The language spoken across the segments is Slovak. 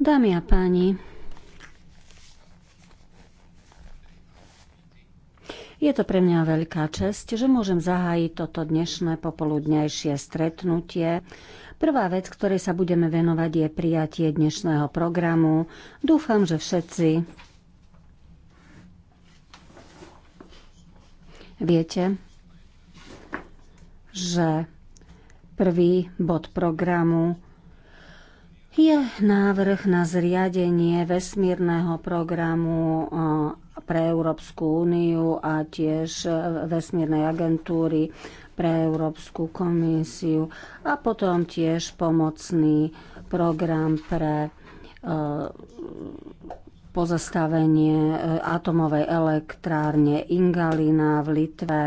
Dámy a páni, Je to pre mňa veľká česť, že môžem zahájiť toto dnešné popoludnejšie stretnutie. Prvá vec, ktorej sa budeme venovať, je prijatie dnešného programu. Dúfam, že všetci viete, že Prvý bod programu je návrh na zriadenie vesmírneho programu eh, pre Európsku úniu a tiež eh, vesmírnej agentúry pre Európsku komisiu a potom tiež pomocný program pre eh, pozastavenie atomovej elektrárne Ingalina v Litve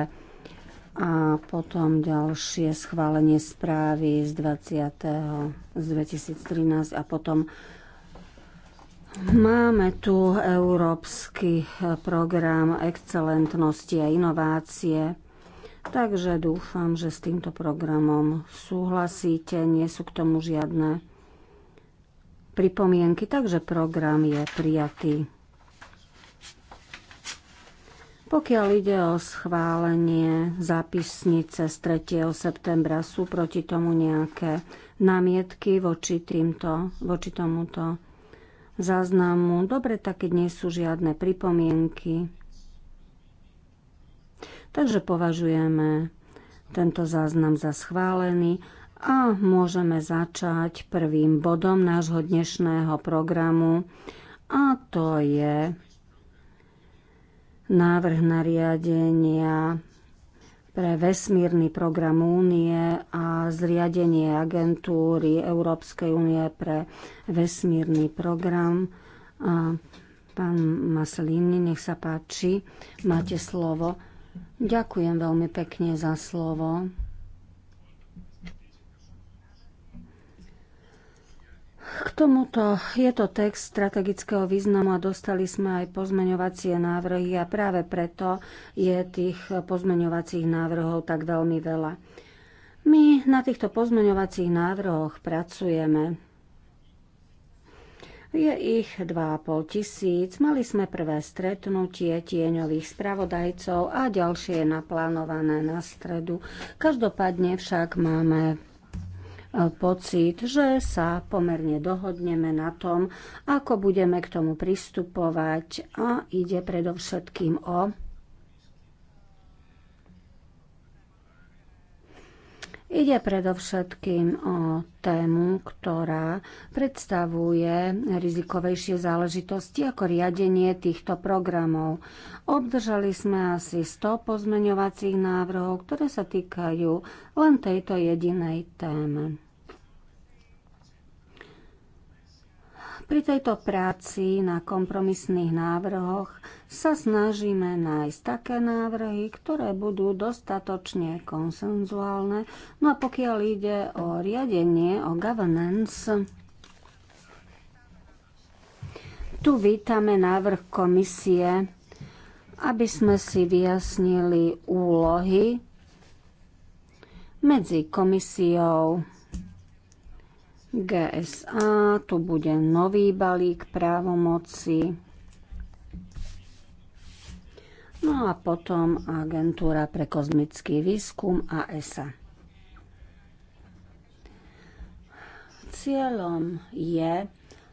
a potom ďalšie schválenie správy z 20. z 2013 a potom máme tu európsky eh, program excelentnosti a inovácie. Takže dúfam, že s týmto programom súhlasíte. Nie sú k tomu žiadne pripomienky, takže program je prijatý. Pokiaľ ide o schválenie zápisnice z 3. septembra, sú proti tomu nejaké námietky voči, týmto, voči tomuto záznamu? Dobre, tak keď nie sú žiadne pripomienky. Takže považujeme tento záznam za schválený a môžeme začať prvým bodom nášho dnešného programu a to je návrh nariadenia pre vesmírny program únie a zriadenie agentúry Európskej únie pre vesmírny program. A pán Maslini, nech sa páči, máte slovo. Ďakujem veľmi pekne za slovo. K tomuto je to text strategického významu a dostali sme aj pozmeňovacie návrhy a práve preto je tých pozmeňovacích návrhov tak veľmi veľa. My na týchto pozmeňovacích návrhoch pracujeme. Je ich 2,5 tisíc. Mali sme prvé stretnutie tieňových spravodajcov a ďalšie je naplánované na stredu. Každopádne však máme Eh, pocit, že sa pomerne dohodneme na tom, ako budeme k tomu pristupovať a ide predovšetkým o Ide predovšetkým o tému, ktorá predstavuje rizikovejšie záležitosti ako riadenie týchto programov. Obdržali sme asi 100 pozmeňovacích návrhov, ktoré sa týkajú len tejto jedinej témy. Pri tejto práci na kompromisných návrhoch sa snažíme nájsť také návrhy, ktoré budú dostatočne konsenzuálne. No a pokiaľ ide o riadenie, o governance, tu vítame návrh komisie, aby sme si vyjasnili úlohy medzi komisiou GSA, tu bude nový balík právomoci. No a potom agentúra pre kozmický výskum a ESA. Cieľom je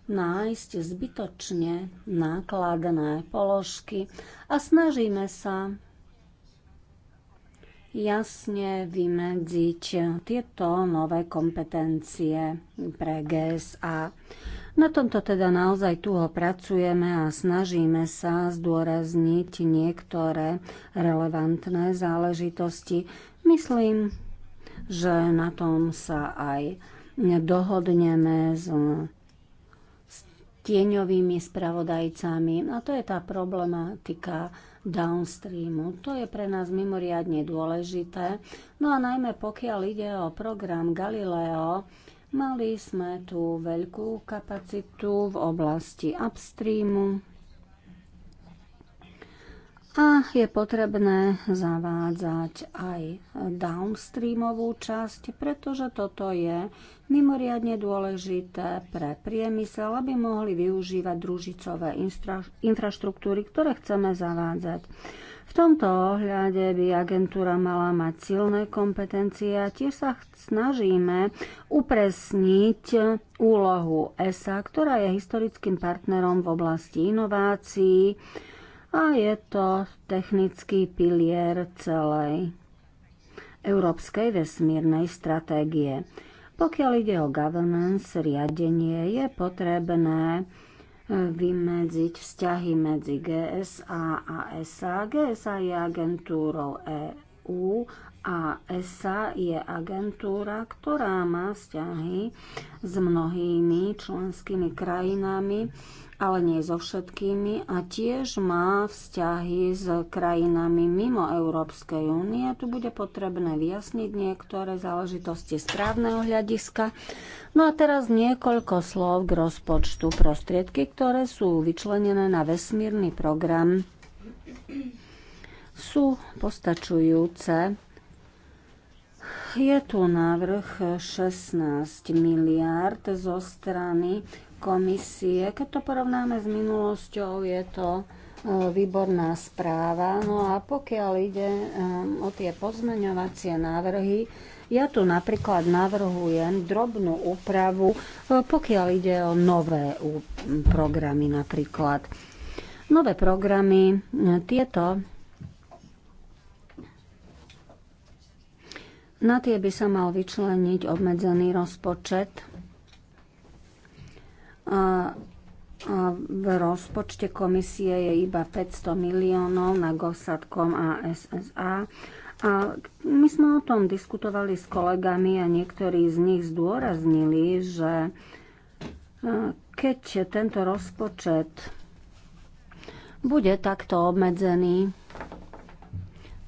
nájsť zbytočne nákladné položky a snažíme sa jasne vymedziť tieto nové kompetencie pre GSA. Na tomto teda naozaj tuho pracujeme a snažíme sa zdôrazniť niektoré relevantné záležitosti. Myslím, že na tom sa aj dohodneme s, s tieňovými spravodajcami. A to je tá problematika downstreamu. To je pre nás mimoriadne dôležité. No a najmä pokiaľ ide o program Galileo, mali sme tu veľkú kapacitu v oblasti upstreamu a je potrebné zavádzať aj downstreamovú časť, pretože toto je mimoriadne dôležité pre priemysel, aby mohli využívať družicové infraštruktúry, ktoré chceme zavádzať. V tomto ohľade by agentúra mala mať silné kompetencie a tiež sa snažíme upresniť úlohu ESA, ktorá je historickým partnerom v oblasti inovácií, a je to technický pilier celej európskej vesmírnej stratégie. Pokiaľ ide o governance, riadenie, je potrebné e, vymedziť vzťahy medzi GSA a ESA. GSA je agentúrou EU a ESA je agentúra, ktorá má vzťahy s mnohými členskými krajinami ale nie so všetkými a tiež má vzťahy s krajinami mimo Európskej únie. Tu bude potrebné vyjasniť niektoré záležitosti správneho hľadiska. No a teraz niekoľko slov k rozpočtu. Prostriedky, ktoré sú vyčlenené na vesmírny program, sú postačujúce je tu návrh 16 miliard zo strany komisie. Keď to porovnáme s minulosťou, je to e, výborná správa. No a pokiaľ ide e, o tie pozmeňovacie návrhy, ja tu napríklad navrhujem drobnú úpravu, e, pokiaľ ide o nové programy napríklad. Nové programy, tieto Na tie by sa mal vyčleniť obmedzený rozpočet. A, a v rozpočte komisie je iba 500 miliónov na GOSATCOM a SSA. A my sme o tom diskutovali s kolegami a niektorí z nich zdôraznili, že keď tento rozpočet bude takto obmedzený,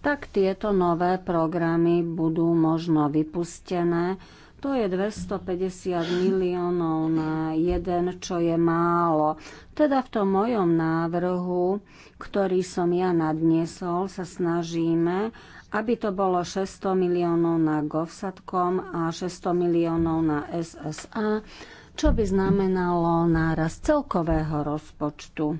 tak tieto nové programy budú možno vypustené. To je 250 miliónov na jeden, čo je málo. Teda v tom mojom návrhu, ktorý som ja nadniesol, sa snažíme, aby to bolo 600 miliónov na GovSatkom a 600 miliónov na SSA, čo by znamenalo náraz celkového rozpočtu.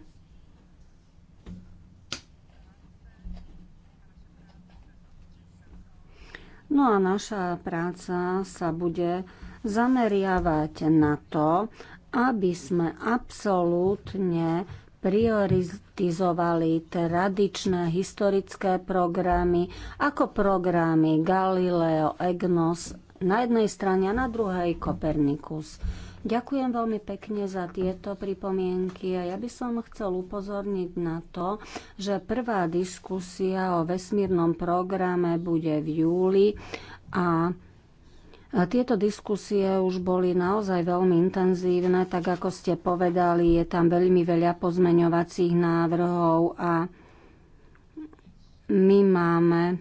No a naša práca sa bude zameriavať na to, aby sme absolútne prioritizovali tradičné historické programy ako programy Galileo, EGNOS na jednej strane a na druhej Kopernikus. Ďakujem veľmi pekne za tieto pripomienky a ja by som chcel upozorniť na to, že prvá diskusia o vesmírnom programe bude v júli a tieto diskusie už boli naozaj veľmi intenzívne, tak ako ste povedali, je tam veľmi veľa pozmeňovacích návrhov a my máme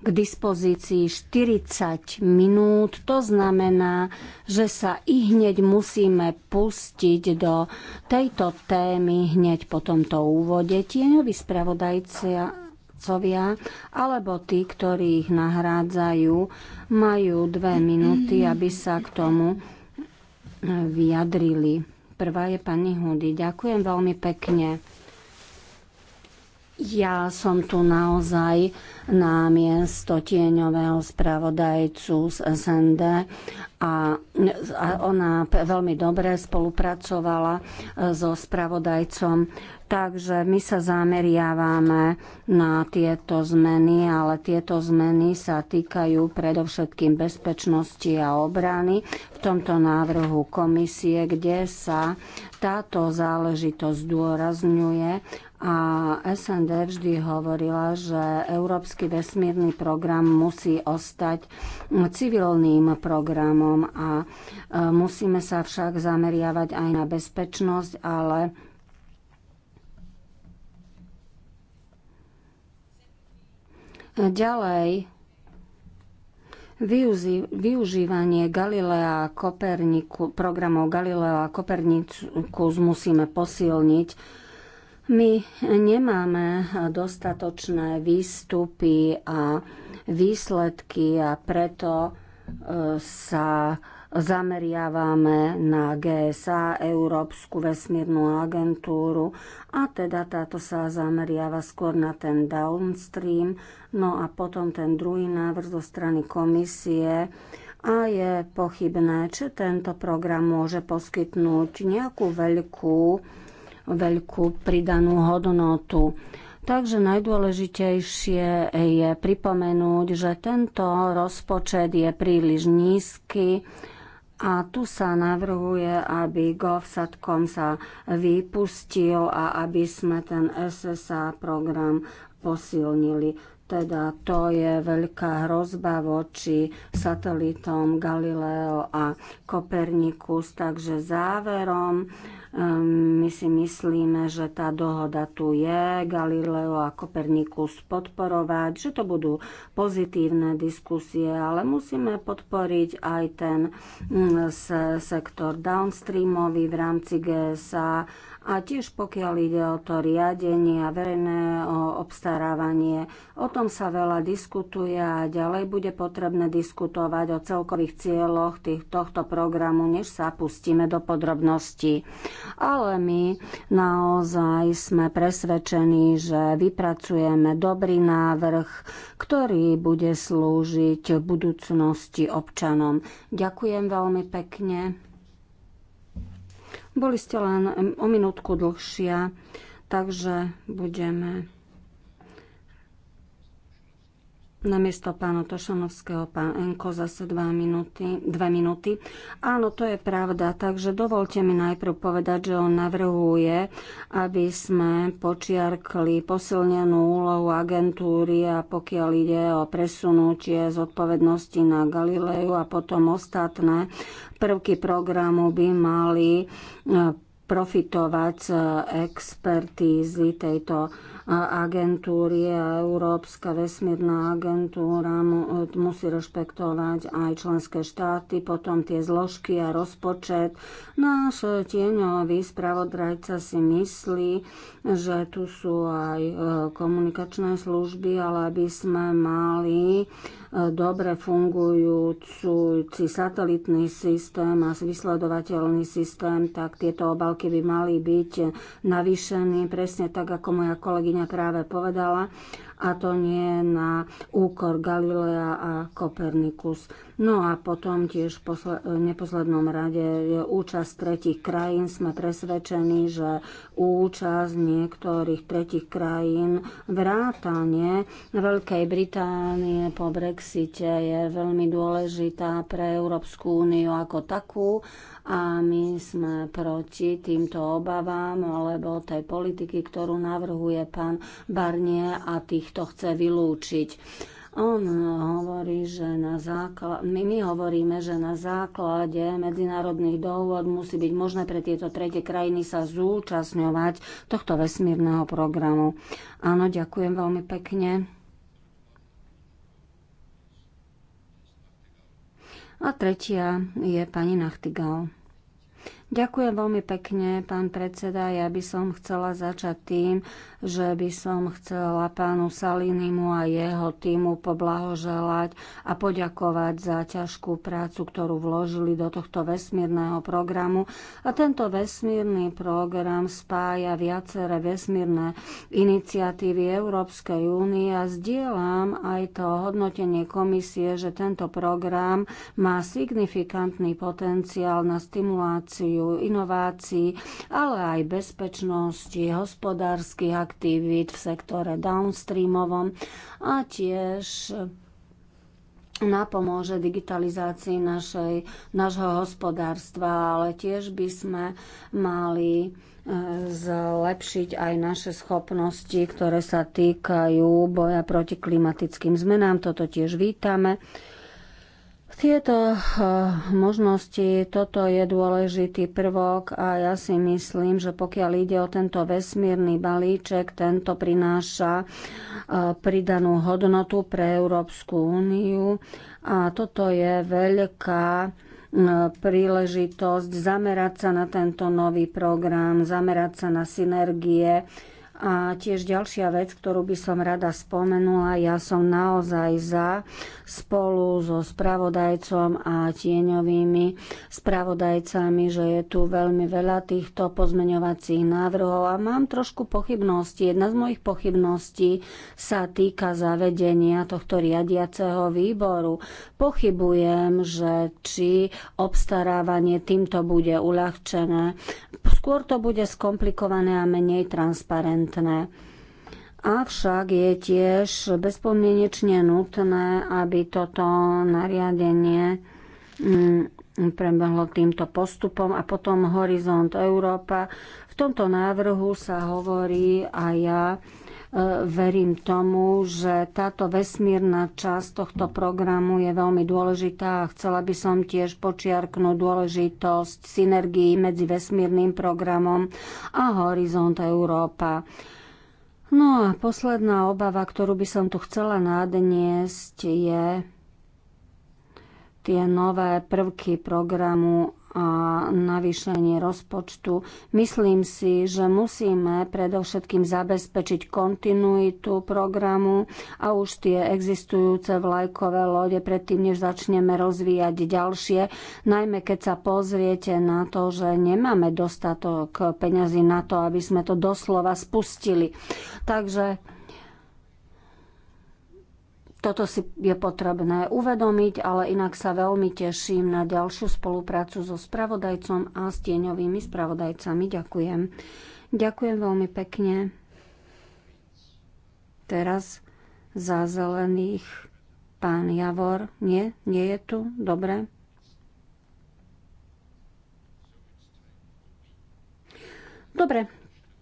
k dispozícii 40 minút. To znamená, že sa i hneď musíme pustiť do tejto témy hneď po tomto úvode. Tieňoví spravodajcovia alebo tí, ktorí ich nahrádzajú, majú dve minúty, aby sa k tomu vyjadrili. Prvá je pani Hudy. Ďakujem veľmi pekne. Ja som tu naozaj na miesto tieňového spravodajcu z SND a, ona veľmi dobre spolupracovala e, so spravodajcom. Takže my sa zameriavame na tieto zmeny, ale tieto zmeny sa týkajú predovšetkým bezpečnosti a obrany v tomto návrhu komisie, kde sa táto záležitosť zdôrazňuje a SND vždy hovorila, že Európsky vesmírny program musí ostať civilným programom a e, musíme sa však zameriavať aj na bezpečnosť, ale ďalej Využívanie Galilea Koperniku, programov Galilea a Kopernikus musíme posilniť my nemáme dostatočné výstupy a výsledky a preto e, sa zameriavame na GSA, Európsku vesmírnu agentúru a teda táto sa zameriava skôr na ten downstream, no a potom ten druhý návrh zo strany komisie a je pochybné, či tento program môže poskytnúť nejakú veľkú veľkú pridanú hodnotu. Takže najdôležitejšie je pripomenúť, že tento rozpočet je príliš nízky a tu sa navrhuje, aby GovSatcom sa vypustil a aby sme ten SSA program posilnili. Teda to je veľká hrozba voči satelitom Galileo a Kopernikus. Takže záverom Ehm, my si myslíme, že tá dohoda tu je, Galileo a Kopernikus podporovať, že to budú pozitívne diskusie, ale musíme podporiť aj ten mm, sektor downstreamový v rámci GSA a tiež pokiaľ ide o to riadenie a verejné obstarávanie, o tom sa veľa diskutuje a ďalej bude potrebné diskutovať o celkových cieľoch tých, tohto programu, než sa pustíme do podrobností. Ale my naozaj sme presvedčení, že vypracujeme dobrý návrh, ktorý bude slúžiť budúcnosti občanom. Ďakujem veľmi pekne. Boli ste len o minútku dlhšia, takže budeme Namiesto pána Tošanovského pán Enko zase dva minúty, dve minúty. Áno, to je pravda, takže dovolte mi najprv povedať, že on navrhuje, aby sme počiarkli posilnenú úlohu agentúry a pokiaľ ide o presunutie zodpovednosti na Galileju a potom ostatné prvky programu by mali eh, profitovať z expertízy tejto agentúry a Európska vesmírna agentúra e, musí rešpektovať aj členské štáty, potom tie zložky a rozpočet. Náš tieňový spravodrajca si myslí, že tu sú aj e, komunikačné služby, ale aby sme mali e, dobre fungujúci satelitný systém a vysledovateľný systém, tak tieto obalky by mali byť navýšené, presne tak, ako moja kolegyňa práve povedala a to nie na úkor Galilea a Kopernikus. No a potom tiež v neposlednom rade je účasť tretich krajín. Sme presvedčení, že účasť niektorých tretich krajín vrátane Veľkej Británie po Brexite je veľmi dôležitá pre Európsku úniu ako takú a my sme proti týmto obavám alebo tej politiky, ktorú navrhuje pán Barnie a týchto chce vylúčiť. On hovorí, že na základ... my, my hovoríme, že na základe medzinárodných dohôd musí byť možné pre tieto tretie krajiny sa zúčastňovať tohto vesmírneho programu. Áno, ďakujem veľmi pekne. A tretia je pani Nachtigal. Ďakujem veľmi pekne, pán predseda. Ja by som chcela začať tým, že by som chcela pánu Salinimu a jeho týmu poblahoželať a poďakovať za ťažkú prácu, ktorú vložili do tohto vesmírneho programu. A tento vesmírny program spája viaceré vesmírne iniciatívy Európskej únie a zdieľam aj to hodnotenie komisie, že tento program má signifikantný potenciál na stimuláciu inovácií, ale aj bezpečnosti hospodárskych a aktivít v sektore downstreamovom a tiež napomôže digitalizácii našej, našho hospodárstva, ale tiež by sme mali e, zlepšiť aj naše schopnosti, ktoré sa týkajú boja proti klimatickým zmenám. Toto tiež vítame. Tieto eh, možnosti, toto je dôležitý prvok a ja si myslím, že pokiaľ ide o tento vesmírny balíček, tento prináša eh, pridanú hodnotu pre Európsku úniu a toto je veľká eh, príležitosť zamerať sa na tento nový program, zamerať sa na synergie a tiež ďalšia vec, ktorú by som rada spomenula, ja som naozaj za spolu so spravodajcom a tieňovými spravodajcami, že je tu veľmi veľa týchto pozmeňovacích návrhov a mám trošku pochybnosti. Jedna z mojich pochybností sa týka zavedenia tohto riadiaceho výboru. Pochybujem, že či obstarávanie týmto bude uľahčené. Skôr to bude skomplikované a menej transparentné nutné. Avšak je tiež bezpodmienečne nutné, aby toto nariadenie mm, prebehlo týmto postupom a potom Horizont Európa. V tomto návrhu sa hovorí a ja verím tomu, že táto vesmírna časť tohto programu je veľmi dôležitá a chcela by som tiež počiarknúť dôležitosť synergii medzi vesmírnym programom a Horizont Európa. No a posledná obava, ktorú by som tu chcela nadniesť, je tie nové prvky programu a navýšenie rozpočtu. Myslím si, že musíme predovšetkým zabezpečiť kontinuitu programu a už tie existujúce vlajkové lode predtým, než začneme rozvíjať ďalšie, najmä keď sa pozriete na to, že nemáme dostatok peňazí na to, aby sme to doslova spustili. Takže toto si je potrebné uvedomiť, ale inak sa veľmi teším na ďalšiu spoluprácu so spravodajcom a s tieňovými spravodajcami. Ďakujem. Ďakujem veľmi pekne. Teraz za zelených pán Javor. Nie, nie je tu. Dobre. Dobre,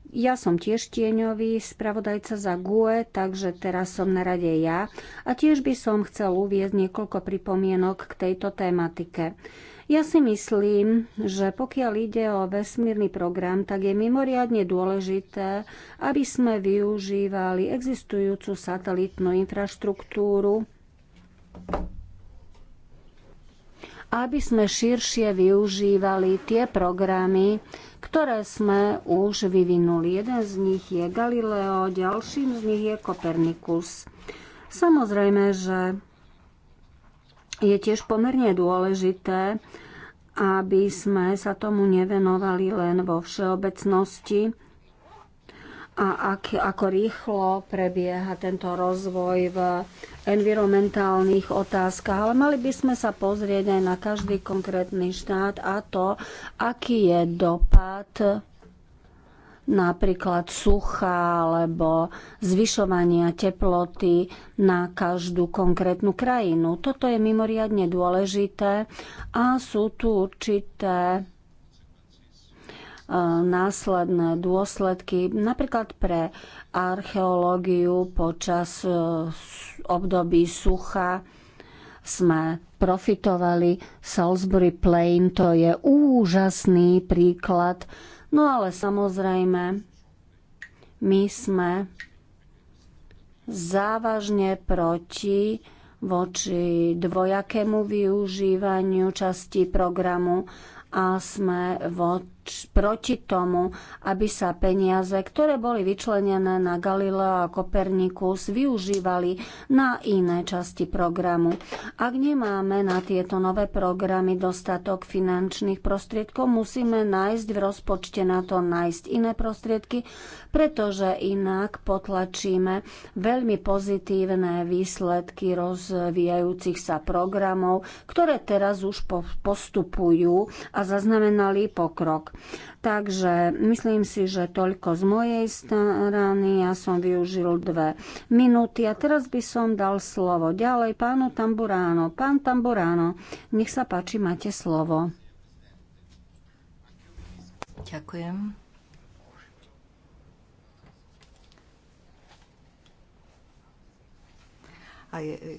ja som tiež tieňový spravodajca za GUE, takže teraz som na rade ja a tiež by som chcel uviezť niekoľko pripomienok k tejto tematike. Ja si myslím, že pokiaľ ide o vesmírny program, tak je mimoriadne dôležité, aby sme využívali existujúcu satelitnú infraštruktúru, aby sme širšie využívali tie programy, ktoré sme už vyvinuli. Jeden z nich je Galileo, ďalším z nich je Kopernikus. Samozrejme, že je tiež pomerne dôležité, aby sme sa tomu nevenovali len vo všeobecnosti a ak, ako rýchlo prebieha tento rozvoj v environmentálnych otázkach, ale mali by sme sa pozrieť aj na každý konkrétny štát a to, aký je dopad napríklad sucha alebo zvyšovania teploty na každú konkrétnu krajinu. Toto je mimoriadne dôležité a sú tu určité e, následné dôsledky napríklad pre archeológiu počas e, období sucha sme profitovali. Salisbury Plain to je úžasný príklad. No ale samozrejme, my sme závažne proti voči dvojakému využívaniu časti programu a sme proti tomu, aby sa peniaze, ktoré boli vyčlenené na Galileo a Kopernikus, využívali na iné časti programu. Ak nemáme na tieto nové programy dostatok finančných prostriedkov, musíme nájsť v rozpočte na to nájsť iné prostriedky, pretože inak potlačíme veľmi pozitívne výsledky rozvíjajúcich sa programov, ktoré teraz už postupujú a zaznamenali pokrok. Takže myslím si, že toľko z mojej strany. Ja som využil dve minúty a teraz by som dal slovo ďalej pánu Tamburáno. Pán Tamburáno, nech sa páči, máte slovo. Ďakujem. A je,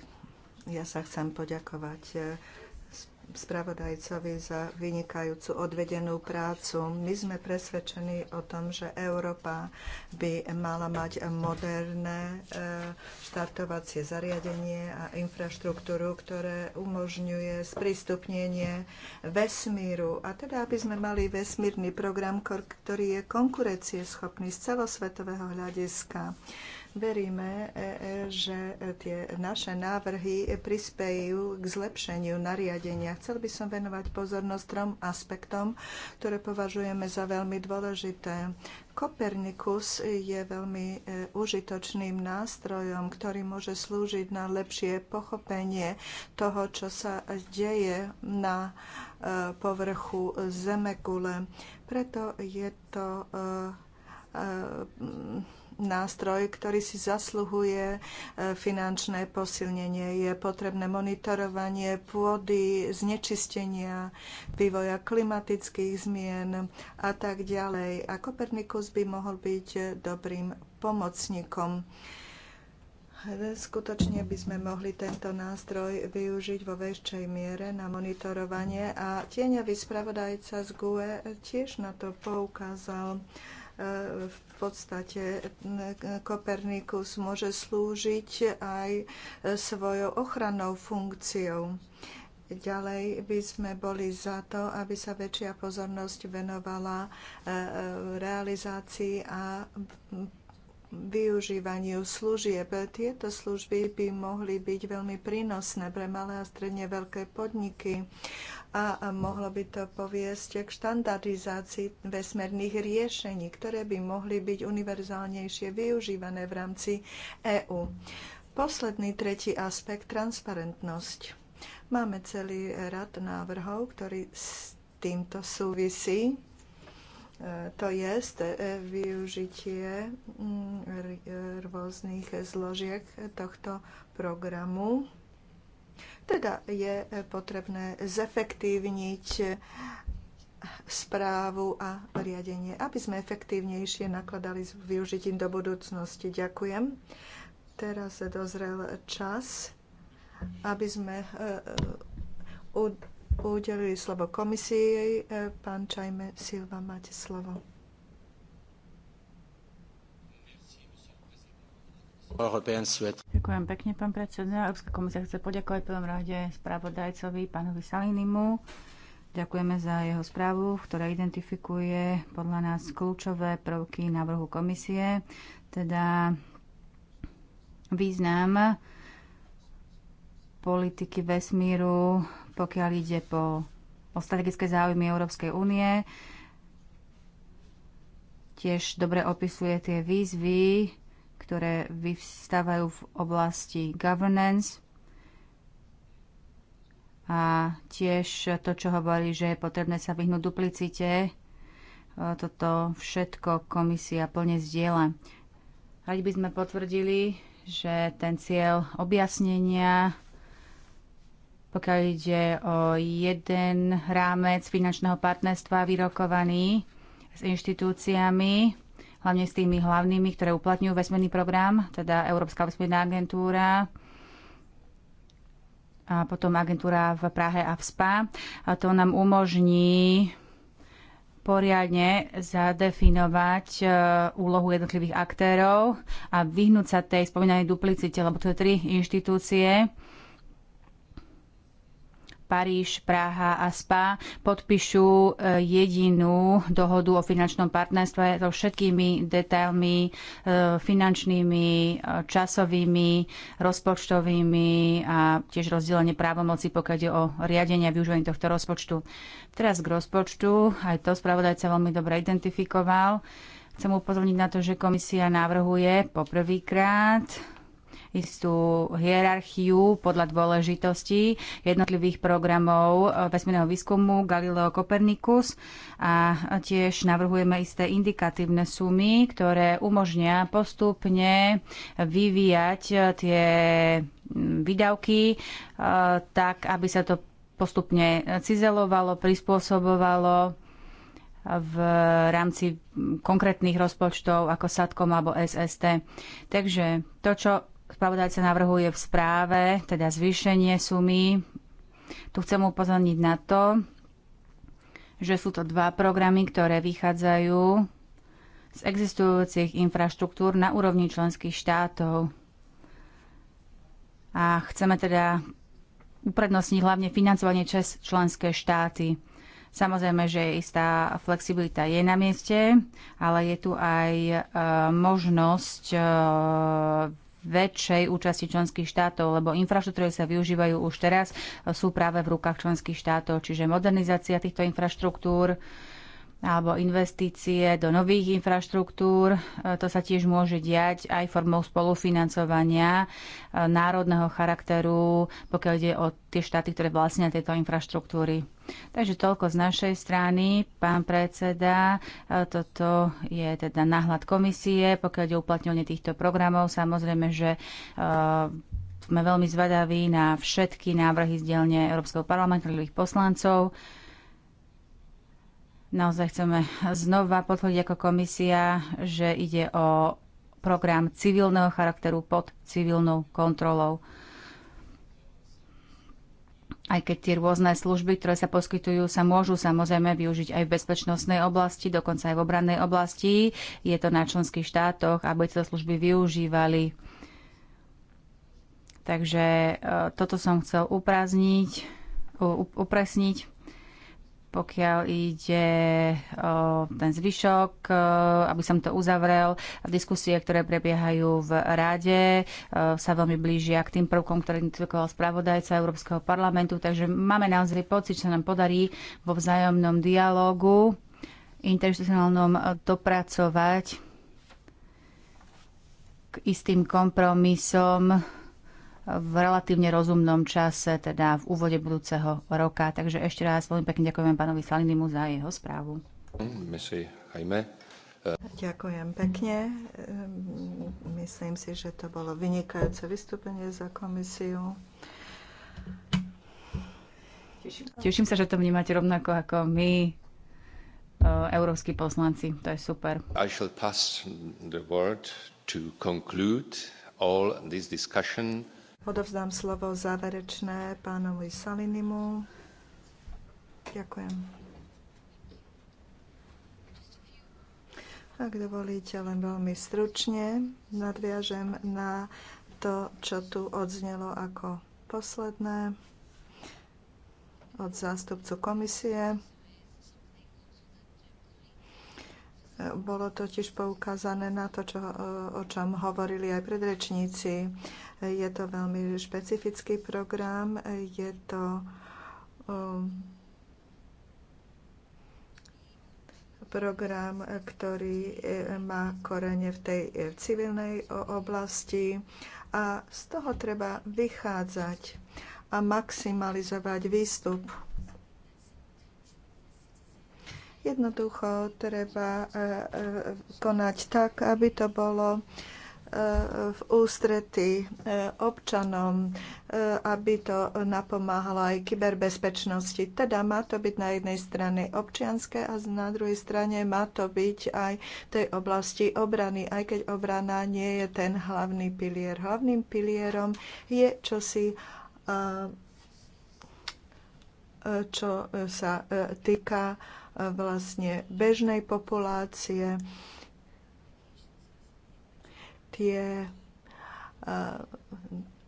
ja sa chcem poďakovať eh, spravodajcovi za vynikajúcu odvedenú prácu. My sme presvedčení o tom, že Európa by mala mať moderné eh, štartovacie zariadenie a infraštruktúru, ktoré umožňuje sprístupnenie vesmíru. A teda, aby sme mali vesmírny program, ktorý je konkurencieschopný z celosvetového hľadiska. Veríme, e, e, že tie naše návrhy prispejú k zlepšeniu nariadenia. Chcel by som venovať pozornosť trom aspektom, ktoré považujeme za veľmi dôležité. Kopernikus je veľmi e, užitočným nástrojom, ktorý môže slúžiť na lepšie pochopenie toho, čo sa deje na povrchu Zemekule. Preto je to nástroj, ktorý si zasluhuje e, finančné posilnenie. Je potrebné monitorovanie pôdy, znečistenia, vývoja klimatických zmien a tak ďalej. A Kopernikus by mohol byť dobrým pomocníkom. Skutočne by sme mohli tento nástroj využiť vo väčšej miere na monitorovanie a tieňový spravodajca z GUE tiež na to poukázal v podstate eh, Kopernikus môže slúžiť aj eh, svojou ochrannou funkciou. Ďalej by sme boli za to, aby sa väčšia pozornosť venovala eh, realizácii a využívaniu služieb. Tieto služby by mohli byť veľmi prínosné pre malé a stredne veľké podniky a mohlo by to poviesť k štandardizácii vesmerných riešení, ktoré by mohli byť univerzálnejšie využívané v rámci EÚ. Posledný tretí aspekt, transparentnosť. Máme celý rad návrhov, ktorý s týmto súvisí. E, to je e, využitie mm, e, rôznych zložiek tohto programu teda je e, potrebné zefektívniť e, správu a riadenie, aby sme efektívnejšie nakladali s využitím do budúcnosti. Ďakujem. Teraz dozrel čas, aby sme e, udelili slovo komisii. Pán Čajme Silva, máte slovo. Ďakujem pekne, pán predseda. Európska komisia chce poďakovať prvom rade spravodajcovi, pánovi Salinimu. Ďakujeme za jeho správu, ktorá identifikuje podľa nás kľúčové prvky návrhu komisie, teda význam politiky vesmíru, pokiaľ ide po, o strategické záujmy Európskej únie. Tiež dobre opisuje tie výzvy, ktoré vyvstávajú v oblasti governance a tiež to, čo hovorí, že je potrebné sa vyhnúť duplicite. E, toto všetko komisia plne zdieľa. Radi by sme potvrdili, že ten cieľ objasnenia pokiaľ ide o jeden rámec finančného partnerstva vyrokovaný s inštitúciami, hlavne s tými hlavnými, ktoré uplatňujú vesmírny program, teda Európska vesmírna agentúra, a potom agentúra v Prahe a v SPA. A to nám umožní poriadne zadefinovať e, úlohu jednotlivých aktérov a vyhnúť sa tej spomínanej duplicite, lebo to je tri inštitúcie, Paríž, Praha a SPA podpíšu e, jedinú dohodu o finančnom partnerstve so všetkými detailmi e, finančnými, e, časovými, rozpočtovými a tiež rozdelenie právomoci, pokiaľ ide o riadenie a využívanie tohto rozpočtu. Teraz k rozpočtu. Aj to spravodajca veľmi dobre identifikoval. Chcem upozorniť na to, že komisia navrhuje poprvýkrát istú hierarchiu podľa dôležitosti jednotlivých programov eh, vesmírneho výskumu Galileo Copernicus a tiež navrhujeme isté indikatívne sumy, ktoré umožnia postupne vyvíjať eh, tie mm, výdavky eh, tak, aby sa to postupne cizelovalo, prispôsobovalo v rámci mm, konkrétnych rozpočtov ako SATKOM alebo SST. Takže to, čo Spravodajca navrhuje v správe, teda zvýšenie sumy. Tu chcem upozorniť na to, že sú to dva programy, ktoré vychádzajú z existujúcich infraštruktúr na úrovni členských štátov. A chceme teda uprednostniť hlavne financovanie čes členské štáty. Samozrejme, že istá flexibilita je na mieste, ale je tu aj e, možnosť e, väčšej účasti členských štátov, lebo infraštruktúry sa využívajú už teraz, sú práve v rukách členských štátov. Čiže modernizácia týchto infraštruktúr alebo investície do nových infraštruktúr. E, to sa tiež môže diať aj formou spolufinancovania e, národného charakteru, pokiaľ ide o tie štáty, ktoré vlastnia tieto infraštruktúry. Takže toľko z našej strany, pán predseda. E, toto je teda náhľad komisie, pokiaľ ide o uplatňovanie týchto programov. Samozrejme, že sme veľmi zvedaví na všetky návrhy z dielne Európskeho parlamentu, poslancov. Naozaj chceme znova potvrdiť ako komisia, že ide o program civilného charakteru pod civilnou kontrolou. Aj keď tie rôzne služby, ktoré sa poskytujú, sa môžu samozrejme využiť aj v bezpečnostnej oblasti, dokonca aj v obrannej oblasti. Je to na členských štátoch, aby tieto služby využívali. Takže e, toto som chcel uprazniť, upresniť pokiaľ ide o ten zvyšok, e, aby som to uzavrel, diskusie, ktoré prebiehajú v Rade, e, sa veľmi blížia k tým prvkom, ktoré identifikoval spravodajca Európskeho parlamentu, takže máme naozaj pocit, že sa nám podarí vo vzájomnom dialogu interinstitucionálnom e, dopracovať k istým kompromisom, v relatívne rozumnom čase, teda v úvode budúceho roka. Takže ešte raz veľmi pekne ďakujem pánovi Salinimu za jeho správu. Ďakujem pekne. Ehm, myslím si, že to bolo vynikajúce vystúpenie za komisiu. Teším sa, že to vnímate rovnako ako my, e, európsky poslanci. To je super. I shall pass the word to conclude all this discussion Odovzdám slovo záverečné pánovi Salinimu. Ďakujem. Ak dovolíte, len veľmi stručne nadviažem na to, čo tu odznelo ako posledné od zástupcu komisie. Bolo totiž poukázané na to, čo, o čom hovorili aj predrečníci. Je to veľmi špecifický program, je to um, program, ktorý e, má korene v tej e, civilnej oblasti a z toho treba vychádzať a maximalizovať výstup. Jednoducho treba e, konať tak, aby to bolo v ústrety e, občanom, e, aby to napomáhalo aj kyberbezpečnosti. Teda má to byť na jednej strane občianské a na druhej strane má to byť aj v tej oblasti obrany, aj keď obrana nie je ten hlavný pilier. Hlavným pilierom je čosi e, čo sa týka vlastne bežnej populácie, tie eh,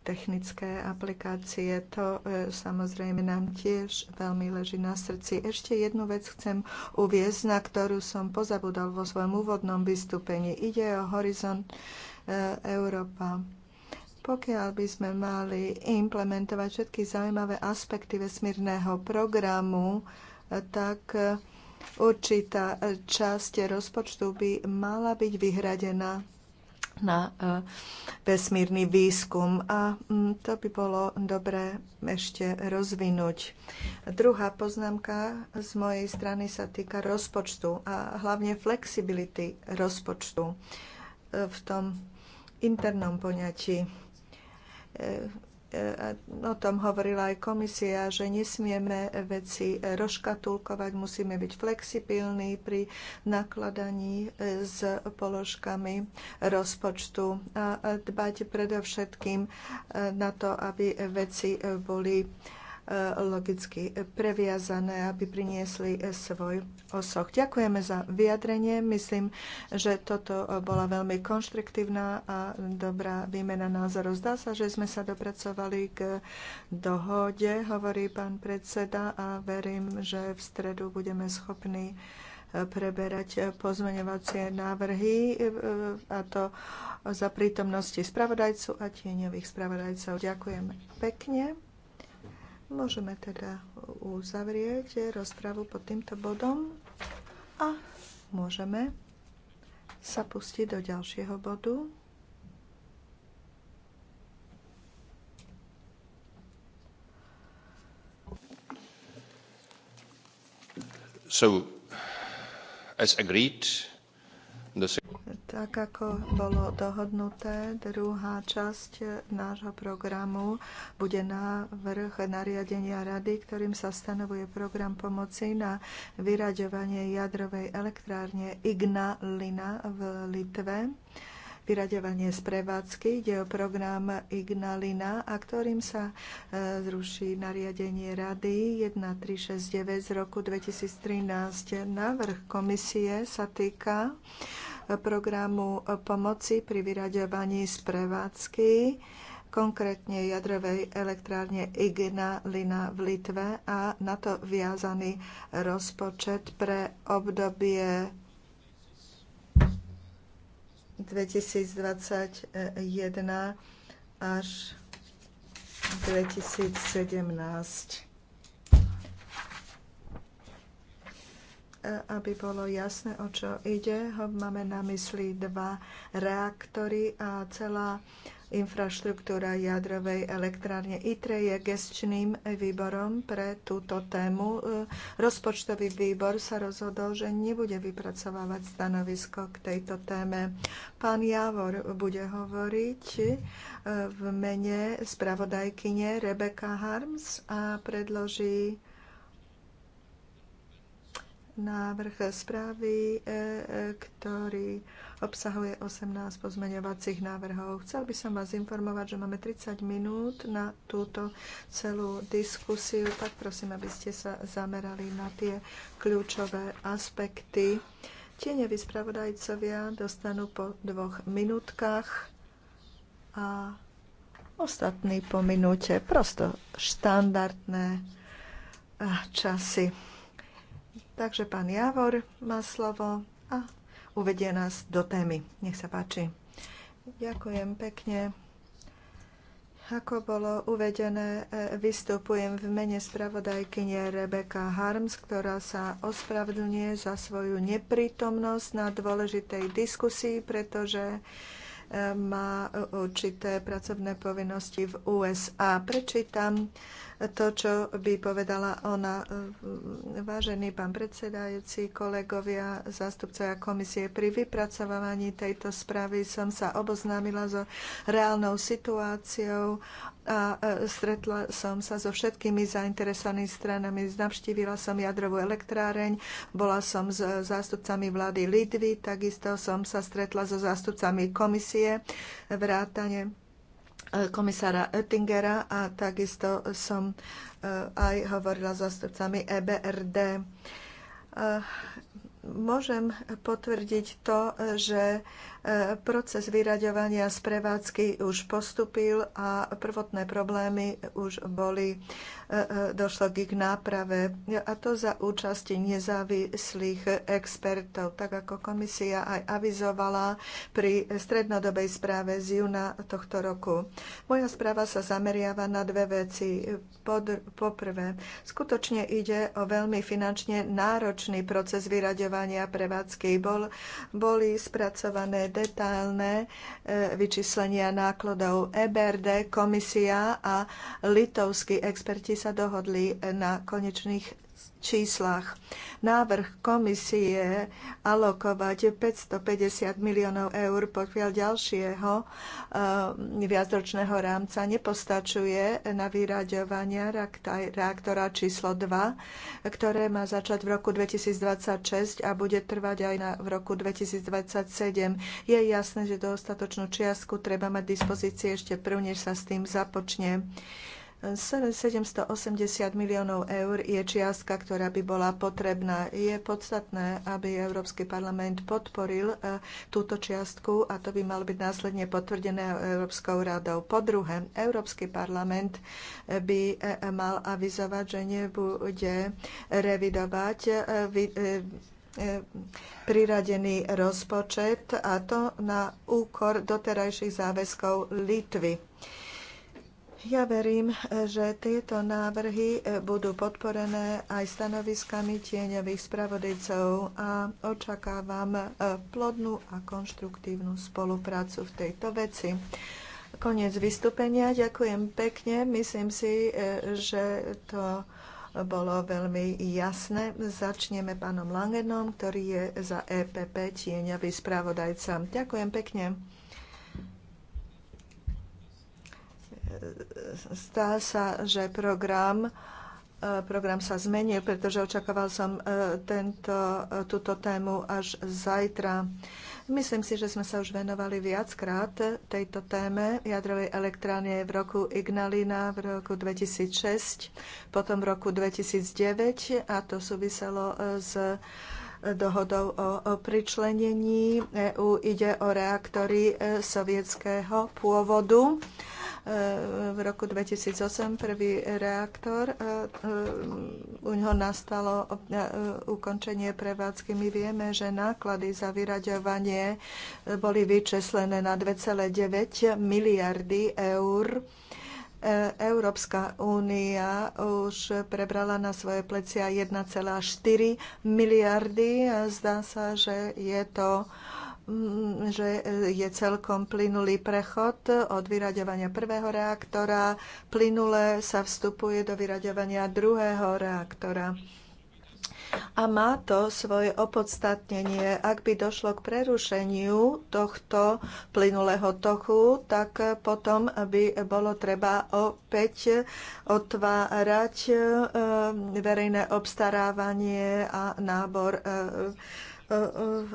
technické aplikácie. To eh, samozrejme nám tiež veľmi leží na srdci. Ešte jednu vec chcem uviezť, na ktorú som pozabudol vo svojom úvodnom vystúpení. Ide o horizont eh, Európa. Pokiaľ by sme mali implementovať všetky zaujímavé aspekty vesmírneho programu, tak určitá časť rozpočtu by mala byť vyhradená na e, vesmírny výskum a mm, to by bolo dobré ešte rozvinúť. Druhá poznámka z mojej strany sa týka rozpočtu a hlavne flexibility rozpočtu e, v tom internom poňatí e, o tom hovorila aj komisia, že nesmieme veci rozkatulkovať. musíme byť flexibilní pri nakladaní e, s položkami rozpočtu a dbať predovšetkým e, na to, aby veci e, boli E, logicky previazané, aby priniesli e, svoj osoch. Ďakujeme za vyjadrenie. Myslím, že toto e, bola veľmi konštruktívna a dobrá výmena názorov. Zdá sa, že sme sa dopracovali k dohode, hovorí pán predseda a verím, že v stredu budeme schopní preberať pozmeňovacie návrhy a to za prítomnosti spravodajcu a tieňových spravodajcov. Ďakujem pekne. Môžeme teda uzavrieť rozpravu pod týmto bodom a môžeme sa pustiť do ďalšieho bodu. So, as agreed, tak ako bolo dohodnuté, druhá časť nášho programu bude na vrch nariadenia rady, ktorým sa stanovuje program pomoci na vyraďovanie jadrovej elektrárne Ignalina v Litve vyraďovanie z prevádzky. Ide o program Ignalina, a ktorým sa e, zruší nariadenie Rady 1369 z roku 2013. Návrh komisie sa týka programu pomoci pri vyraďovaní z prevádzky, konkrétne jadrovej elektrárne Igna Lina v Litve a na to viazaný rozpočet pre obdobie 2021 až 2017. aby bolo jasné, o čo ide, máme na mysli dva reaktory a celá infraštruktúra jadrovej elektrárne. ITRE je gesčným výborom pre túto tému. Rozpočtový výbor sa rozhodol, že nebude vypracovávať stanovisko k tejto téme. Pán Javor bude hovoriť e, v mene spravodajkyne Rebeka Harms a predloží návrh správy, e, e, ktorý obsahuje 18 pozmeňovacích návrhov. Chcel by som vás informovať, že máme 30 minút na túto celú diskusiu, tak prosím, aby ste sa zamerali na tie kľúčové aspekty. Tieňoví spravodajcovia dostanú po dvoch minútkach a ostatní po minúte. Prosto štandardné e, časy. Takže pán Javor má slovo a uvedie nás do témy. Nech sa páči. Ďakujem pekne. Ako bolo uvedené, e, vystupujem v mene spravodajkyne Rebeka Harms, ktorá sa ospravedlňuje za svoju neprítomnosť na dôležitej diskusii, pretože e, má e, určité pracovné povinnosti v USA. Prečítam to, čo by povedala ona. E, vážený pán predsedajúci, kolegovia, zástupcovia komisie, pri vypracovávaní tejto správy som sa oboznámila so reálnou situáciou a e, stretla som sa so všetkými zainteresovanými stranami. Navštívila som jadrovú elektráreň, bola som s zástupcami vlády Litvy, takisto som sa stretla so zástupcami komisie vrátane Eh, komisára Oettingera a takisto som eh, aj hovorila s zastupcami EBRD. Eh, môžem potvrdiť to, že proces vyraďovania z prevádzky už postupil a prvotné problémy už boli E, e, došlo k ich náprave a to za účasti nezávislých expertov, tak ako komisia aj avizovala pri strednodobej správe z júna tohto roku. Moja správa sa zameriava na dve veci. Poprvé, skutočne ide o veľmi finančne náročný proces vyraďovania prevádzky. Bol, boli spracované detailné e, vyčíslenia nákladov EBRD, komisia a litovskí experti sa dohodli na konečných číslach. Návrh komisie alokovať 550 miliónov eur pokiaľ ďalšieho eh, viacročného rámca nepostačuje na vyraďovanie reaktora číslo 2, ktoré má začať v roku 2026 a bude trvať aj na, v roku 2027. Je jasné, že dostatočnú čiastku treba mať dispozície ešte prv, než sa s tým započne. 780 miliónov eur je čiastka, ktorá by bola potrebná. Je podstatné, aby Európsky parlament podporil e, túto čiastku a to by malo byť následne potvrdené Európskou radou. Po druhé, Európsky parlament e, by e, mal avizovať, že nebude revidovať priradený rozpočet a to na úkor doterajších záväzkov Litvy ja verím, že tieto návrhy e, budú podporené aj stanoviskami tieňových spravodajcov a očakávam e, plodnú a konštruktívnu spoluprácu v tejto veci. Koniec vystúpenia. Ďakujem pekne. Myslím si, e, že to bolo veľmi jasné. Začneme pánom Langenom, ktorý je za EPP tieňový spravodajca. Ďakujem pekne. Stá sa, že program e, program sa zmenil, pretože očakával som e, tento, e, túto tému až zajtra. Myslím si, že sme sa už venovali viackrát tejto téme jadrovej elektrárne v roku Ignalina v roku 2006, potom v roku 2009 a to súviselo s dohodou o pričlenení. EU ide o reaktory sovietského pôvodu v roku 2008 prvý reaktor. E, u ňoho nastalo e, ukončenie prevádzky. My vieme, že náklady za vyraďovanie e, boli vyčeslené na 2,9 miliardy eur. Európska únia už prebrala na svoje plecia 1,4 miliardy. Zdá sa, že je to Mm, že e, je celkom plynulý prechod od vyraďovania prvého reaktora, plynule sa vstupuje do vyraďovania druhého reaktora. A má to svoje opodstatnenie. Ak by došlo k prerušeniu tohto plynulého toku, tak potom by bolo treba opäť otvárať e, verejné obstarávanie a nábor e, E, e,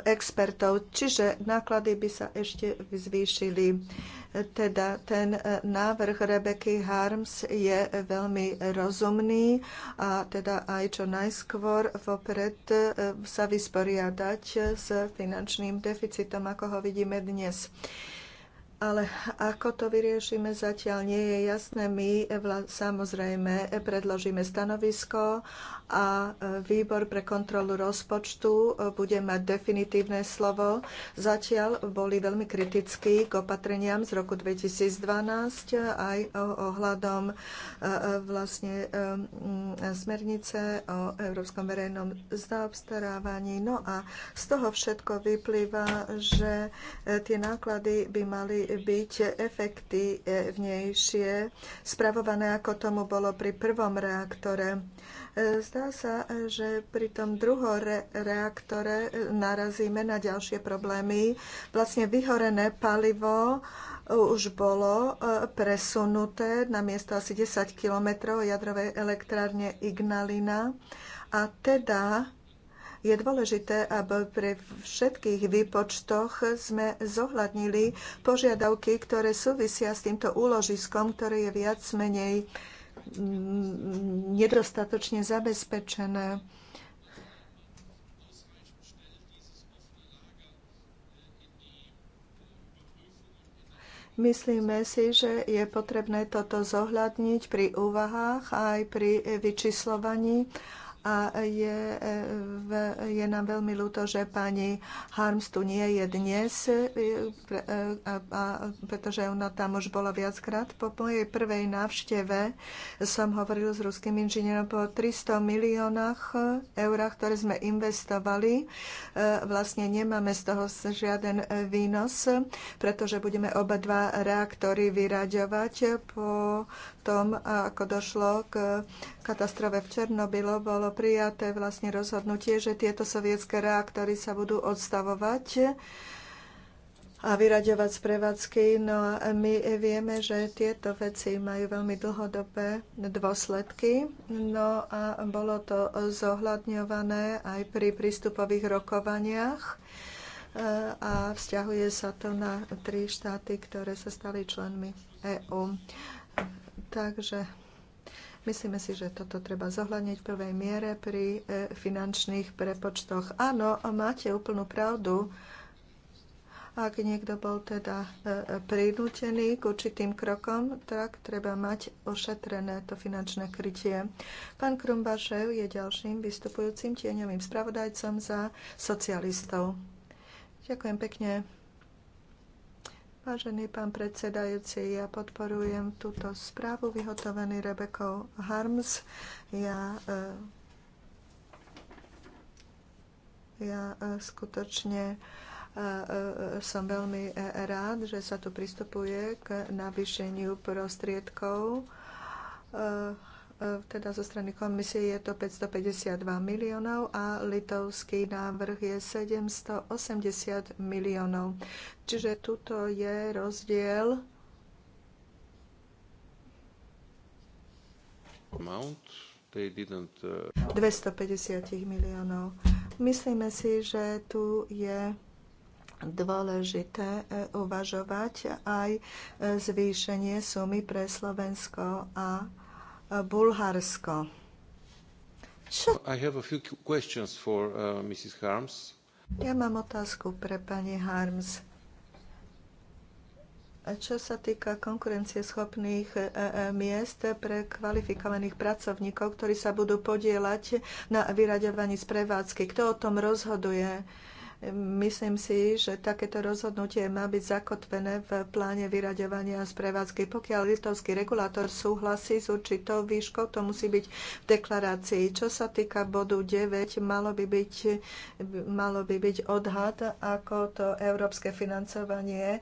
expertov, čiže náklady by sa ešte zvýšili. Teda ten e, návrh Rebeky Harms je veľmi rozumný a teda aj čo najskôr vopred sa vysporiadať s finančným deficitom, ako ho vidíme dnes. Ale ako to vyriešime zatiaľ nie je jasné. My samozrejme predložíme stanovisko a e, výbor pre kontrolu rozpočtu e, bude mať definitívne slovo. Zatiaľ boli veľmi kritickí k opatreniam z roku 2012 e, aj ohľadom vlastne smernice o Európskom verejnom zaobstarávaní. No a z toho všetko vyplýva, že tie náklady by mali byť efektívnejšie spravované, ako tomu bolo pri prvom reaktore Zdá sa, že pri tom druhom re- reaktore narazíme na ďalšie problémy. Vlastne vyhorené palivo už bolo e, presunuté na miesto asi 10 kilometrov jadrovej elektrárne Ignalina. A teda je dôležité, aby pre všetkých výpočtoch sme zohľadnili požiadavky, ktoré súvisia s týmto úložiskom, ktoré je viac menej nedostatočne zabezpečené. Myslíme si, že je potrebné toto zohľadniť pri úvahách aj pri vyčíslovaní a je, je nám veľmi ľúto, že pani Harms tu nie je dnes, e, e, pretože ona tam už bola viackrát. Po mojej prvej návšteve som hovoril s ruským inžinierom po 300 miliónach eur, ktoré sme investovali. E, vlastne nemáme z toho žiaden výnos, pretože budeme oba dva reaktory vyraďovať po tom, ako došlo k katastrofe v Černobylu, bolo prijaté vlastne rozhodnutie, že tieto sovietské reaktory sa budú odstavovať a vyraďovať z prevádzky. No a my vieme, že tieto veci majú veľmi dlhodobé dôsledky. No a bolo to zohľadňované aj pri prístupových rokovaniach a vzťahuje sa to na tri štáty, ktoré sa stali členmi EÚ. Takže Myslíme si, že toto treba zohľadniť v prvej miere pri e, finančných prepočtoch. Áno, máte úplnú pravdu. Ak niekto bol teda e, prinútený k určitým krokom, tak treba mať ošetrené to finančné krytie. Pán Krumbašev je ďalším vystupujúcim tieňovým spravodajcom za socialistov. Ďakujem pekne. Vážený pán predsedajúci, ja podporujem túto správu vyhotovený Rebekou Harms. Ja, eh, ja eh, skutočne eh, som veľmi rád, že sa tu pristupuje k navýšeniu prostriedkov E, teda zo strany komisie je to 552 miliónov a litovský návrh je 780 miliónov. Čiže tuto je rozdiel. Amount. 250 uh, miliónov. Myslíme si, že tu je dôležité e, uvažovať aj e, zvýšenie sumy pre Slovensko a Bulharsko. Čo? I have a few questions for uh, Mrs. Harms. Ja mám otázku pre pani Harms. Čo sa týka konkurencieschopných e, e, miest pre kvalifikovaných pracovníkov, ktorí sa budú podielať na vyraďovaní z prevádzky, kto o tom rozhoduje? Myslím si, že takéto rozhodnutie má byť zakotvené v pláne vyraďovania z prevádzky. Pokiaľ litovský regulátor súhlasí s určitou výškou, to musí byť v deklarácii. Čo sa týka bodu 9, malo by byť, malo by byť odhad, ako to európske financovanie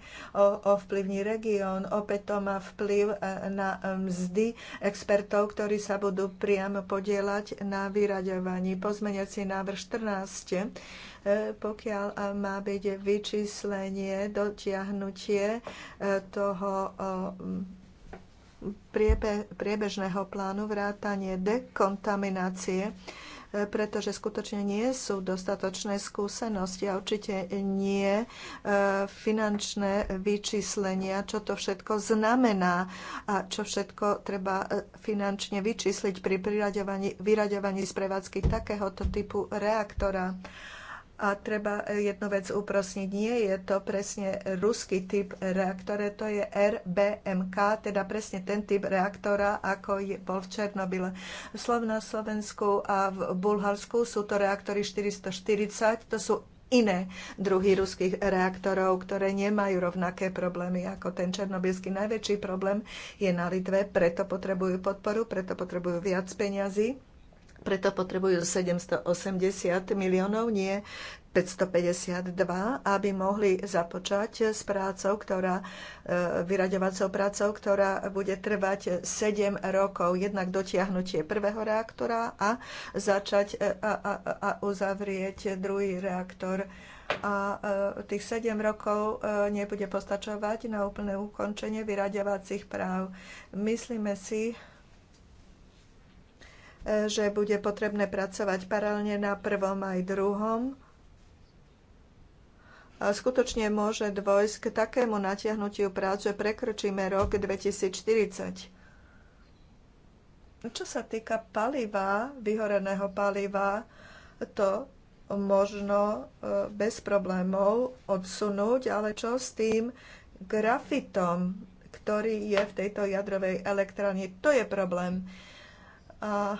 ovplyvní región. Opäť to má vplyv e, na e, mzdy expertov, ktorí sa budú priamo podielať na vyraďovaní. Pozmeniaci návrh 14 E, pokiaľ e, má byť vyčíslenie, dotiahnutie e, toho priebežného plánu vrátanie dekontaminácie, pretože skutočne nie sú dostatočné skúsenosti a určite nie finančné vyčíslenia, čo to všetko znamená a čo všetko treba finančne vyčísliť pri vyraďovaní z prevádzky takéhoto typu reaktora. A treba jednu vec uprosniť, nie je to presne ruský typ reaktora, to je RBMK, teda presne ten typ reaktora, ako je, bol v Černobyle. Na Slovensku a v Bulharsku sú to reaktory 440, to sú iné druhy ruských reaktorov, ktoré nemajú rovnaké problémy ako ten černobylský. Najväčší problém je na Litve, preto potrebujú podporu, preto potrebujú viac peňazí preto potrebujú 780 miliónov, nie 552, aby mohli započať s prácou, ktorá, e, vyraďovacou prácou, ktorá bude trvať 7 rokov. Jednak dotiahnutie prvého reaktora a začať e, a, a, a uzavrieť druhý reaktor. A e, tých 7 rokov nebude postačovať na úplné ukončenie vyraďovacích práv. Myslíme si, že bude potrebné pracovať paralelne na prvom aj druhom. A skutočne môže dôjsť k takému natiahnutiu práce, že prekročíme rok 2040. Čo sa týka paliva, vyhoreného paliva, to možno e, bez problémov odsunúť, ale čo s tým grafitom, ktorý je v tejto jadrovej elektrárni? To je problém a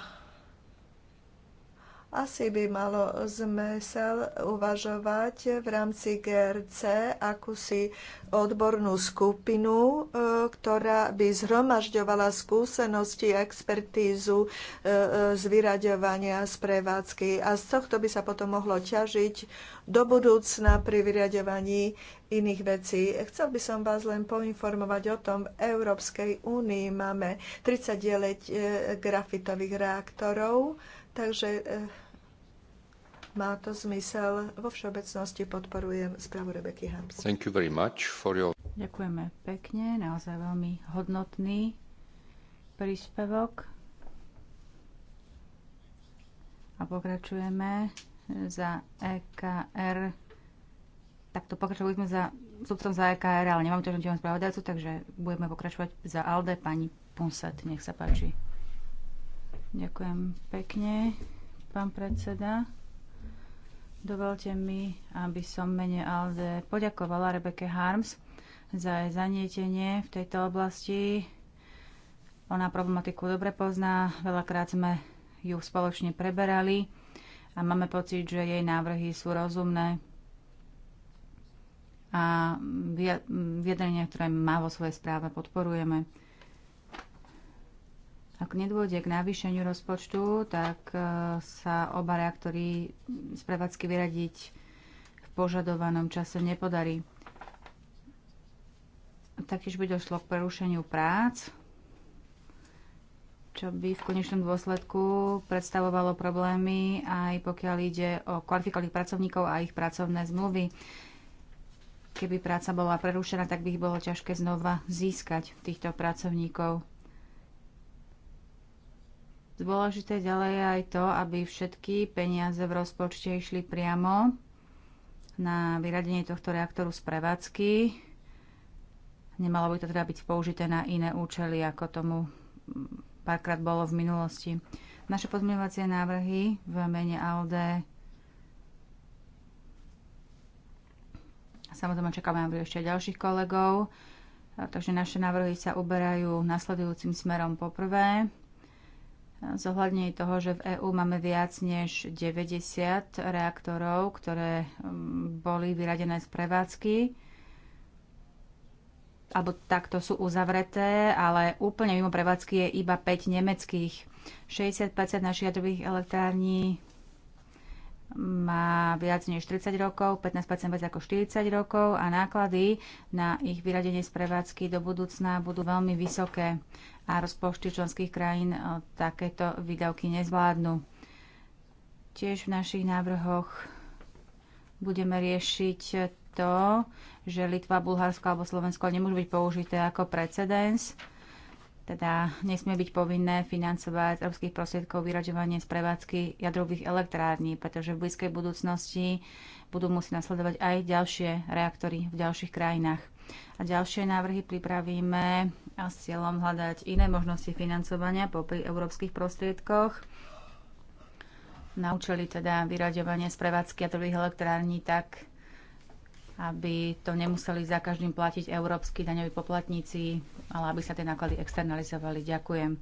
asi by malo zmysel uvažovať v rámci GRC akúsi odbornú skupinu, e, ktorá by zhromažďovala skúsenosti a expertízu e, e, z vyraďovania z prevádzky. A z tohto by sa potom mohlo ťažiť do budúcna pri vyraďovaní iných vecí. Chcel by som vás len poinformovať o tom, v Európskej únii máme 39 grafitových reaktorov, takže má to zmysel. Vo všeobecnosti podporujem správu Rebeky Hams. Thank you very much for your... Ďakujeme pekne, naozaj veľmi hodnotný príspevok. A pokračujeme za EKR. Takto pokračovali sme za subcom za EKR, ale nemám to, že spravodajcu, takže budeme pokračovať za ALDE. Pani Ponset, nech sa páči. Ďakujem pekne, pán predseda. Dovolte mi, aby som mene ALDE poďakovala Rebeke Harms za jej zanietenie v tejto oblasti. Ona problematiku dobre pozná, veľakrát sme ju spoločne preberali a máme pocit, že jej návrhy sú rozumné a vyjadrenia, ktoré má vo svojej správe, podporujeme. Ak nedôjde k navýšeniu rozpočtu, tak e, sa oba reaktory z prevádzky vyradiť v požadovanom čase nepodarí. Taktiež by došlo k prerušeniu prác, čo by v konečnom dôsledku predstavovalo problémy aj pokiaľ ide o kvalifikovaných pracovníkov a ich pracovné zmluvy. Keby práca bola prerušená, tak by ich bolo ťažké znova získať týchto pracovníkov. Dôležité ďalej je aj to, aby všetky peniaze v rozpočte išli priamo na vyradenie tohto reaktoru z prevádzky. Nemalo by to teda byť použité na iné účely, ako tomu párkrát bolo v minulosti. Naše pozmeňovacie návrhy v mene ALDE Samozrejme čakáme na ešte ďalších kolegov. Takže naše návrhy sa uberajú nasledujúcim smerom poprvé Zohľadne toho, že v EÚ máme viac než 90 reaktorov, ktoré mm, boli vyradené z prevádzky, alebo takto sú uzavreté, ale úplne mimo prevádzky je iba 5 nemeckých. 60 našich jadrových elektrární má viac než 30 rokov, 15% viac ako 40 rokov a náklady na ich vyradenie z prevádzky do budúcna budú veľmi vysoké a rozpočty členských krajín eh, takéto výdavky nezvládnu. Tiež v našich návrhoch budeme riešiť to, že Litva, Bulharsko alebo Slovensko nemôžu byť použité ako precedens teda nesmie byť povinné financovať z európskych prostriedkov vyraďovanie z prevádzky jadrových elektrární, pretože v blízkej budúcnosti budú musieť nasledovať aj ďalšie reaktory v ďalších krajinách. A ďalšie návrhy pripravíme a s cieľom hľadať iné možnosti financovania popri európskych prostriedkoch na účely teda vyraďovania z prevádzky jadrových elektrární tak, aby to nemuseli za každým platiť európsky daňoví poplatníci, ale aby sa tie náklady externalizovali. Ďakujem.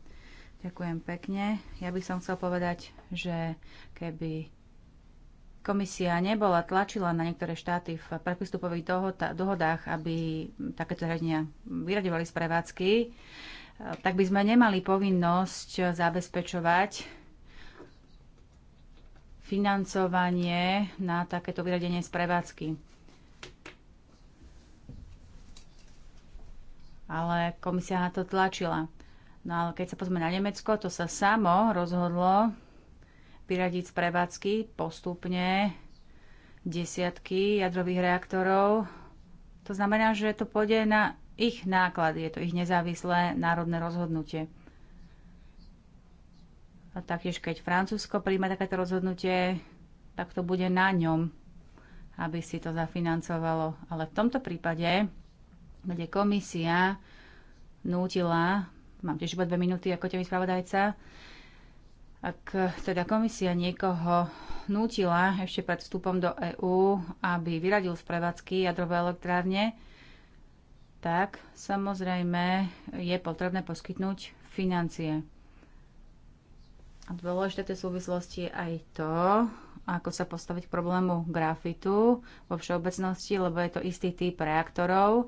Ďakujem pekne. Ja by som chcel povedať, že keby komisia nebola tlačila na niektoré štáty v predpristupových dohodách, aby takéto zariadenia vyradovali z prevádzky, eh, tak by sme nemali povinnosť zabezpečovať financovanie na takéto vyradenie z prevádzky. ale komisia na to tlačila. No ale keď sa pozme na Nemecko, to sa samo rozhodlo vyradiť z prevádzky postupne desiatky jadrových reaktorov. To znamená, že to pôjde na ich náklady je to ich nezávislé národné rozhodnutie. A taktiež, keď Francúzsko príjme takéto rozhodnutie, tak to bude na ňom, aby si to zafinancovalo. Ale v tomto prípade kde komisia nútila, mám tiež iba dve minúty ako ťa spravodajca, ak teda komisia niekoho nútila ešte pred vstupom do EÚ, aby vyradil z prevádzky jadrové elektrárne, tak samozrejme je potrebné poskytnúť financie. A dôležité tej súvislosti je aj to, ako sa postaviť k problému grafitu vo všeobecnosti, lebo je to istý typ reaktorov,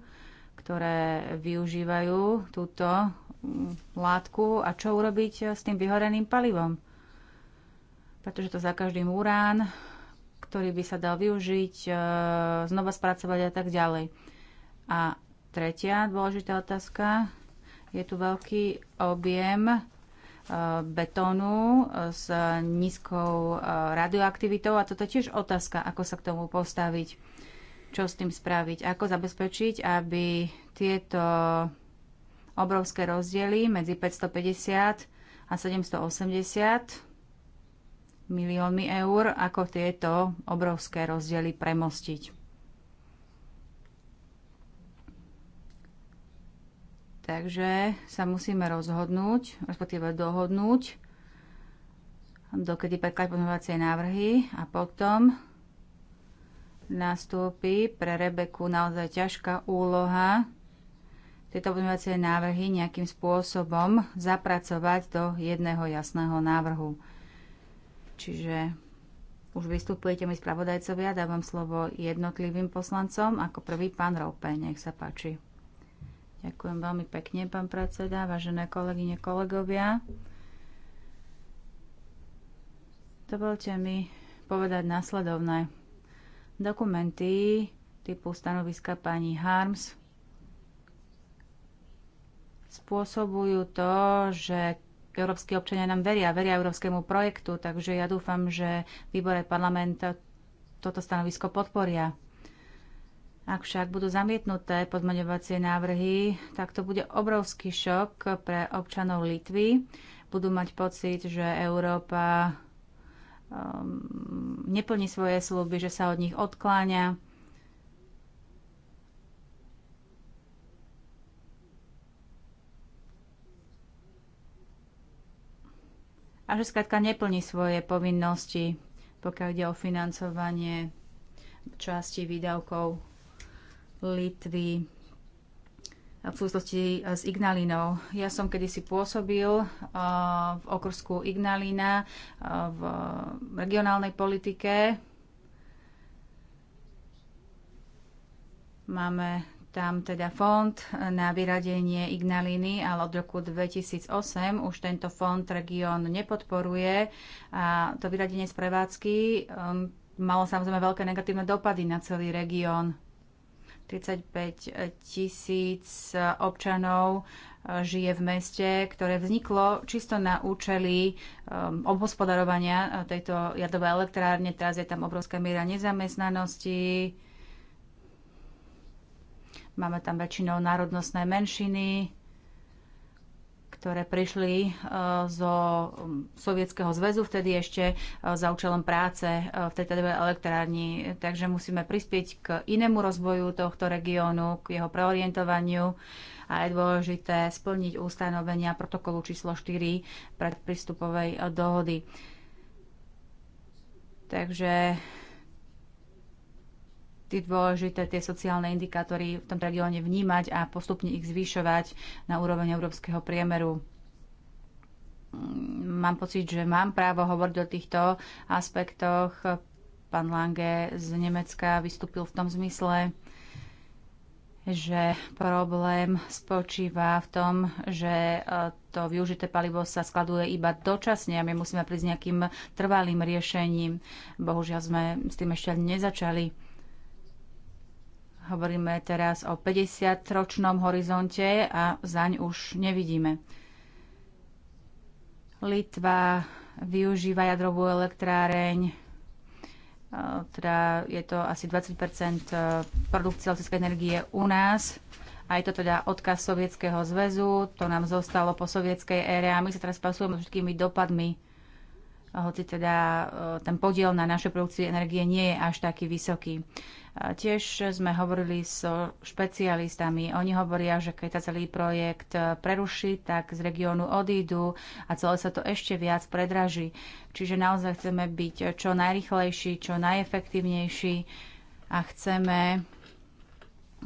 ktoré využívajú túto mm, látku a čo urobiť s tým vyhoreným palivom. Pretože to za každým urán, ktorý by sa dal využiť, e, znova spracovať a tak ďalej. A tretia dôležitá otázka. Je tu veľký objem e, betónu e, s nízkou radioaktivitou a toto tiež otázka, ako sa k tomu postaviť čo s tým spraviť, ako zabezpečiť, aby tieto obrovské rozdiely medzi 550 a 780 miliónmi eur, ako tieto obrovské rozdiely premostiť. Takže sa musíme rozhodnúť, respektíve dohodnúť, dokedy predkladať pozmeňovacie návrhy a potom nastúpi pre Rebeku naozaj ťažká úloha tieto pozmeňovacie návrhy nejakým spôsobom zapracovať do jedného jasného návrhu. Čiže už vystupujete mi spravodajcovia, dávam slovo jednotlivým poslancom, ako prvý pán Rope, nech sa páči. Ďakujem veľmi pekne, pán predseda, vážené kolegyne, kolegovia. Dovolte mi povedať následovné. Dokumenty typu stanoviska pani Harms spôsobujú to, že európsky občania nám veria, veria európskemu projektu, takže ja dúfam, že výbore parlamenta toto stanovisko podporia. Ak však budú zamietnuté podmaňovacie návrhy, tak to bude obrovský šok pre občanov Litvy. Budú mať pocit, že Európa um, neplní svoje sluby, že sa od nich odkláňa. A že skrátka neplní svoje povinnosti, pokiaľ ide o financovanie časti výdavkov Litvy v súvislosti s Ignalinou. Ja som kedysi pôsobil uh, v okrsku Ignalina uh, v regionálnej politike. Máme tam teda fond na vyradenie Ignaliny, ale od roku 2008 už tento fond región nepodporuje a to vyradenie z prevádzky um, malo samozrejme veľké negatívne dopady na celý región. 35 tisíc občanov eh, žije v meste, ktoré vzniklo čisto na účely ehm, obhospodarovania eh, tejto jadovej elektrárne. Teraz je tam obrovská miera nezamestnanosti. Máme tam väčšinou národnostné menšiny ktoré prišli e, zo Sovietskeho zväzu, vtedy ešte e, za účelom práce e, v tej teda elektrárni. Takže musíme prispieť k inému rozvoju tohto regiónu, k jeho preorientovaniu a je dôležité splniť ustanovenia protokolu číslo 4 predpristupovej dohody. Takže vždy dôležité tie sociálne indikátory v tom regióne vnímať a postupne ich zvyšovať na úroveň európskeho priemeru mm, mám pocit, že mám právo hovoriť o týchto aspektoch. Pán Lange z Nemecka vystúpil v tom zmysle, že problém spočíva v tom, že e, to využité palivo sa skladuje iba dočasne a my musíme prísť nejakým trvalým riešením. Bohužiaľ sme s tým ešte nezačali. Hovoríme teraz o 50-ročnom horizonte a zaň už nevidíme. Litva využíva jadrovú elektráreň, e, teda je to asi 20 e, produkcie elektrickej energie u nás. A je to teda odkaz Sovietskeho zväzu, to nám zostalo po sovietskej ére a my sa teraz pasujeme všetkými dopadmi, hoci teda e, ten podiel na našej produkcii energie nie je až taký vysoký. Tiež sme hovorili so špecialistami. Oni hovoria, že keď sa celý projekt preruší, tak z regiónu odídu a celé sa to ešte viac predraží. Čiže naozaj chceme byť čo najrychlejší, čo najefektívnejší a chceme,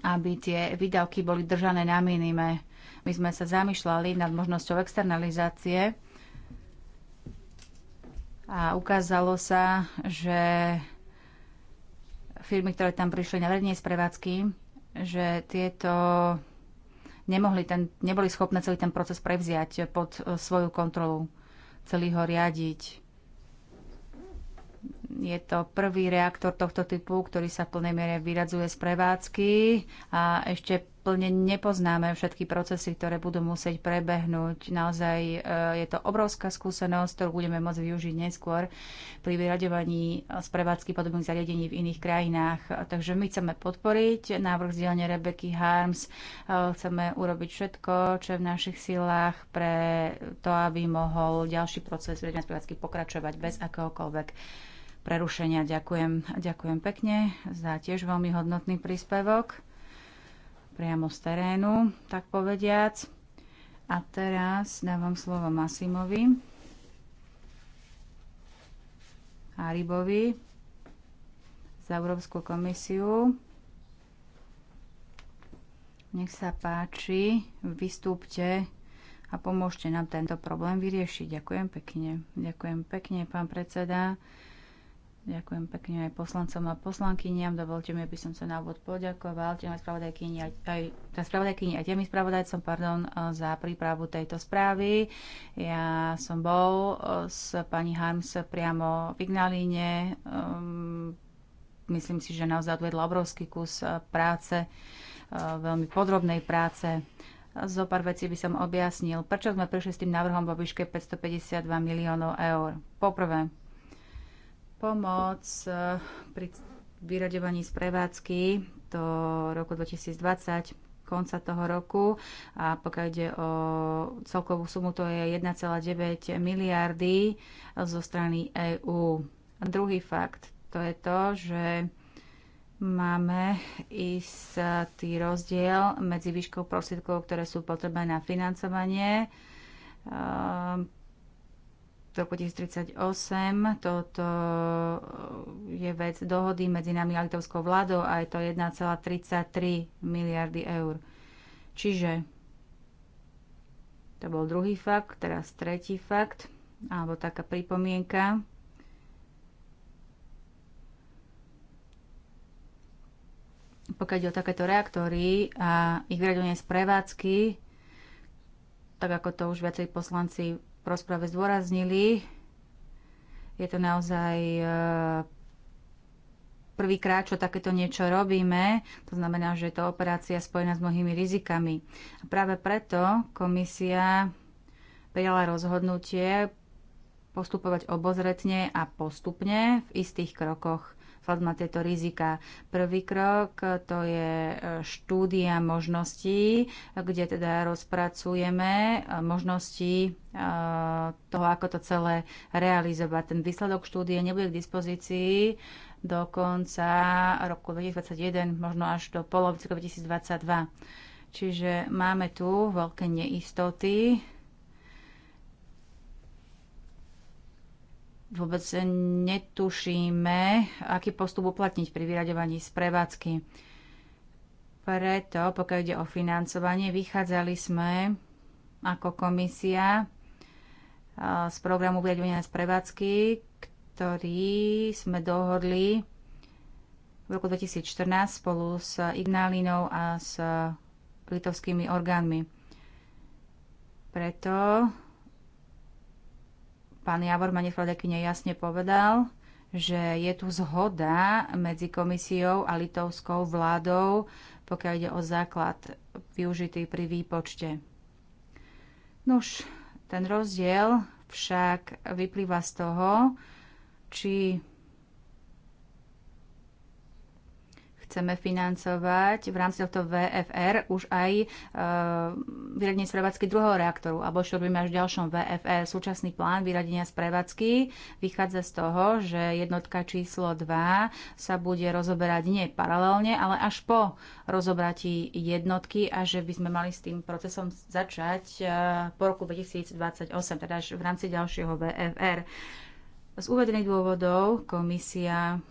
aby tie výdavky boli držané na minime. My sme sa zamýšľali nad možnosťou externalizácie a ukázalo sa, že firmy, ktoré tam prišli na verejne z prevádzky, že tieto nemohli ten, neboli schopné celý ten proces prevziať pod e, svoju kontrolu, celý ho riadiť. Je to prvý reaktor tohto typu, ktorý sa v plnej miere vyradzuje z prevádzky a ešte úplne nepoznáme všetky procesy, ktoré budú musieť prebehnúť. Naozaj e, je to obrovská skúsenosť, ktorú budeme môcť využiť neskôr pri vyraďovaní z prevádzky podobných zariadení v iných krajinách. Takže my chceme podporiť návrh z dielne Rebeky Harms. E, chceme urobiť všetko, čo je v našich silách pre to, aby mohol ďalší proces vyraďovania z prevádzky pokračovať bez akéhokoľvek prerušenia. Ďakujem, ďakujem pekne za tiež veľmi hodnotný príspevok priamo z terénu, tak povediac. A teraz dávam slovo Masimovi a Rybovi za Európsku komisiu. Nech sa páči, vystúpte a pomôžte nám tento problém vyriešiť. Ďakujem pekne. Ďakujem pekne, pán predseda. Ďakujem pekne aj poslancom a poslankyniam. Dovolte mi, aby som sa na úvod poďakoval tým aj teda spravodajkyni aj, tým spravodajcom pardon, eh, za prípravu tejto správy. Ja som bol eh, s pani Harms priamo v Ignalíne. Ehm, myslím si, že naozaj odvedla obrovský kus eh, práce, veľmi podrobnej práce zo pár vecí by som objasnil, prečo sme prišli s tým návrhom vo výške 552 miliónov eur. Poprvé, Pomoc eh, pri vyraďovaní z prevádzky do roku 2020 konca toho roku a pokiaľ ide o celkovú sumu, to je 1,9 miliardy eh, zo strany EÚ. Druhý fakt, to je to, že máme istý rozdiel medzi výškou prostriedkov, ktoré sú potrebné na financovanie ehm, v roku 1938, Toto e, je vec dohody medzi nami a litovskou vládou a je to 1,33 miliardy eur. Čiže to bol druhý fakt, teraz tretí fakt, alebo taká pripomienka. Pokiaľ ide o takéto reaktory a ich radenie z prevádzky, tak ako to už viacej poslanci v rozprave zdôraznili, je to naozaj e, prvýkrát, čo takéto niečo robíme. To znamená, že je to operácia spojená s mnohými rizikami. A práve preto komisia prijala rozhodnutie postupovať obozretne a postupne v istých krokoch vzhľadom na tieto rizika. Prvý krok e, to je e, štúdia možností, kde teda rozpracujeme e, možnosti toho, ako to celé realizovať. Ten výsledok štúdie nebude k dispozícii do konca roku 2021, možno až do polovice 2022. Čiže máme tu veľké neistoty, vôbec netušíme, aký postup uplatniť pri vyraďovaní z prevádzky. Preto, pokiaľ ide o financovanie, vychádzali sme ako komisia z programu vyraďovania z prevádzky, ktorý sme dohodli v roku 2014 spolu s Ignalinou a s litovskými orgánmi. Preto Pán Javor ma nesledekyne nejasne povedal, že je tu zhoda medzi komisiou a litovskou vládou, pokiaľ ide o základ využitý pri výpočte. Nuž, ten rozdiel však vyplýva z toho, či chceme financovať v rámci tohto VFR už aj uh, vyradenie z prevádzky druhého reaktoru, alebo čo robíme až v ďalšom VFR. Súčasný plán vyradenia z prevádzky vychádza z toho, že jednotka číslo 2 sa bude rozoberať nie paralelne, ale až po rozobratí jednotky a že by sme mali s tým procesom začať e, po roku 2028, teda až v rámci ďalšieho VFR. Z uvedených dôvodov komisia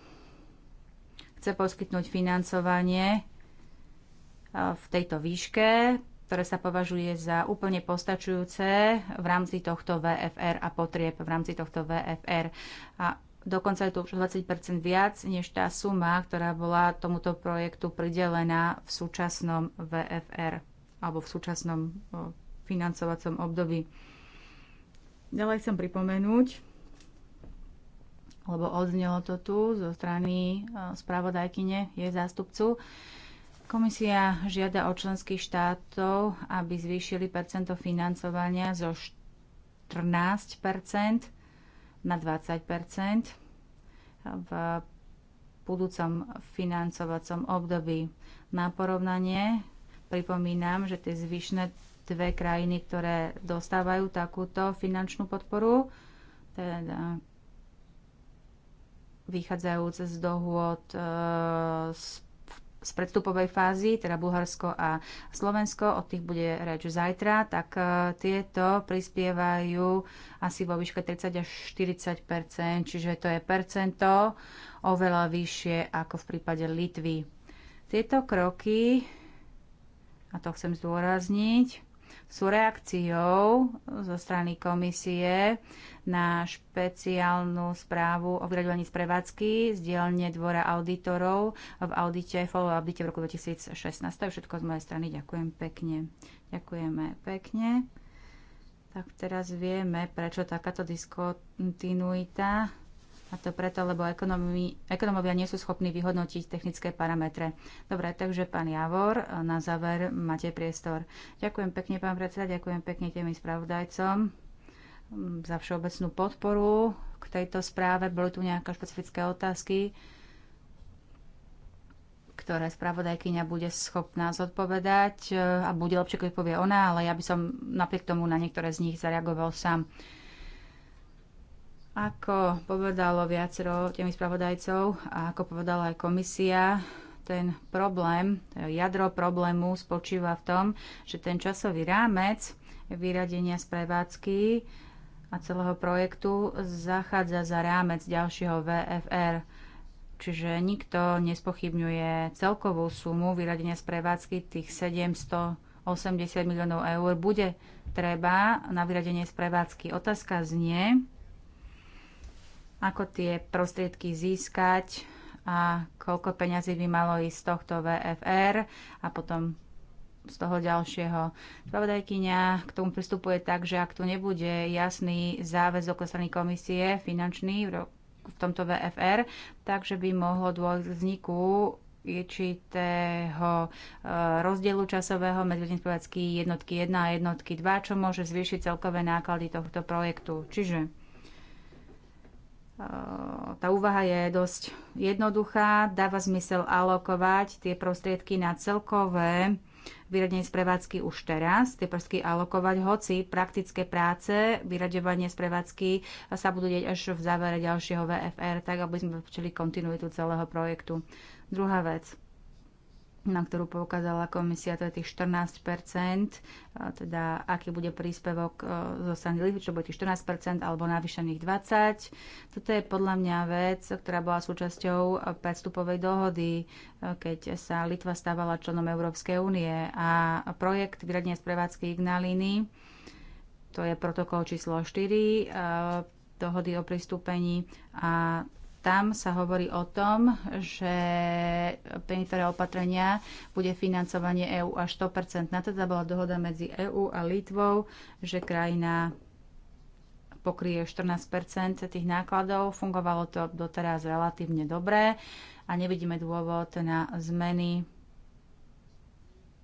chce poskytnúť financovanie e, v tejto výške, ktoré sa považuje za úplne postačujúce v rámci tohto VFR a potrieb v rámci tohto VFR. A dokonca je to už 20 viac než tá suma, ktorá bola tomuto projektu pridelená v súčasnom VFR alebo v súčasnom financovacom období. Ďalej chcem pripomenúť, lebo odznelo to tu zo strany e, spravodajkyne, jej zástupcu. Komisia žiada od členských štátov, aby zvýšili percento financovania zo 14 na 20 v budúcom financovacom období. Na porovnanie pripomínam, že tie zvyšné dve krajiny, ktoré dostávajú takúto finančnú podporu, teda vychádzajúc z dohôd e, z, z predstupovej fázy, teda Bulharsko a Slovensko, od tých bude reč zajtra, tak e, tieto prispievajú asi vo výške 30 až 40 čiže to je percento oveľa vyššie ako v prípade Litvy. Tieto kroky, a to chcem zdôrazniť, sú reakciou zo strany komisie na špeciálnu správu o vyraďovaní z prevádzky z dielne dvora auditorov v audite, follow audite v roku 2016. To je všetko z mojej strany. Ďakujem pekne. Ďakujeme pekne. Tak teraz vieme, prečo takáto diskontinuita a to preto, lebo ekonomi, ekonomovia nie sú schopní vyhodnotiť technické parametre. Dobre, takže pán Javor, na záver máte priestor. Ďakujem pekne, pán predseda, ďakujem pekne tým spravodajcom mm, za všeobecnú podporu k tejto správe. Boli tu nejaké špecifické otázky, ktoré spravodajkyňa bude schopná zodpovedať e, a bude lepšie, keď povie ona, ale ja by som napriek tomu na niektoré z nich zareagoval sám. Ako povedalo viacero tými spravodajcov a ako povedala aj komisia, ten problém, jadro problému spočíva v tom, že ten časový rámec vyradenia z prevádzky a celého projektu zachádza za rámec ďalšieho VFR. Čiže nikto nespochybňuje celkovú sumu vyradenia z prevádzky tých 780 miliónov eur bude treba na vyradenie z prevádzky. Otázka znie, ako tie prostriedky získať a koľko peňazí by malo ísť z tohto VFR a potom z toho ďalšieho. Spravodajkyňa k tomu pristupuje tak, že ak tu nebude jasný záväzok strany komisie finančný v tomto VFR, takže by mohlo dôjsť k vzniku určitého e, rozdielu časového medzi jednotky 1 a jednotky 2, čo môže zvýšiť celkové náklady tohto projektu. Čiže tá úvaha je dosť jednoduchá. Dáva zmysel alokovať tie prostriedky na celkové vyradenie z prevádzky už teraz, tie prvky alokovať, hoci praktické práce, vyraďovanie z prevádzky sa budú deť až v závere ďalšieho VFR, tak aby sme včeli kontinuitu celého projektu. Druhá vec na ktorú poukázala komisia, to je tých 14 teda aký bude príspevok e, zo strany Litvy, čo bude tých 14 alebo navýšených 20 Toto je podľa mňa vec, ktorá bola súčasťou e, predstupovej dohody, e, keď sa Litva stávala členom Európskej únie a projekt vyradenia z prevádzky Ignaliny, to je protokol číslo 4 dohody o pristúpení a tam sa hovorí o tom, že penitárne opatrenia bude financovanie EÚ až 100%. Na teda bola dohoda medzi EÚ a Litvou, že krajina pokrie 14 tých nákladov. Fungovalo to doteraz relatívne dobre a nevidíme dôvod na zmeny,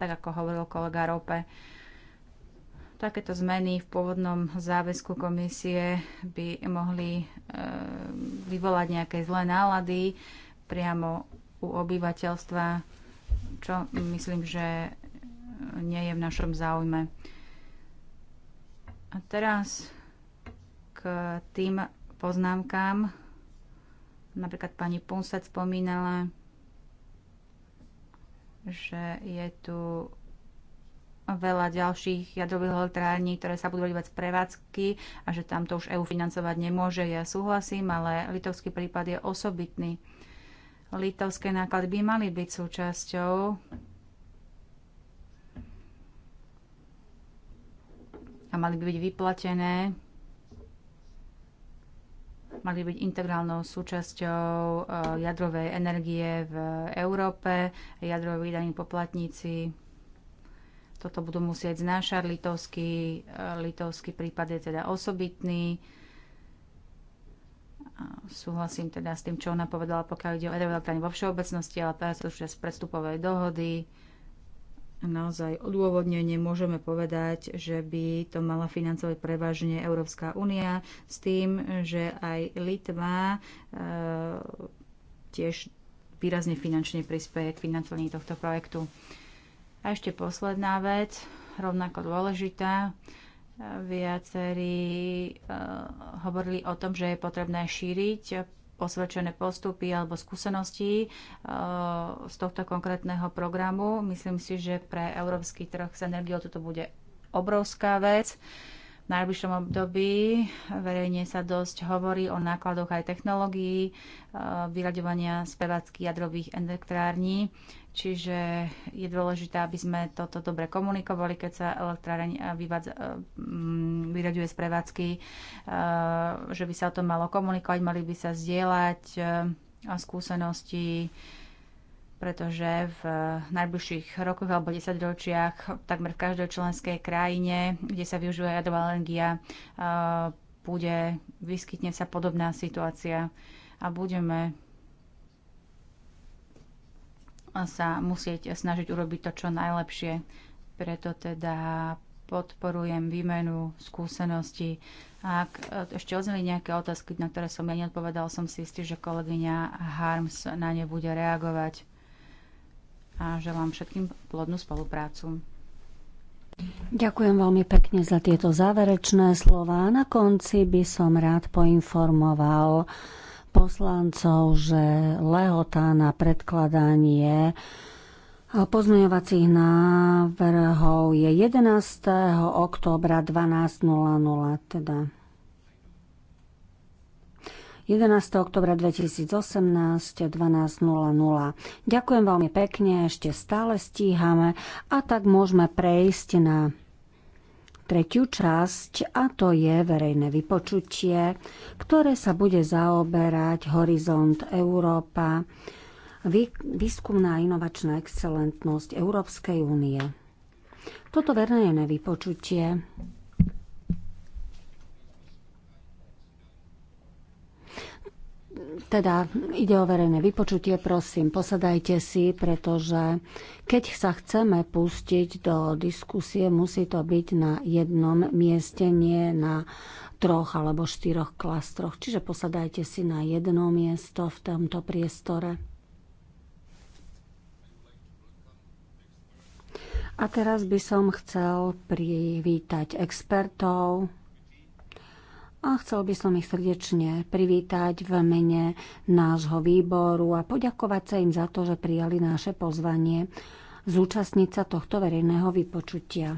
tak ako hovoril kolega Rope. Takéto zmeny v pôvodnom záväzku komisie by mohli e, vyvolať nejaké zlé nálady priamo u obyvateľstva, čo myslím, že nie je v našom záujme. A teraz k tým poznámkám. Napríklad pani Punsat spomínala, že je tu veľa ďalších jadrových elektrární, ktoré sa budú bez prevádzky a že tam to už EU financovať nemôže. Ja súhlasím, ale litovský prípad je osobitný. Litovské náklady by mali byť súčasťou a mali by byť vyplatené mali byť integrálnou súčasťou eh, jadrovej energie v Európe, jadroví daní poplatníci toto budú musieť znášať litovský, eh, litovský prípad je teda osobitný. Súhlasím teda s tým, čo ona povedala, pokiaľ ide o euroelektrárne vo všeobecnosti, ale teraz už z predstupovej dohody naozaj odôvodnenie môžeme povedať, že by to mala financovať prevažne Európska únia s tým, že aj Litva e, tiež výrazne finančne prispieje k financovaní tohto projektu. E, a ešte posledná vec, rovnako dôležitá. Viacerí uh, hovorili o tom, že je potrebné šíriť osvedčené postupy alebo skúsenosti uh, z tohto konkrétneho programu. Myslím si, že pre európsky trh s energiou toto bude obrovská vec. V najbližšom období verejne sa dosť hovorí o nákladoch aj technológií, e, vyraďovania z jadrových elektrární. Čiže je dôležité, aby sme toto dobre komunikovali, keď sa elektráreň eh, eh, mm, vyraďuje z prevádzky, eh, že by sa o tom malo komunikovať, mali by sa zdieľať skúsenosti, pretože v najbližších rokoch alebo desaťročiach takmer v každej členskej krajine, kde sa využíva jadrová energia, bude, vyskytne sa podobná situácia a budeme sa musieť snažiť urobiť to, čo najlepšie. Preto teda podporujem výmenu skúseností. Ak ešte odzeli nejaké otázky, na ktoré som ja neodpovedal, som si istý, že kolegyňa Harms na ne bude reagovať. A želám všetkým plodnú spoluprácu. Ďakujem veľmi pekne za tieto záverečné slova. Na konci by som rád poinformoval poslancov, že lehota na predkladanie pozmeňovacích návrhov je 11. októbra 12.00, teda 11. oktobra 2018, 12.00. Ďakujem veľmi pekne, ešte stále stíhame a tak môžeme prejsť na tretiu časť a to je verejné vypočutie, ktoré sa bude zaoberať Horizont Európa, výskumná a inovačná excelentnosť Európskej únie. Toto verejné vypočutie teda ide o verejné vypočutie, prosím, posadajte si, pretože keď sa chceme pustiť do diskusie, musí to byť na jednom mieste, nie na troch alebo štyroch klastroch. Čiže posadajte si na jedno miesto v tomto priestore. A teraz by som chcel privítať expertov, a chcel by som ich srdečne privítať v mene nášho výboru a poďakovať sa im za to, že prijali naše pozvanie zúčastniť sa tohto verejného vypočutia.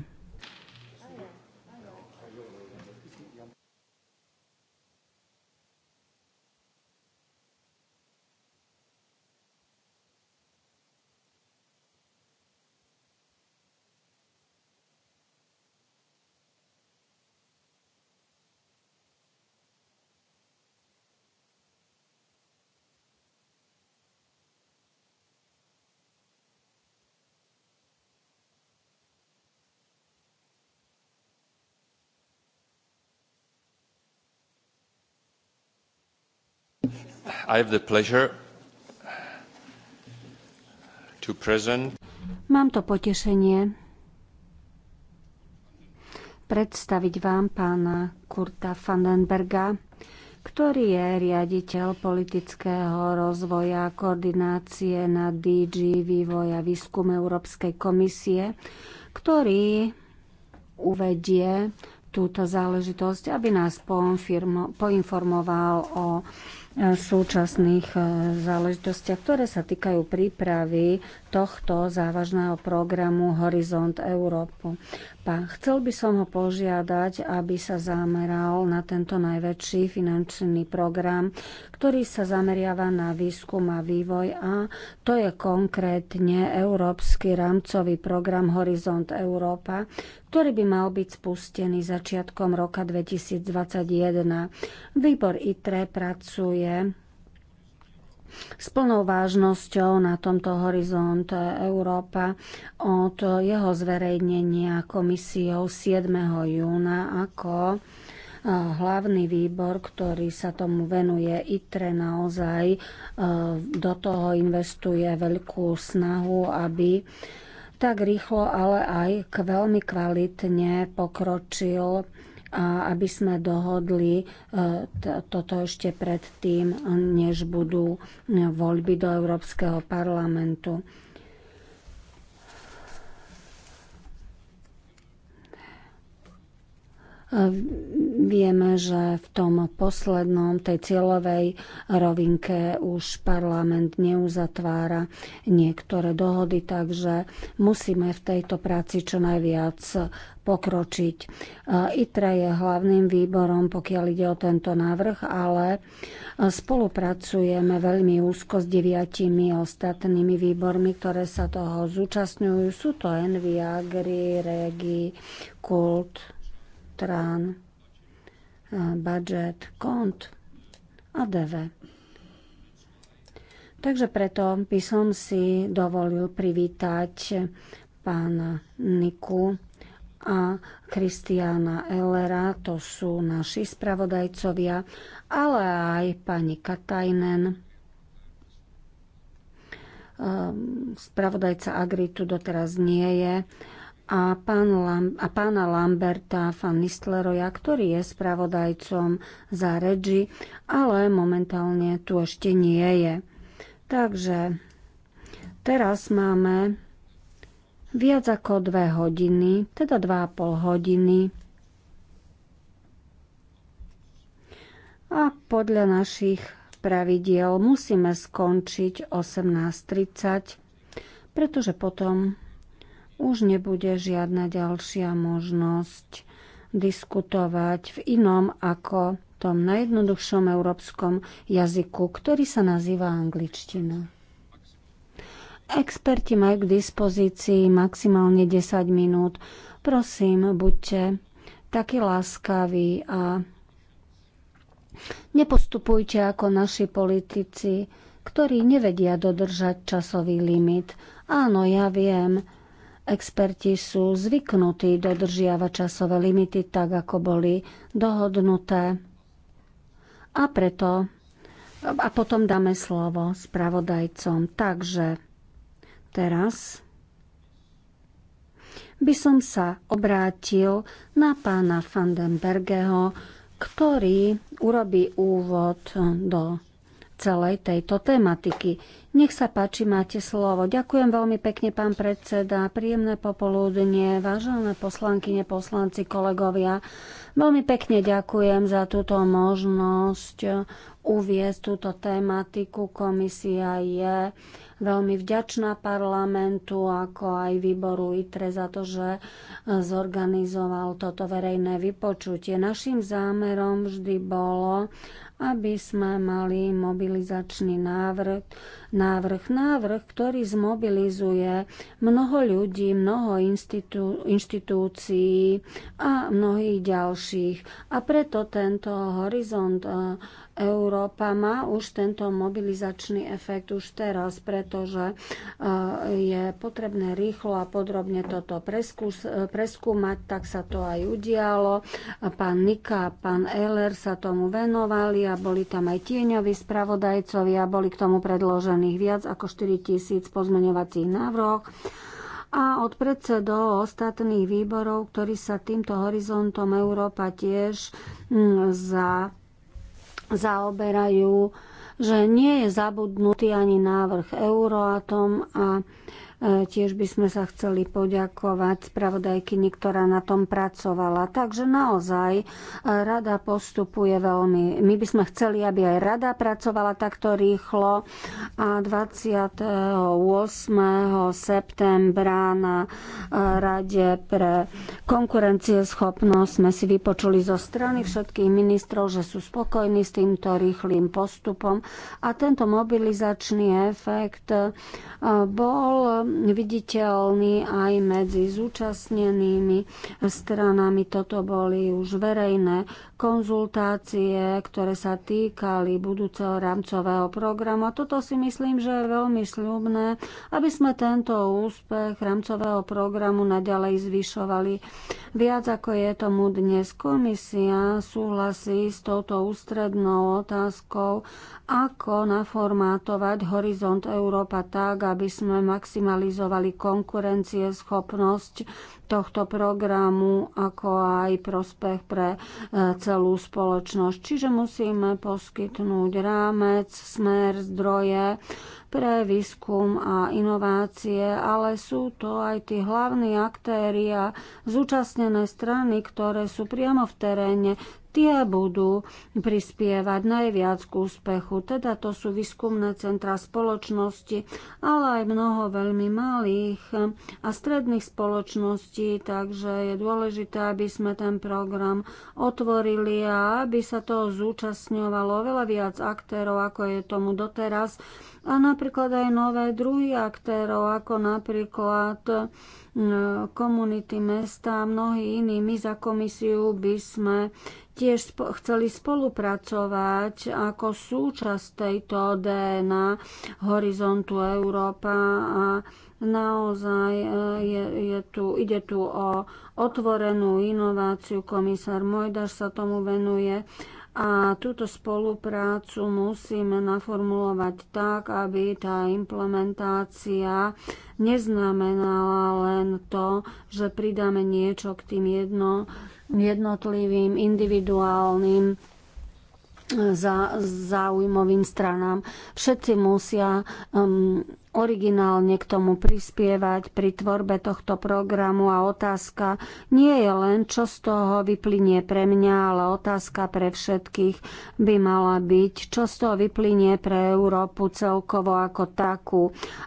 Mám to potešenie predstaviť vám pána Kurta Vandenberga, ktorý je riaditeľ politického rozvoja a koordinácie na DG vývoja výskum Európskej komisie, ktorý uvedie túto záležitosť, aby nás poinformoval o súčasných e, záležitostiach, ktoré sa týkajú prípravy tohto závažného programu Horizont Európu. Pán, chcel by som ho požiadať, aby sa zameral na tento najväčší finančný program, ktorý sa zameriava na výskum a vývoj a to je konkrétne Európsky rámcový program Horizont Európa, ktorý by mal byť spustený začiatkom roka 2021. Výbor ITRE pracuje pracuje s plnou vážnosťou na tomto horizont Európa od jeho zverejnenia komisiou 7. júna ako eh, hlavný výbor, ktorý sa tomu venuje, ITRE naozaj eh, do toho investuje veľkú snahu, aby tak rýchlo, ale aj k veľmi kvalitne pokročil a aby sme dohodli e, toto ešte predtým, než budú e, voľby do Európskeho parlamentu. Vieme, že v tom poslednom, tej cieľovej rovinke už parlament neuzatvára niektoré dohody, takže musíme v tejto práci čo najviac pokročiť. ITRA je hlavným výborom, pokiaľ ide o tento návrh, ale spolupracujeme veľmi úzko s deviatimi ostatnými výbormi, ktoré sa toho zúčastňujú. Sú to Envy, Agri, Regi, Kult, trán, budget, kont a DV. Takže preto by som si dovolil privítať pána Niku a Kristiána Ellera, to sú naši spravodajcovia, ale aj pani Katajnen, ehm, spravodajca Agri tu doteraz nie je a, pán Lam- a pána Lamberta van Nistleroja, ktorý je spravodajcom za Regi, ale momentálne tu ešte nie je. Takže teraz máme viac ako dve hodiny, teda 2,5 hodiny. A podľa našich pravidiel musíme skončiť 18.30, pretože potom už nebude žiadna ďalšia možnosť diskutovať v inom ako tom najjednoduchšom európskom jazyku, ktorý sa nazýva angličtina. Experti majú k dispozícii maximálne 10 minút. Prosím, buďte takí láskaví a nepostupujte ako naši politici, ktorí nevedia dodržať časový limit. Áno, ja viem, Experti sú zvyknutí dodržiavať časové limity tak, ako boli dohodnuté. A preto a potom dáme slovo spravodajcom. Takže teraz by som sa obrátil na pána Vandenbergeho, ktorý urobí úvod do celej tejto tematiky. Nech sa páči, máte slovo. Ďakujem veľmi pekne, pán predseda. Príjemné popoludne, vážené poslankyne, poslanci, kolegovia. Veľmi pekne ďakujem za túto možnosť uviezť túto tematiku. Komisia je veľmi vďačná parlamentu, ako aj výboru ITRE za to, že zorganizoval toto verejné vypočutie. Našim zámerom vždy bolo, aby sme mali mobilizačný návrh, návrh, návrh, ktorý zmobilizuje mnoho ľudí, mnoho institú, inštitúcií a mnohých ďalších. A preto tento horizont Európa má už tento mobilizačný efekt už teraz, pretože e, je potrebné rýchlo a podrobne toto preskús, preskúmať, tak sa to aj udialo. Pán Nika, a pán Eller sa tomu venovali a boli tam aj tieňoví spravodajcovia, boli k tomu predložených viac ako 4 tisíc pozmeňovacích návrhov a od predsedov ostatných výborov, ktorí sa týmto horizontom Európa tiež mm, za zaoberajú, že nie je zabudnutý ani návrh Euroatom a E, tiež by sme sa chceli poďakovať spravodajkyni, ktorá na tom pracovala. Takže naozaj e, rada postupuje veľmi. My by sme chceli, aby aj rada pracovala takto rýchlo a 28. septembra na e, Rade pre konkurencieschopnosť sme si vypočuli zo strany všetkých ministrov, že sú spokojní s týmto rýchlým postupom a tento mobilizačný efekt bol viditeľný aj medzi zúčastnenými stranami. Toto boli už verejné konzultácie, ktoré sa týkali budúceho rámcového programu. A toto si myslím, že je veľmi sľubné, aby sme tento úspech rámcového programu naďalej zvyšovali. Viac ako je tomu dnes komisia súhlasí s touto ústrednou otázkou ako naformátovať horizont Európa tak, aby sme maximalizovali konkurencieschopnosť tohto programu, ako aj prospech pre e, celú spoločnosť. Čiže musíme poskytnúť rámec, smer, zdroje pre výskum a inovácie, ale sú to aj tí hlavní aktéri a zúčastnené strany, ktoré sú priamo v teréne, tie budú prispievať najviac k úspechu. Teda to sú výskumné centra spoločnosti, ale aj mnoho veľmi malých a stredných spoločností, takže je dôležité, aby sme ten program otvorili a aby sa toho zúčastňovalo veľa viac aktérov, ako je tomu doteraz a napríklad aj nové druhy aktérov, ako napríklad e, komunity mesta a mnohí iní. My za komisiu by sme tiež sp- chceli spolupracovať ako súčasť tejto DNA Horizontu Európa a naozaj e, je, je tu, ide tu o otvorenú inováciu. Komisár Mojdaš sa tomu venuje a túto spoluprácu musíme naformulovať tak, aby tá implementácia neznamenala len to, že pridáme niečo k tým jedno jednotlivým individuálnym e, za záujmovým stranám. Všetci musia um, originálne k tomu prispievať pri tvorbe tohto programu a otázka nie je len, čo z toho vyplynie pre mňa, ale otázka pre všetkých by mala byť, čo z toho vyplynie pre Európu celkovo ako takú.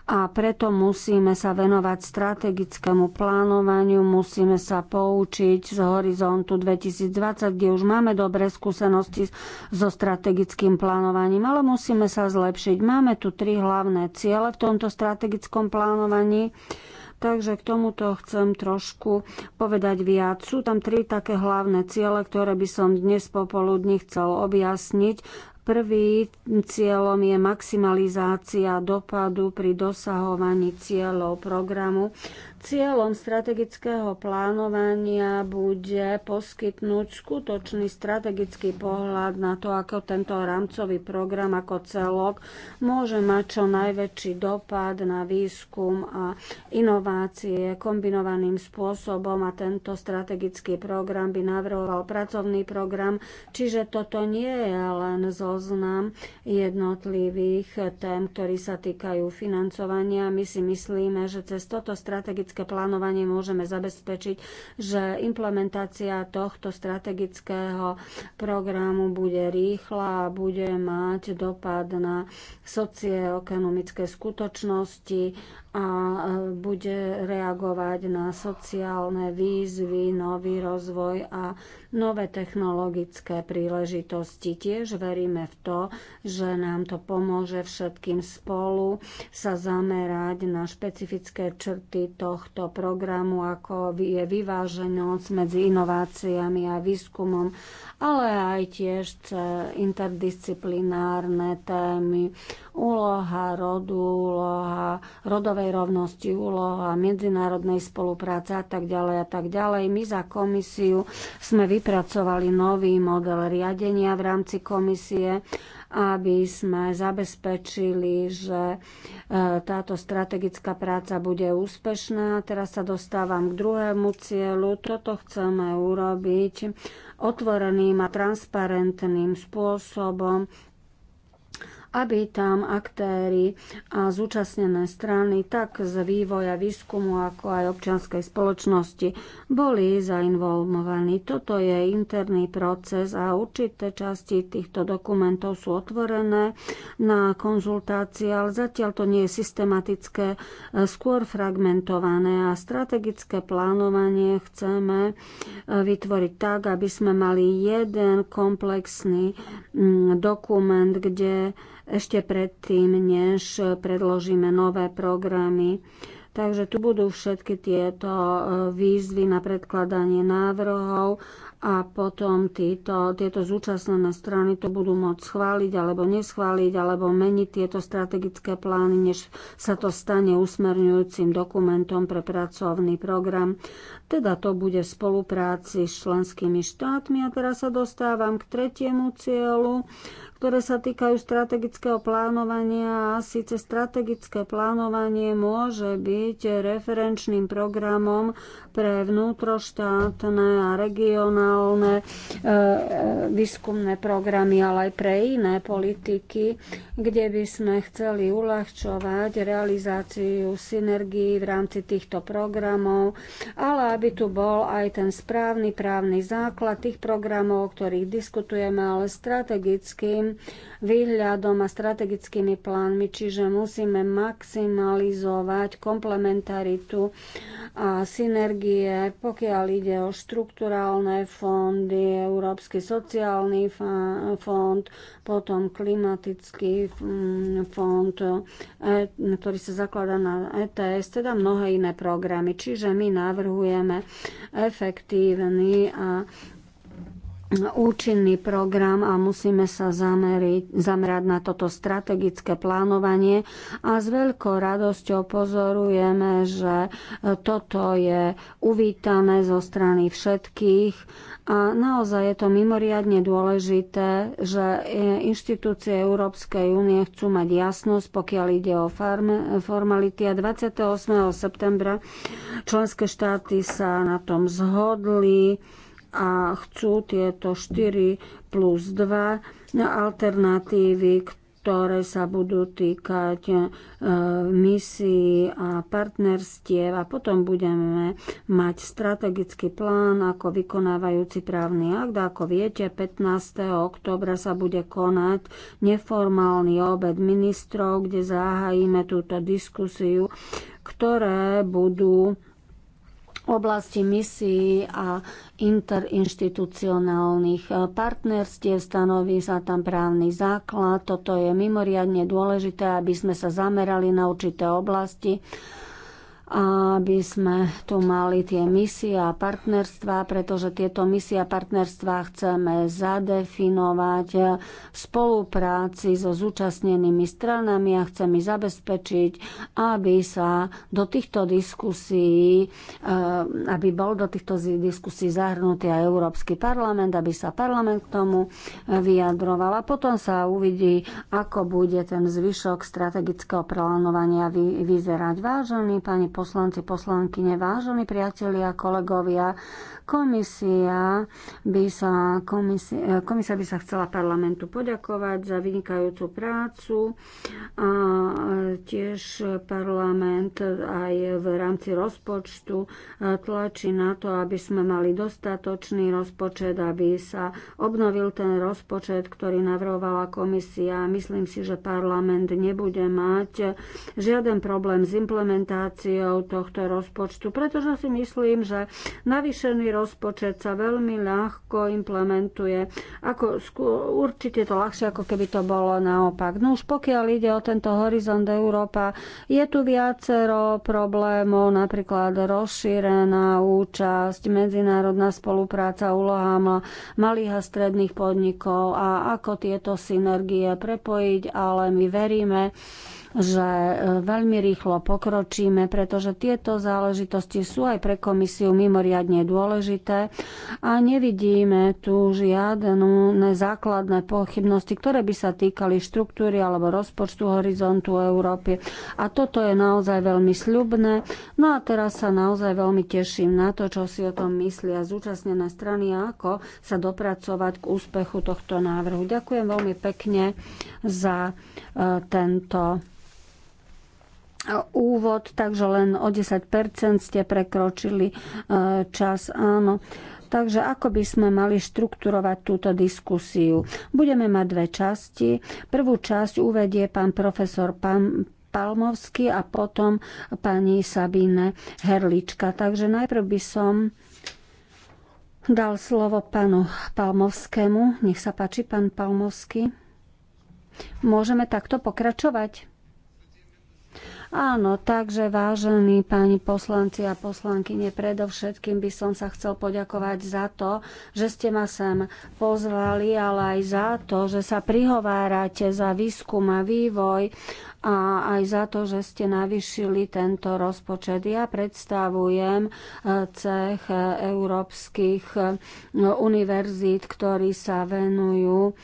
A preto musíme sa venovať strategickému plánovaniu, musíme sa poučiť z horizontu 2020, kde už máme dobré skúsenosti so strategickým plánovaním, ale musíme sa zlepšiť. Máme tu tri hlavné ciele v tom tomto strategickom plánovaní. Takže k tomuto chcem trošku povedať viac. Sú tam tri také hlavné ciele, ktoré by som dnes popoludní chcel objasniť. Prvý cieľom je maximalizácia dopadu pri dosahovaní cieľov programu Cieľom strategického plánovania bude poskytnúť skutočný strategický pohľad na to, ako tento rámcový program ako celok môže mať čo najväčší dopad na výskum a inovácie kombinovaným spôsobom a tento strategický program by navrhoval pracovný program, čiže toto nie je len zoznam jednotlivých tém, ktorí sa týkajú financovania. My si myslíme, že cez toto strategické strategické plánovanie môžeme zabezpečiť, že implementácia tohto strategického programu bude rýchla a bude mať dopad na socioekonomické skutočnosti a bude reagovať na sociálne výzvy, nový rozvoj a nové technologické príležitosti. Tiež veríme v to, že nám to pomôže všetkým spolu sa zamerať na špecifické črty tohto programu, ako je vyváženosť medzi inováciami a výskumom, ale aj tiež interdisciplinárne témy, úloha rodu, úloha rodovej rovnosti, úloha medzinárodnej spolupráce a tak ďalej a tak ďalej. My za komisiu sme vypracovali nový model riadenia v rámci komisie aby sme zabezpečili, že e, táto strategická práca bude úspešná. Teraz sa dostávam k druhému cieľu. Toto chceme urobiť otvoreným a transparentným spôsobom aby tam aktéry a zúčastnené strany tak z vývoja, výskumu, ako aj občianskej spoločnosti boli zainvolvovaní. Toto je interný proces a určité časti týchto dokumentov sú otvorené na konzultácie, ale zatiaľ to nie je systematické, e, skôr fragmentované a strategické plánovanie chceme e, vytvoriť tak, aby sme mali jeden komplexný dokument, kde ešte predtým, než predložíme nové programy. Takže tu budú všetky tieto e, výzvy na predkladanie návrhov a potom títo, tieto zúčastnené strany to budú môcť schváliť alebo neschváliť alebo meniť tieto strategické plány, než sa to stane usmerňujúcim dokumentom pre pracovný program. Teda to bude v spolupráci s členskými štátmi. A teraz sa dostávam k tretiemu cieľu, ktoré sa týkajú strategického plánovania a síce strategické plánovanie môže byť referenčným programom pre vnútroštátne a regionálne e, e, výskumné programy, ale aj pre iné politiky, kde by sme chceli uľahčovať realizáciu synergií v rámci týchto programov, ale aby tu bol aj ten správny právny základ tých programov, o ktorých diskutujeme, ale strategickým výhľadom a strategickými plánmi, čiže musíme maximalizovať komplementaritu a synergii energie, pokiaľ ide o štrukturálne fondy, Európsky sociálny fond, potom klimatický mm, fond, e, ktorý sa zakladá na ETS, teda mnohé iné programy. Čiže my navrhujeme efektívny a účinný program a musíme sa zameriť, zamerať na toto strategické plánovanie a s veľkou radosťou pozorujeme, že toto je uvítané zo strany všetkých a naozaj je to mimoriadne dôležité, že inštitúcie Európskej únie chcú mať jasnosť, pokiaľ ide o farme, formality a 28. septembra členské štáty sa na tom zhodli a chcú tieto 4 plus 2 alternatívy, ktoré sa budú týkať e, misií a partnerstiev a potom budeme mať strategický plán ako vykonávajúci právny akt. Ako viete, 15. oktobra sa bude konať neformálny obed ministrov, kde zahájime túto diskusiu, ktoré budú oblasti misií a interinštitucionálnych eh, partnerstiev. Stanoví sa tam právny základ. Toto je mimoriadne dôležité, aby sme sa zamerali na určité oblasti aby sme tu mali tie misie a partnerstva, pretože tieto misie a partnerstva chceme zadefinovať v spolupráci so zúčastnenými stranami a chceme zabezpečiť, aby sa do týchto diskusí, eh, aby bol do týchto diskusí zahrnutý aj Európsky parlament, aby sa parlament k tomu eh, vyjadroval a potom sa uvidí, ako bude ten zvyšok strategického plánovania vyzerať. Vážený pani poslanci, poslankyne, vážení priatelia, kolegovia, Komisia by sa, komisia, e, komisia by sa chcela parlamentu poďakovať za vynikajúcu prácu a tiež parlament aj v rámci rozpočtu e, tlačí na to, aby sme mali dostatočný rozpočet, aby sa obnovil ten rozpočet, ktorý navrhovala komisia. Myslím si, že parlament nebude mať žiaden problém s implementáciou tohto rozpočtu, pretože si myslím, že navýšený rozpočet sa veľmi ľahko implementuje. Ako, určite to ľahšie, ako keby to bolo naopak. No už pokiaľ ide o tento horizont Európa, je tu viacero problémov, napríklad rozšírená účasť, medzinárodná spolupráca, úloha malých a stredných podnikov a ako tieto synergie prepojiť, ale my veríme, že e, veľmi rýchlo pokročíme, pretože tieto záležitosti sú aj pre komisiu mimoriadne dôležité a nevidíme tu žiadne základné pochybnosti, ktoré by sa týkali štruktúry alebo rozpočtu horizontu Európy. A toto je naozaj veľmi sľubné. No a teraz sa naozaj veľmi teším na to, čo si o tom myslia zúčastnené strany a ako sa dopracovať k úspechu tohto návrhu. Ďakujem veľmi pekne za e, tento úvod, takže len o 10% ste prekročili e, čas. Áno. Takže ako by sme mali štrukturovať túto diskusiu? Budeme mať dve časti. Prvú časť uvedie pán profesor pán Palmovský a potom pani Sabine Herlička. Takže najprv by som dal slovo pánu Palmovskému. Nech sa páči, pán Palmovský. Môžeme takto pokračovať? Áno, takže vážení páni poslanci a poslankyne, predovšetkým by som sa chcel poďakovať za to, že ste ma sem pozvali, ale aj za to, že sa prihovárate za výskum a vývoj a aj za to, že ste navýšili tento rozpočet. Ja predstavujem eh, cech eh, európskych eh, univerzít, ktorí sa venujú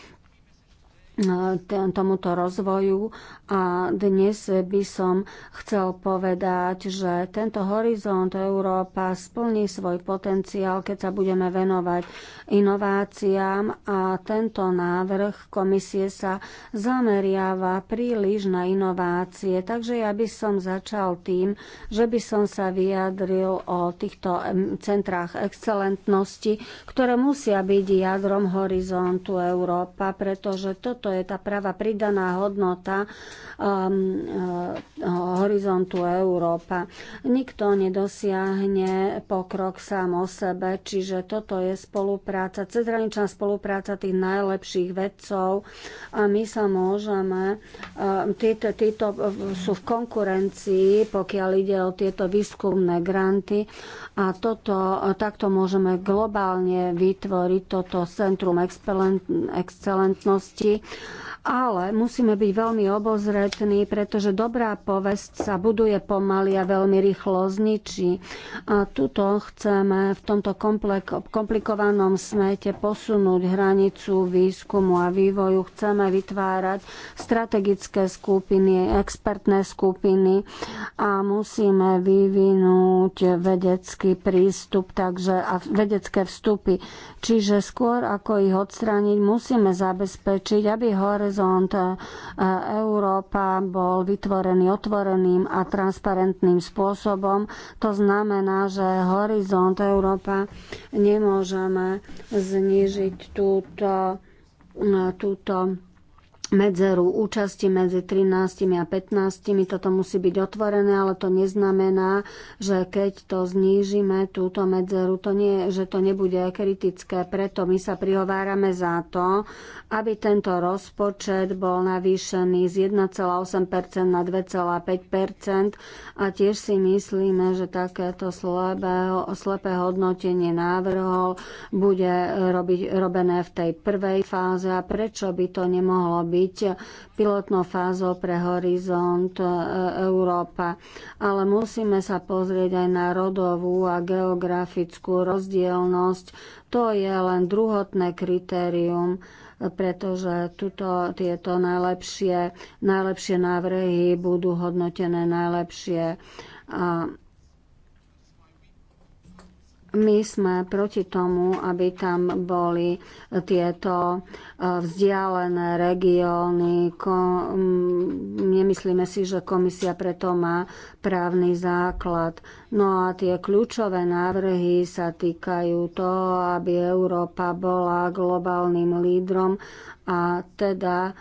tomuto rozvoju a dnes by som chcel povedať, že tento horizont Európa splní svoj potenciál, keď sa budeme venovať inováciám a tento návrh komisie sa zameriava príliš na inovácie. Takže ja by som začal tým, že by som sa vyjadril o týchto centrách excelentnosti, ktoré musia byť jadrom horizontu Európa, pretože toto toto je tá práva pridaná hodnota um, uh, horizontu Európa. Nikto nedosiahne pokrok sám o sebe, čiže toto je spolupráca, cezhraničná spolupráca tých najlepších vedcov a my sa môžeme, um, títo, títo sú v konkurencii, pokiaľ ide o tieto výskumné granty a toto, takto môžeme globálne vytvoriť toto Centrum excelentnosti ale musíme byť veľmi obozretní, pretože dobrá povesť sa buduje pomaly a veľmi rýchlo zničí. A tuto chceme v tomto komplikovanom smete posunúť hranicu výskumu a vývoju. Chceme vytvárať strategické skupiny, expertné skupiny a musíme vyvinúť vedecký prístup takže, a vedecké vstupy. Čiže skôr ako ich odstrániť, musíme zabezpečiť, aby horizont e, Európa bol vytvorený otvoreným a transparentným spôsobom. To znamená, že horizont Európa nemôžeme znižiť túto, e, túto medzeru účasti medzi 13 a 15. Toto musí byť otvorené, ale to neznamená, že keď to znížime, túto medzeru, to nie, že to nebude kritické. Preto my sa prihovárame za to, aby tento rozpočet bol navýšený z 1,8% na 2,5% a tiež si myslíme, že takéto slabé slepé hodnotenie návrhov bude robiť, robené v tej prvej fáze a prečo by to nemohlo byť byť pilotnou fázou pre horizont e, Európa. Ale musíme sa pozrieť aj na rodovú a geografickú rozdielnosť. To je len druhotné kritérium pretože tuto, tieto najlepšie, najlepšie návrhy budú hodnotené najlepšie a my sme proti tomu, aby tam boli tieto e, vzdialené regióny. Mm, nemyslíme si, že komisia preto má právny základ. No a tie kľúčové návrhy sa týkajú toho, aby Európa bola globálnym lídrom a teda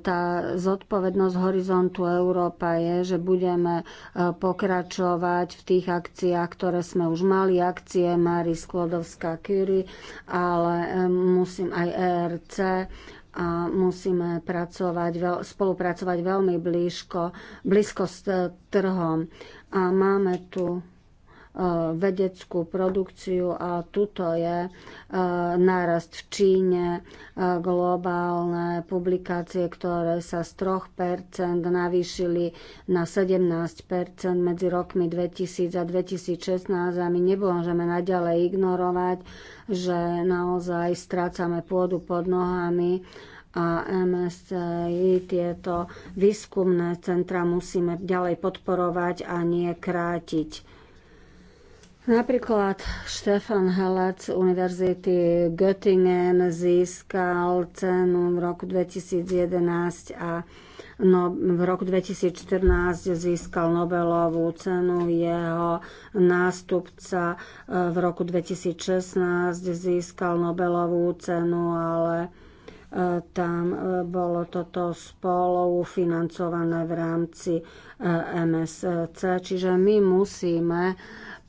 tá zodpovednosť Horizontu Európa je, že budeme e, pokračovať v tých akciách, ktoré sme už mali, akcie Mári Sklodovská Kyry, ale e, musím aj ERC a musíme pracovať, spolupracovať veľmi blízko, blízko s e, trhom. A máme tu E, vedeckú produkciu a tuto je e, nárast v Číne, e, globálne publikácie, ktoré sa z 3% navýšili na 17% medzi rokmi 2000 a 2016 a my nemôžeme naďalej ignorovať, že naozaj strácame pôdu pod nohami a MSCI tieto výskumné centra musíme ďalej podporovať a nie krátiť Napríklad Štefan Helec z Univerzity Göttingen získal cenu v roku 2011 a no, v roku 2014 získal Nobelovú cenu. Jeho nástupca e, v roku 2016 získal Nobelovú cenu, ale e, tam e, bolo toto spolu financované v rámci MSC. Čiže my musíme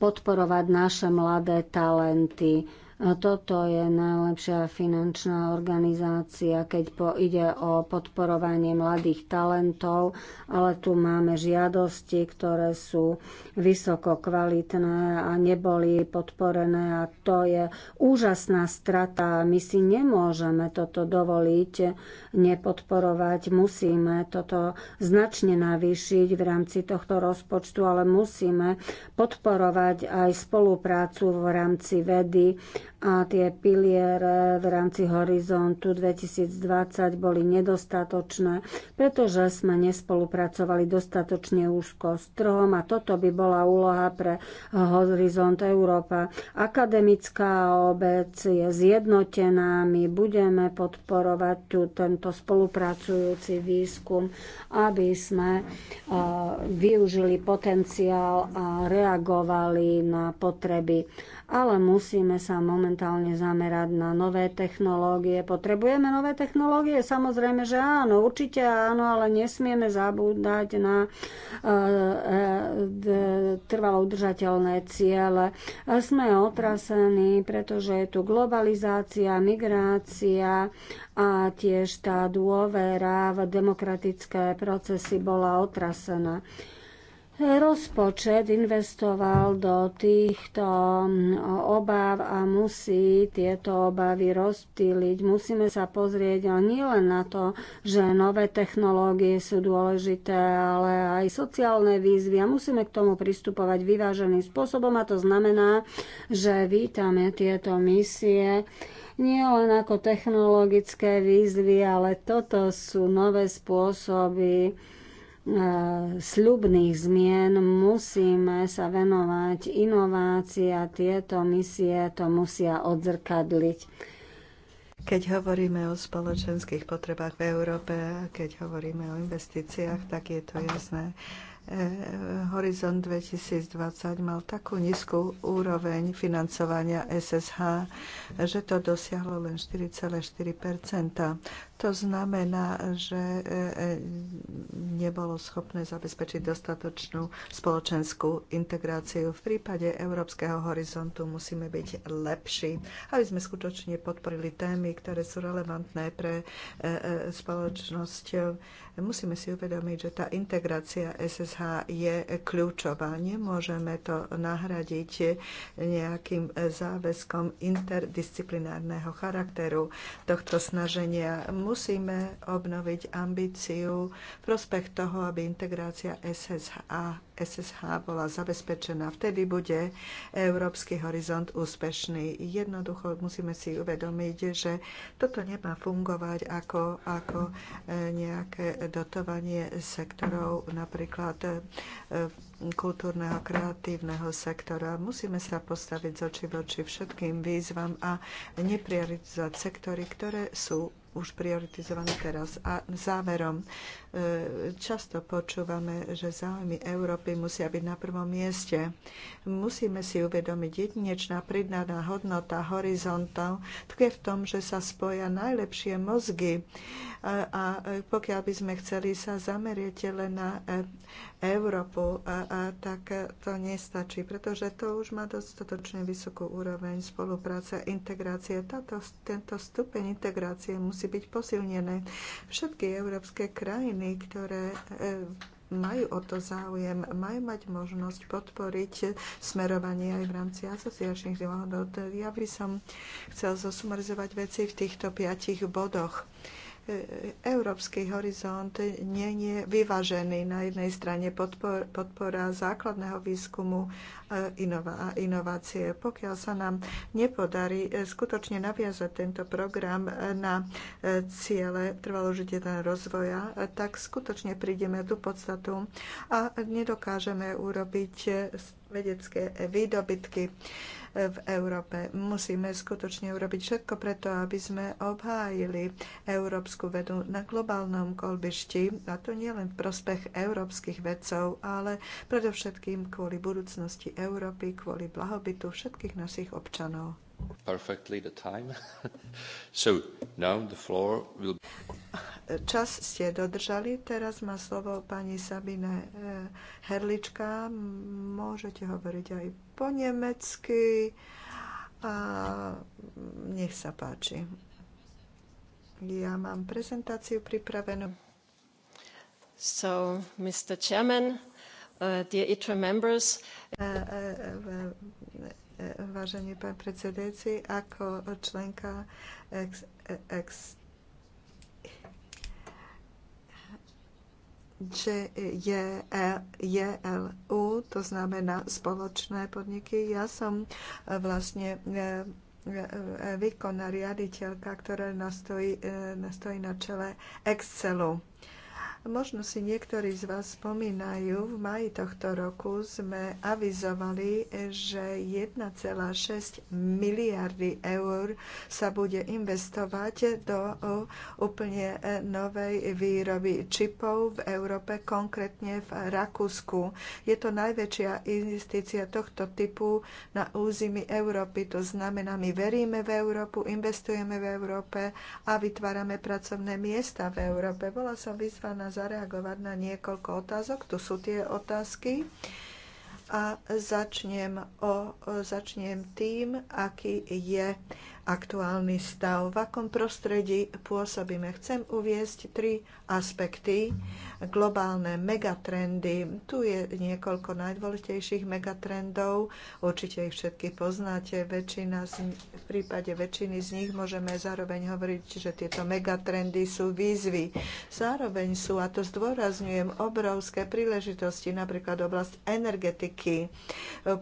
podporovať naše mladé talenty a toto je najlepšia finančná organizácia, keď po, ide o podporovanie mladých talentov, ale tu máme žiadosti, ktoré sú vysoko kvalitné a neboli podporené a to je úžasná strata. My si nemôžeme toto dovoliť nepodporovať. Musíme toto značne navýšiť v rámci tohto rozpočtu, ale musíme podporovať aj spoluprácu v rámci vedy a tie piliere v rámci horizontu 2020 boli nedostatočné, pretože sme nespolupracovali dostatočne úzko s trhom a toto by bola úloha pre horizont Európa. Akademická obec je zjednotená, my budeme podporovať tu, tento spolupracujúci výskum, aby sme e, využili potenciál a reagovali na potreby ale musíme sa momentálne zamerať na nové technológie. Potrebujeme nové technológie? Samozrejme, že áno, určite áno, ale nesmieme zabúdať na e, e, trvalo udržateľné ciele. Sme otrasení, pretože je tu globalizácia, migrácia a tiež tá dôvera v demokratické procesy bola otrasená rozpočet investoval do týchto um, obáv a musí tieto obavy rozptýliť. Musíme sa pozrieť nielen na to, že nové technológie sú dôležité, ale aj sociálne výzvy a musíme k tomu pristupovať vyváženým spôsobom a to znamená, že vítame tieto misie nie len ako technologické výzvy, ale toto sú nové spôsoby E, sľubných zmien musíme sa venovať a tieto misie to musia odzrkadliť. Keď hovoríme o spoločenských potrebách v Európe, keď hovoríme o investíciách, tak je to jasné. Eh, Horizont 2020 mal takú nízku úroveň financovania SSH, že to dosiahlo len 4,4 To znamená, že eh, eh, nebolo schopné zabezpečiť dostatočnú spoločenskú integráciu. V prípade Európskeho horizontu musíme byť lepší, aby sme skutočne podporili témy, ktoré sú relevantné pre spoločnosť Musíme si uvedomiť, že tá integrácia SSH je kľúčová. Nemôžeme to nahradiť nejakým záväzkom interdisciplinárneho charakteru tohto snaženia. Musíme obnoviť ambíciu prospech toho, aby integrácia SSH SSH bola zabezpečená. Vtedy bude Európsky horizont úspešný. Jednoducho musíme si uvedomiť, že toto nemá fungovať ako, ako e, nejaké dotovanie sektorov, napríklad e, kultúrneho, kreatívneho sektora. Musíme sa postaviť z oči v oči všetkým výzvam a neprioritizovať sektory, ktoré sú už prioritizované teraz. A záverom, E, často počúvame, že záujmy Európy musia byť na prvom mieste. Musíme si uvedomiť, jedinečná pridaná hodnota horizontov tkve v tom, že sa spoja najlepšie mozgy. E, a e, pokiaľ by sme chceli sa zamerieť len na Európu, tak to nestačí, pretože to už má dostatočne vysokú úroveň spolupráce a integrácie. Tato, tento stupeň integrácie musí byť posilnené. Všetky európske krajiny rodiny, ktoré e, majú o to záujem, majú mať možnosť podporiť smerovanie aj v rámci asociačných dohod. Ja by som chcel zosumarizovať veci v týchto piatich bodoch. Európsky horizont nie je vyvážený. Na jednej strane podpor, podpora základného výskumu e, a inovácie. Pokiaľ sa nám nepodarí e, skutočne naviazať tento program e, na ciele trvalodržiteľného rozvoja, tak skutočne prídeme tu podstatu a nedokážeme urobiť vedecké výdobytky v Európe. Musíme skutočne urobiť všetko preto, aby sme obhájili európsku vedu na globálnom kolbišti, a to nie len v prospech európskych vedcov, ale predovšetkým kvôli budúcnosti Európy, kvôli blahobytu všetkých našich občanov perfectly the time. so now the floor will... Čas ste dodržali, teraz má slovo pani Sabine eh, Herlička. Môžete hovoriť aj po nemecky. A nech sa páči. Ja mám prezentáciu pripravenú. So, Mr. Chairman, uh, dear ITRA members, uh, uh, uh, vážený pán predsedajúci. Ako členka ex, ex, JLU, e to znamená spoločné podniky. Ja som e, vlastne e, výkonná riaditeľka, ktorá nastojí, nastojí na čele Excelu. Možno si niektorí z vás spomínajú, v maji tohto roku sme avizovali, že 1,6 miliardy eur sa bude investovať do úplne e, novej výroby čipov v Európe, konkrétne v Rakúsku. Je to najväčšia investícia tohto typu na území Európy. To znamená, my veríme v Európu, investujeme v Európe a vytvárame pracovné miesta v Európe. Bola som vyzvaná zareagovať na niekoľko otázok. Tu sú tie otázky. A začnem, o, začnem tým, aký je aktuálny stav, v akom prostredí pôsobíme. Chcem uviesť tri aspekty, globálne megatrendy. Tu je niekoľko najdôležitejších megatrendov, určite ich všetky poznáte. Väčšina z, v prípade väčšiny z nich môžeme zároveň hovoriť, že tieto megatrendy sú výzvy. Zároveň sú, a to zdôrazňujem, obrovské príležitosti, napríklad oblasť energetiky.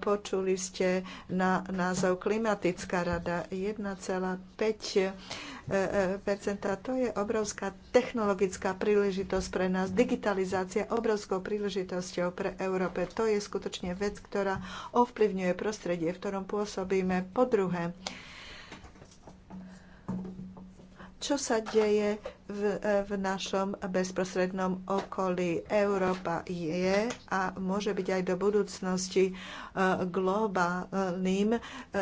Počuli ste na názov Klimatická rada. Jedna 1,5 e, e, To je obrovská technologická príležitosť pre nás. Digitalizácia obrovskou príležitosťou pre Európe. To je skutočne vec, ktorá ovplyvňuje prostredie, v ktorom pôsobíme. Po druhé, čo sa deje v, v našom bezprostrednom okolí. Európa je a môže byť aj do budúcnosti e, globálnym e, e,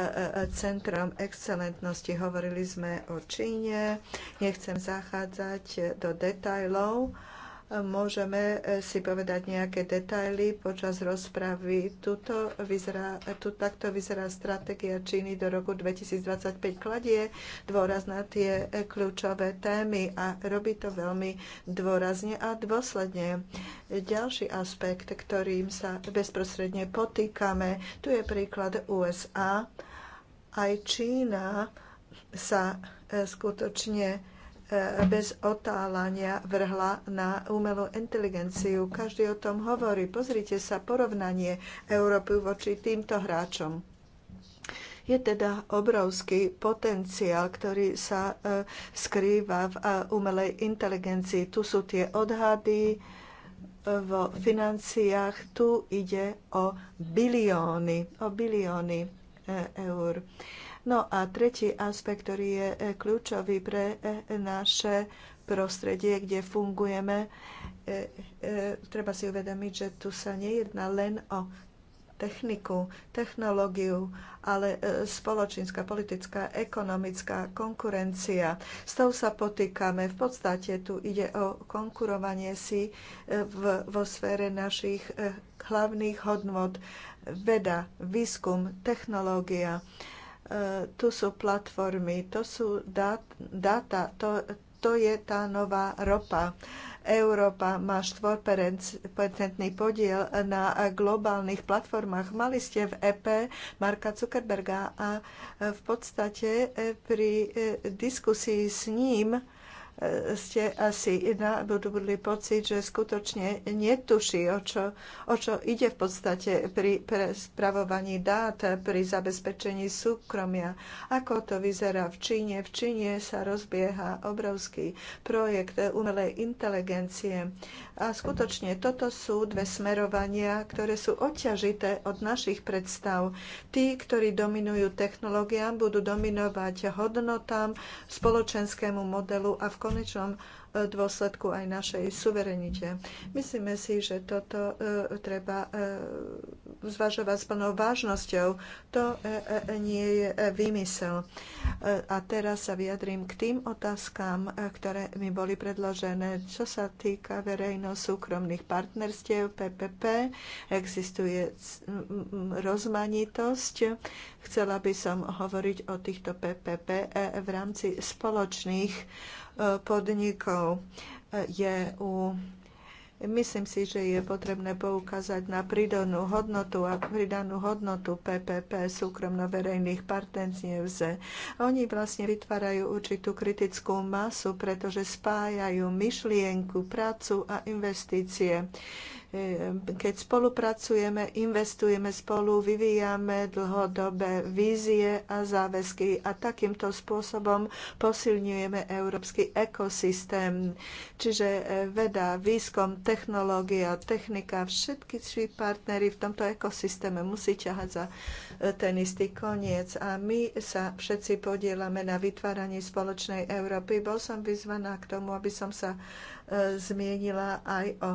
centrom excelentnosti. Hovorili sme o Číne, nechcem zachádzať do detajlov môžeme e, si povedať nejaké detaily počas rozpravy. Tuto vyzerá, e, tu, takto vyzerá stratégia Číny do roku 2025. Kladie dôraz na tie e, kľúčové témy a robí to veľmi dôrazne a dôsledne. Ďalší aspekt, ktorým sa bezprostredne potýkame, tu je príklad USA. Aj Čína sa skutočne E, bez otálania vrhla na umelú inteligenciu. Každý o tom hovorí. Pozrite sa porovnanie Európy voči týmto hráčom. Je teda obrovský potenciál, ktorý sa e, skrýva v e, umelej inteligencii. Tu sú tie odhady vo financiách. Tu ide o bilióny, o bilióny eur. No a tretí aspekt, ktorý je e, kľúčový pre e, naše prostredie, kde fungujeme, e, treba si uvedomiť, že tu sa nejedná len o techniku, technológiu, ale spoločenská, politická, ekonomická konkurencia. S tou sa potýkame. V podstate tu ide o konkurovanie si v, vo sfére našich hlavných hodnot. Veda, výskum, technológia. E, tu sú platformy, to sú dát, dáta, to, to je tá nová ropa. Európa má 4% podiel na globálnych platformách. Mali ste v EP Marka Zuckerberga a v podstate pri e, diskusii s ním ste asi nabudli pocit, že skutočne netuší, o čo, o čo ide v podstate pri spravovaní dát, pri zabezpečení súkromia. Ako to vyzerá v Číne? V Číne sa rozbieha obrovský projekt umelej inteligencie. A skutočne toto sú dve smerovania, ktoré sú odťažité od našich predstav. Tí, ktorí dominujú technológiám, budú dominovať hodnotám, spoločenskému modelu a v konečnom e, dôsledku aj našej suverenite. Myslíme si, že toto e, treba e, zvažovať s plnou vážnosťou. To nie je výmysel. A teraz sa vyjadrím k tým otázkam, ktoré mi boli predložené. Čo sa týka verejno-súkromných partnerstiev PPP, existuje mm, mm, rozmanitosť. Chcela by som hovoriť o týchto PPP v rámci spoločných podnikov. Je u Myslím si, že je potrebné poukázať na pridanú hodnotu a pridanú hodnotu PPP súkromno-verejných partnerstiev. Oni vlastne vytvárajú určitú kritickú masu, pretože spájajú myšlienku, prácu a investície. Ehm, keď spolupracujeme, investujeme spolu, vyvíjame dlhodobé vízie a záväzky a takýmto spôsobom posilňujeme európsky ekosystém. Čiže e, veda, výskum, technológia, technika, všetky tri partnery v tomto ekosystéme musí ťahať za e, ten istý koniec a my sa všetci podielame na vytváraní spoločnej Európy. Bol som vyzvaná k tomu, aby som sa e, zmienila aj o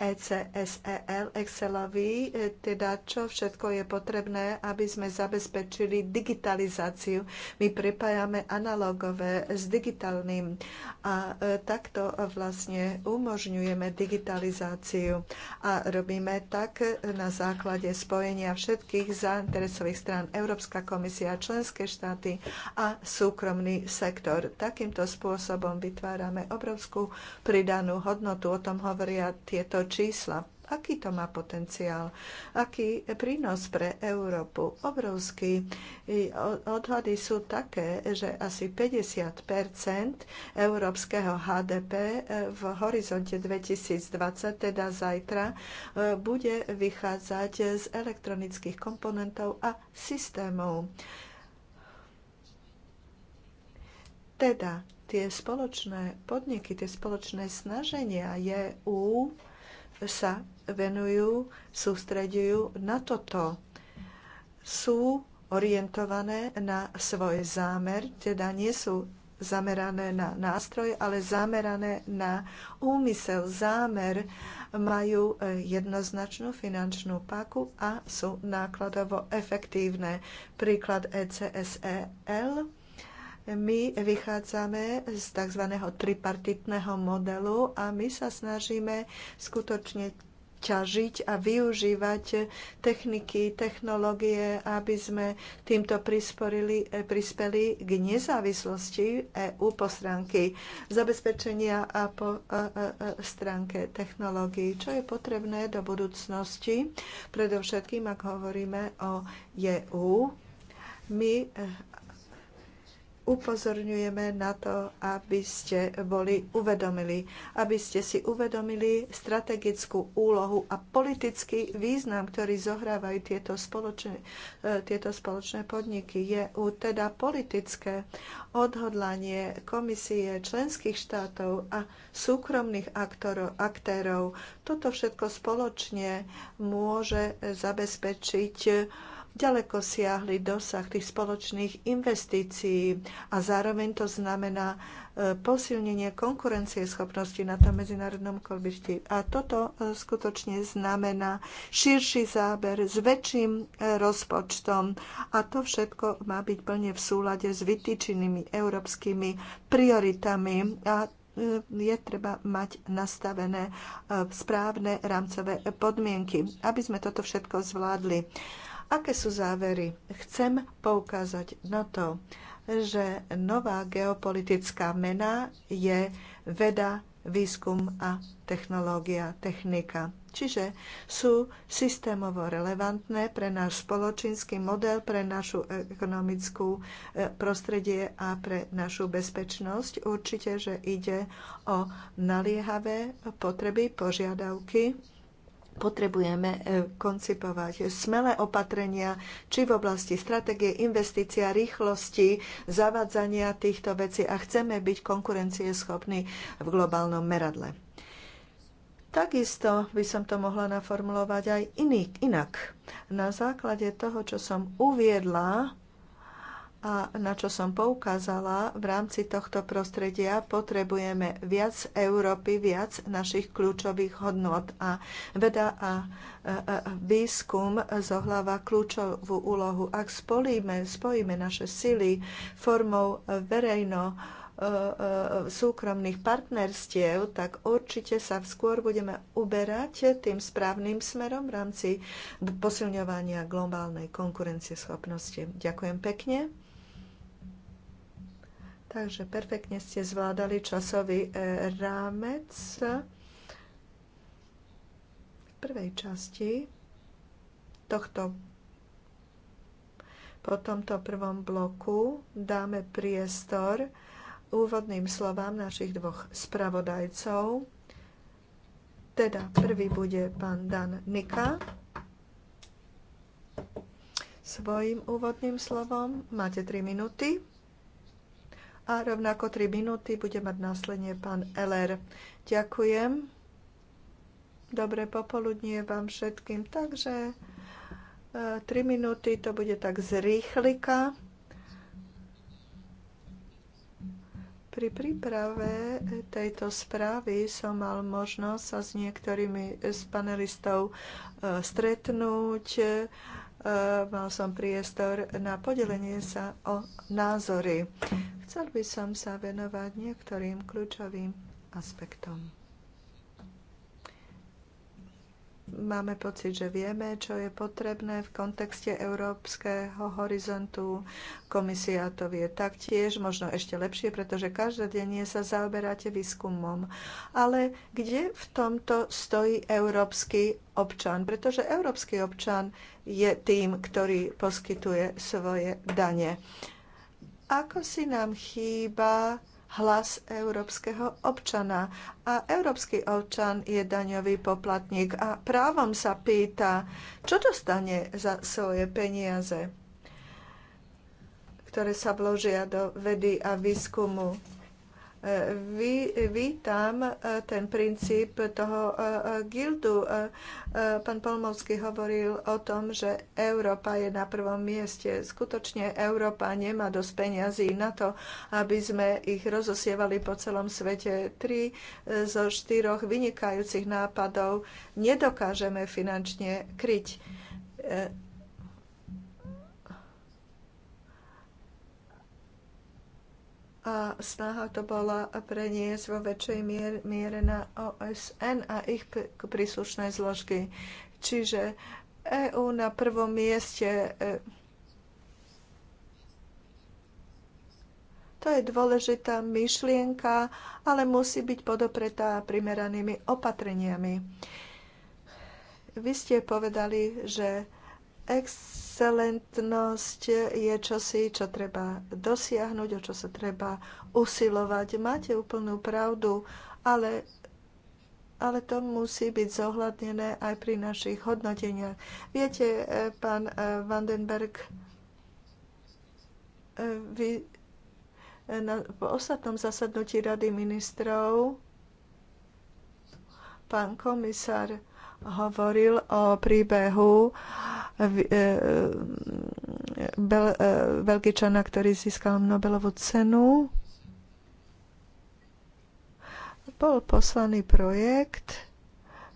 ECSEL, Excelovi, e, teda čo všetko je potrebné, aby sme zabezpečili digitalizáciu. My prepájame analogové s digitálnym a e, takto vlastne umožňujeme digitalizáciu a robíme tak na základe spojenia všetkých zainteresových strán Európska komisia, členské štáty a súkromný sektor. Takýmto spôsobom vytvárame obrovskú pridanú hodnotu. O tom hovoria tieto čísla. Aký to má potenciál? Aký prínos pre Európu? Obrovský. Odhady sú také, že asi 50 európskeho HDP e, v horizonte 2020, teda zajtra, e, bude vychádzať z elektronických komponentov a systémov. Teda tie spoločné podniky, tie spoločné snaženia EU sa venujú, sústredujú na toto. Sú orientované na svoj zámer, teda nie sú zamerané na nástroj, ale zamerané na úmysel, zámer, majú e, jednoznačnú finančnú paku a sú nákladovo efektívne. Príklad ECSEL my vychádzame z tzv. tripartitného modelu a my sa snažíme skutočne ťažiť a využívať techniky, technológie, aby sme týmto eh, prispeli k nezávislosti EU po stránke zabezpečenia a po eh, eh, stránke technológií, čo je potrebné do budúcnosti, predovšetkým ak hovoríme o EU. My upozorňujeme na to, aby ste boli uvedomili, aby ste si uvedomili strategickú úlohu a politický význam, ktorý zohrávajú tieto spoločné, e, tieto spoločné podniky. Je teda politické odhodlanie komisie členských štátov a súkromných aktorov, aktérov. Toto všetko spoločne môže zabezpečiť ďaleko siahli dosah tých spoločných investícií a zároveň to znamená e, posilnenie schopnosti na tom medzinárodnom kolbišti. A toto e, skutočne znamená širší záber s väčším e, rozpočtom a to všetko má byť plne v súlade s vytýčenými európskymi prioritami a je treba mať nastavené správne rámcové podmienky, aby sme toto všetko zvládli. Aké sú závery? Chcem poukázať na to, že nová geopolitická mena je veda, výskum a technológia, technika. Čiže sú systémovo relevantné pre náš spoločenský model, pre našu ekonomickú e, prostredie a pre našu bezpečnosť. Určite, že ide o naliehavé potreby, požiadavky potrebujeme e, koncipovať smelé opatrenia, či v oblasti stratégie, investícia, rýchlosti, zavadzania týchto vecí a chceme byť konkurencieschopní v globálnom meradle. Takisto by som to mohla naformulovať aj iný, inak. Na základe toho, čo som uviedla, a na čo som poukázala, v rámci tohto prostredia potrebujeme viac Európy, viac našich kľúčových hodnot. A veda a výskum zohláva kľúčovú úlohu. Ak spolíme, spojíme naše sily formou verejno e, e, súkromných partnerstiev, tak určite sa skôr budeme uberať tým správnym smerom v rámci posilňovania globálnej konkurencieschopnosti. Ďakujem pekne. Takže perfektne ste zvládali časový e, rámec v prvej časti tohto po tomto prvom bloku dáme priestor úvodným slovám našich dvoch spravodajcov. Teda prvý bude pán Dan Nika svojim úvodným slovom. Máte 3 minúty a rovnako 3 minúty bude mať následne pán LR. Ďakujem. Dobré popoludnie vám všetkým. Takže 3 e, minúty to bude tak z rýchlika. Pri príprave tejto správy som mal možnosť sa s niektorými z panelistov e, stretnúť Eh, mal som priestor na podelenie sa o názory. Chcel by som sa venovať niektorým kľúčovým aspektom. máme pocit, že vieme, čo je potrebné v kontexte európskeho horizontu. Komisia to vie taktiež, možno ešte lepšie, pretože každodenne sa zaoberáte výskumom. Ale kde v tomto stojí európsky občan? Pretože európsky občan je tým, ktorý poskytuje svoje dane. Ako si nám chýba hlas európskeho občana. A európsky občan je daňový poplatník a právom sa pýta, čo dostane za svoje peniaze, ktoré sa vložia do vedy a výskumu vy, vítam e, ten princíp toho e, e, gildu. Pán Polmovský hovoril o tom, že Európa je na prvom mieste. Skutočne Európa nemá dosť peňazí na to, aby sme ich rozosievali po celom svete. Tri zo štyroch vynikajúcich nápadov nedokážeme finančne kryť a snaha to bola preniesť vo väčšej miere na OSN a ich príslušné zložky. Čiže EÚ na prvom mieste. E, to je dôležitá myšlienka, ale musí byť podopretá primeranými opatreniami. Vy ste povedali, že ex Excelentnosť je čosi, čo treba dosiahnuť, o čo sa treba usilovať. Máte úplnú pravdu, ale ale to musí byť zohľadnené aj pri našich hodnoteniach. Viete, eh, pán eh, Vandenberg, eh, vy na, v ostatnom zasadnutí Rady ministrov pán komisár hovoril o príbehu e, Belgičana, e, ktorý získal Nobelovú cenu. Bol poslaný projekt.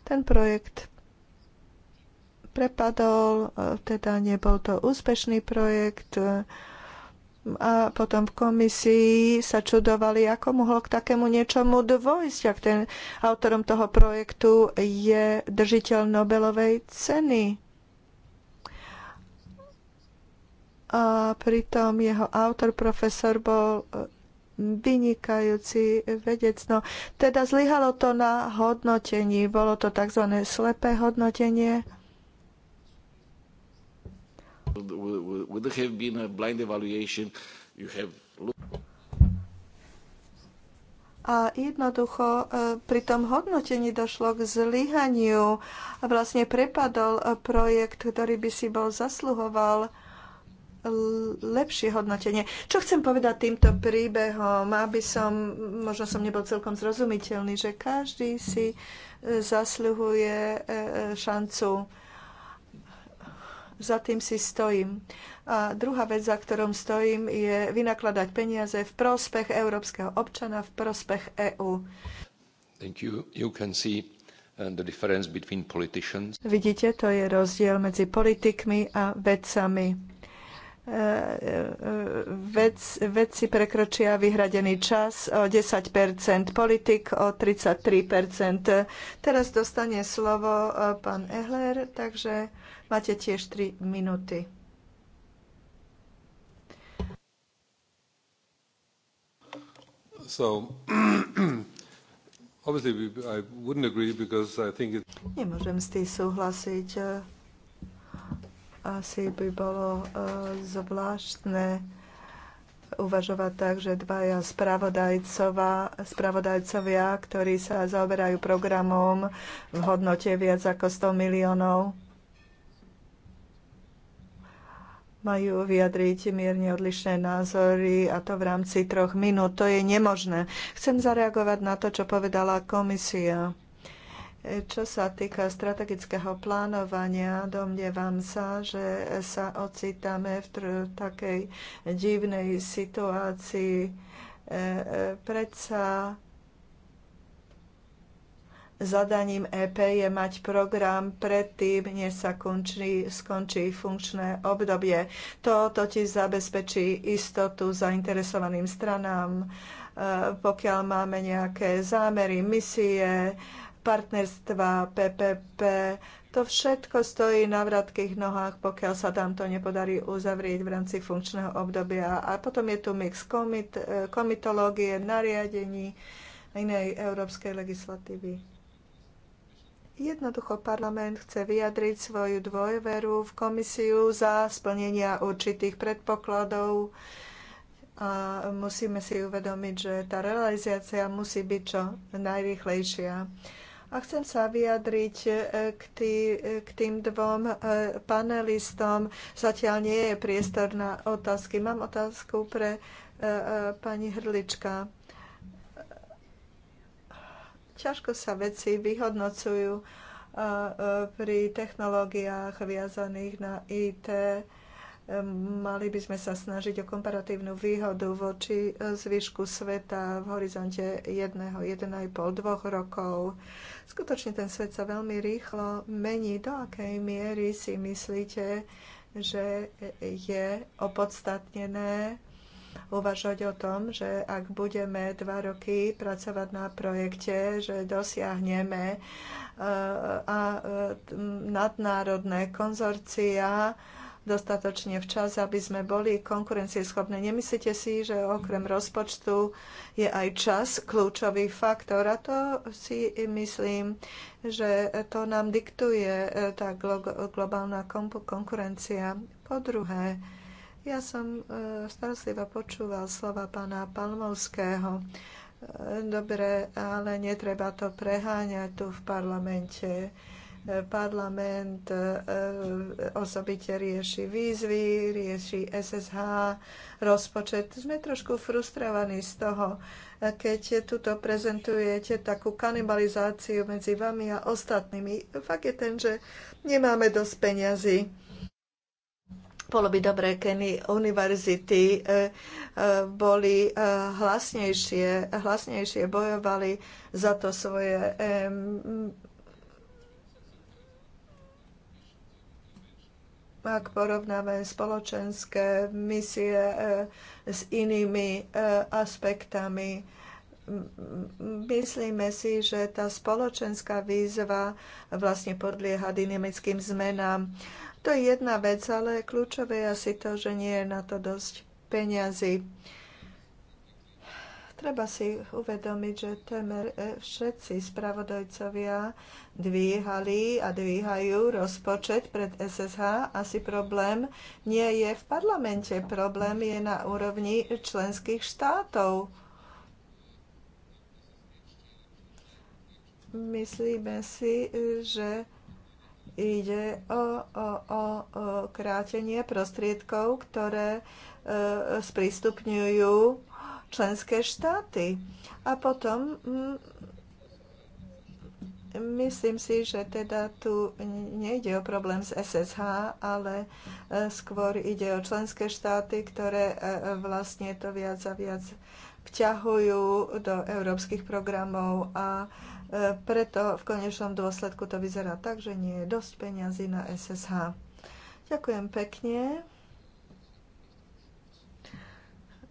Ten projekt prepadol, e, teda nebol to úspešný projekt a potom v komisii sa čudovali, ako mohlo k takému niečomu dôjsť, ak ten autorom toho projektu je držiteľ Nobelovej ceny. A pritom jeho autor, profesor, bol e, vynikajúci vedec. No, teda zlyhalo to na hodnotení. Bolo to tzv. slepé hodnotenie. Would there have been a blind evaluation? You have a jednoducho e, pri tom hodnotení došlo k zlyhaniu a vlastne prepadol projekt, ktorý by si bol zasluhoval lepšie hodnotenie. Čo chcem povedať týmto príbehom, aby som, možno som nebol celkom zrozumiteľný, že každý si e, zasluhuje e, šancu za tým si stojím. A druhá vec, za ktorom stojím, je vynakladať peniaze v prospech európskeho občana, v prospech EÚ. Uh, Vidíte, to je rozdiel medzi politikmi a vedcami e, e, vec, vedci prekročia vyhradený čas o 10 politik o 33 Teraz dostane slovo e, pán Ehler, takže Máte tiež 3 minúty. So, obviously I wouldn't agree because I think it... Nemôžem s tým súhlasiť. Asi by bolo eh, zvláštne uvažovať tak, že dvaja spravodajcovia, ktorí sa zaoberajú programom v hodnote viac ako 100 miliónov, majú vyjadriť mierne odlišné názory a to v rámci troch minút. To je nemožné. Chcem zareagovať na to, čo povedala komisia. Čo sa týka strategického plánovania, domnievam sa, že sa ocitáme v takej divnej situácii. E, e, predsa Zadaním EP je mať program predtým, než sa končí, skončí funkčné obdobie. To totiž zabezpečí istotu zainteresovaným stranám, e, pokiaľ máme nejaké zámery, misie, partnerstva, PPP. To všetko stojí na vratkých nohách, pokiaľ sa tam to nepodarí uzavrieť v rámci funkčného obdobia. A potom je tu mix komit, e, komitológie, nariadení inej európskej legislatívy. Jednoducho parlament chce vyjadriť svoju dvojveru v komisiu za splnenia určitých predpokladov a musíme si uvedomiť, že tá realizácia musí byť čo najrychlejšia. A chcem sa vyjadriť e, k, tý, e, k tým dvom e, panelistom. Zatiaľ nie je priestor na otázky. Mám otázku pre pani Hrlička ťažko sa veci vyhodnocujú uh, uh, pri technológiách viazaných na IT. Um, mali by sme sa snažiť o komparatívnu výhodu voči uh, zvyšku sveta v horizonte 1, 1,5, 2 rokov. Skutočne ten svet sa veľmi rýchlo mení. Do akej miery si myslíte, že je opodstatnené uvažovať o tom, že ak budeme dva roky pracovať na projekte, že dosiahneme e, a e, nadnárodné konzorcia dostatočne včas, aby sme boli konkurencieschopné. Nemyslíte si, že okrem rozpočtu je aj čas kľúčový faktor? A to si myslím, že to nám diktuje e, tá globálna konkurencia. Po druhé, ja som e, starostlivo počúval slova pána Palmovského. E, dobre, ale netreba to preháňať tu v parlamente e, parlament osobite rieši výzvy, rieši SSH, rozpočet. Sme trošku frustrovaní z toho, keď tuto prezentujete takú kanibalizáciu medzi vami a ostatnými. Fakt je ten, že nemáme dosť peňazí bolo by dobré, keby univerzity e, e, boli e, hlasnejšie, hlasnejšie bojovali za to svoje ak porovnáme spoločenské misie s inými aspektami myslíme si, že tá spoločenská výzva vlastne podlieha dynamickým zmenám. To je jedna vec, ale kľúčové je asi to, že nie je na to dosť peniazy. Treba si uvedomiť, že témer e, všetci spravodajcovia dvíhali a dvíhajú rozpočet pred SSH. Asi problém nie je v parlamente, problém je na úrovni členských štátov. myslíme si, e, že ide o, o, o, o krátenie prostriedkov, ktoré e, sprístupňujú členské štáty. A potom m, mm, myslím si, že teda tu nejde o problém s SSH, ale e, skôr ide o členské štáty, ktoré e, vlastne to viac a viac vťahujú do európskych programov a e, E, preto v konečnom dôsledku to vyzerá tak, že nie je dosť peňazí na SSH. Ďakujem pekne.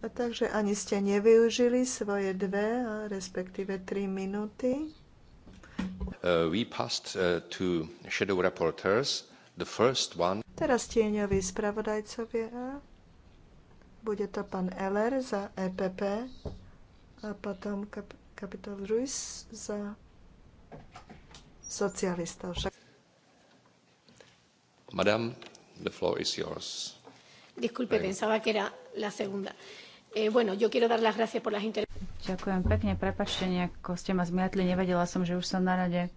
Takže ani ste nevyužili svoje dve, respektíve tri minúty. Uh, we passed uh, to shadow The first one... Teraz tieňoví spravodajcovia. Bude to pán Eller za EPP a potom kap- kapitol Ruiz za socialistov. Však... Madame, the floor is yours. Disculpe, Aj. pensaba que era la segunda. Eh, bueno, yo quiero dar las gracias por las inter... Ďakujem pekne, prepačte, nejako ste ma zmiatli, nevedela som, že už som na rade.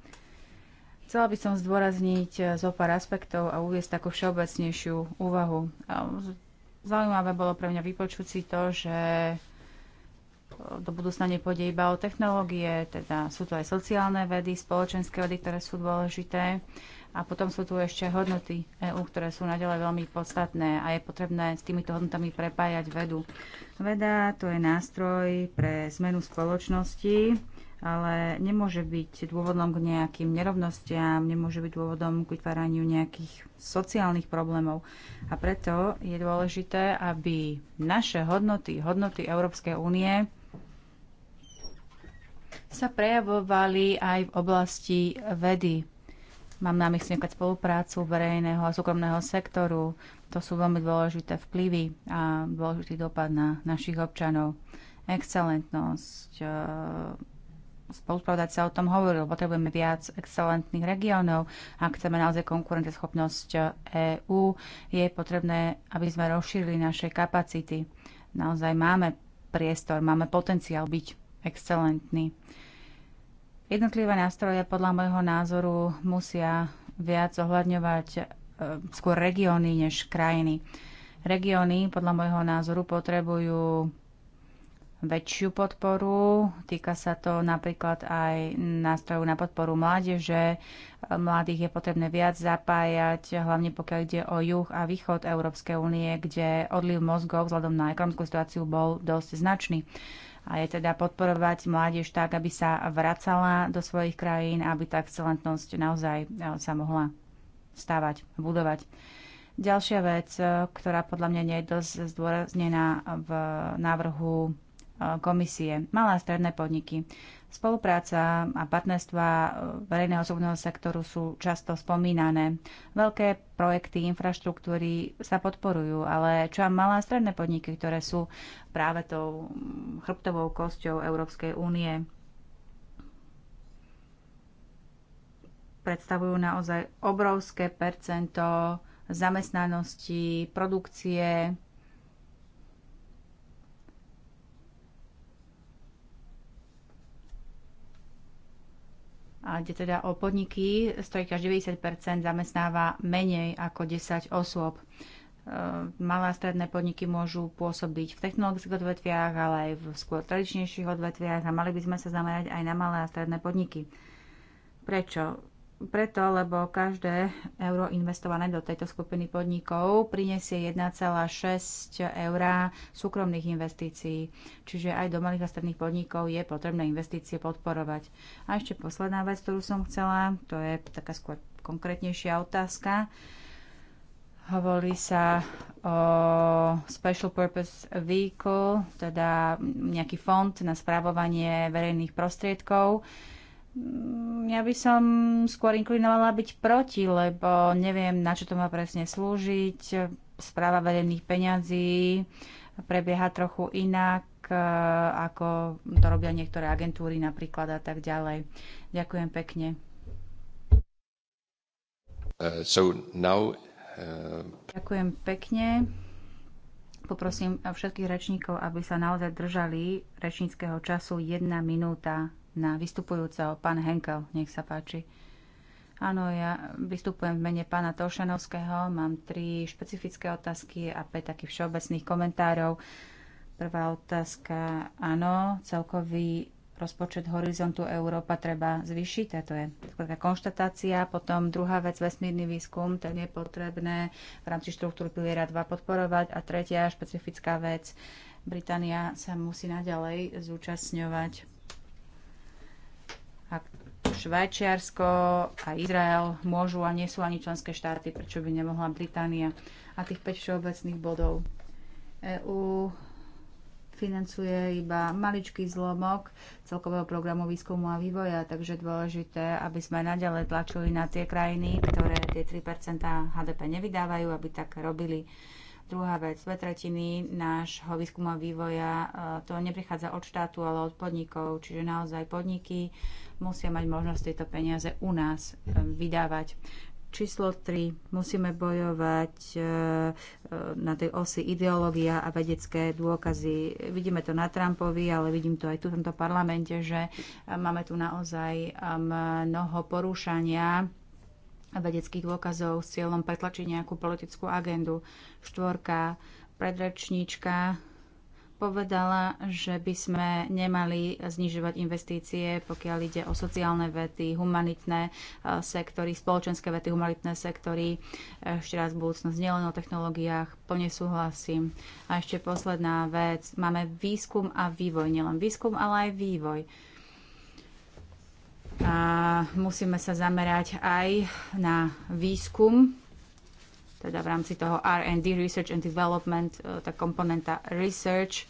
Chcela by som zdôrazniť eh, zo pár aspektov a uviesť takú všeobecnejšiu úvahu. Zaujímavé bolo pre mňa vypočuť si to, že do budúcna nepôjde iba o technológie, teda sú tu aj sociálne vedy, spoločenské vedy, ktoré sú dôležité. A potom sú tu ešte hodnoty EÚ, ktoré sú naďalej veľmi podstatné a je potrebné s týmito hodnotami prepájať vedu. Veda to je nástroj pre zmenu spoločnosti, ale nemôže byť dôvodom k nejakým nerovnostiam, nemôže byť dôvodom k vytváraniu nejakých sociálnych problémov. A preto je dôležité, aby naše hodnoty, hodnoty Európskej únie, sa prejavovali aj v oblasti vedy. Mám na mysli nejakú spoluprácu verejného a súkromného sektoru. To sú veľmi dôležité vplyvy a dôležitý dopad na našich občanov. Excelentnosť, e, spolupravodať sa o tom hovoril, potrebujeme viac excelentných regiónov. Ak chceme naozaj konkurenteschopnosť EÚ, je potrebné, aby sme rozšírili naše kapacity. Naozaj máme priestor, máme potenciál byť excelentní. Jednotlivé nástroje podľa môjho názoru musia viac ohľadňovať e, skôr regióny než krajiny. Regióny podľa môjho názoru potrebujú väčšiu podporu. Týka sa to napríklad aj nástrojov na podporu mládeže. Mladých je potrebné viac zapájať, hlavne pokiaľ ide o juh a východ Európskej únie, kde odliv mozgov vzhľadom na ekonomickú situáciu bol dosť značný a je teda podporovať mládež tak, aby sa vracala do svojich krajín, aby tá excelentnosť naozaj eh, sa mohla stávať, budovať. Ďalšia vec, eh, ktorá podľa mňa nie je dosť zdôraznená v návrhu eh, komisie. Malé a stredné podniky. Spolupráca a partnerstva eh, verejného súdneho sektoru sú často spomínané. Veľké projekty infraštruktúry sa podporujú, ale čo aj malé a stredné podniky, ktoré sú práve tou mm, chrbtovou kosťou Európskej únie, predstavujú naozaj obrovské percento zamestnanosti, produkcie, a kde teda o podniky, z ktorých až 90 zamestnáva menej ako 10 osôb. E, malé a stredné podniky môžu pôsobiť v technologických odvetviach, ale aj v skôr tradičnejších odvetviach a mali by sme sa zamerať aj na malé a stredné podniky. Prečo? preto, lebo každé euro investované do tejto skupiny podnikov prinesie 1,6 eur súkromných investícií. Čiže aj do malých a stredných podnikov je potrebné investície podporovať. A ešte posledná vec, ktorú som chcela, to je taká skôr konkrétnejšia otázka. Hovorí sa o Special Purpose Vehicle, teda nejaký fond na správovanie verejných prostriedkov. Uh, Mm, ja by som skôr inklinovala byť proti, lebo neviem, na čo to má presne slúžiť. Správa verejných peňazí prebieha trochu inak, eh, ako to robia niektoré agentúry napríklad a tak ďalej. Ďakujem pekne. Uh, so now, uh... Ďakujem pekne. Poprosím všetkých rečníkov, aby sa naozaj držali rečníckého času jedna minúta na vystupujúceho. Pán Henkel, nech sa páči. Áno, ja vystupujem v mene pána Tošanovského. Mám tri špecifické otázky a päť takých všeobecných komentárov. Prvá otázka, áno, celkový rozpočet horizontu Európa treba zvýšiť, a to je taká konštatácia. Potom druhá vec, vesmírny výskum, ten je potrebné v rámci štruktúry piliera 2 podporovať. A tretia špecifická vec, Británia sa musí naďalej zúčastňovať ak Švajčiarsko a Izrael môžu a nie sú ani členské štáty, prečo by nemohla Británia a tých 5 všeobecných bodov. EU financuje iba maličký zlomok celkového programu výskumu a vývoja, takže dôležité, aby sme naďalej tlačili na tie krajiny, ktoré tie 3% HDP nevydávajú, aby tak robili. Druhá vec, dve tretiny nášho výskumu a vývoja e, to neprichádza od štátu, ale od podnikov, čiže naozaj podniky musia mať možnosť tieto peniaze u nás e, vydávať číslo 3. Musíme bojovať e, na tej osi ideológia a vedecké dôkazy. Vidíme to na Trumpovi, ale vidím to aj tu v tomto parlamente, že máme tu naozaj mnoho porúšania vedeckých dôkazov s cieľom pretlačiť nejakú politickú agendu. Štvorka predrečníčka povedala, že by sme nemali znižovať investície, pokiaľ ide o sociálne vety, humanitné e, sektory, spoločenské vety, humanitné sektory. Ešte raz budúcnosť nielen o technológiách, plne súhlasím. A ešte posledná vec, máme výskum a vývoj, nielen výskum, ale aj vývoj. A musíme sa zamerať aj na výskum, teda v rámci toho R&D, Research and Development, e, tá komponenta Research,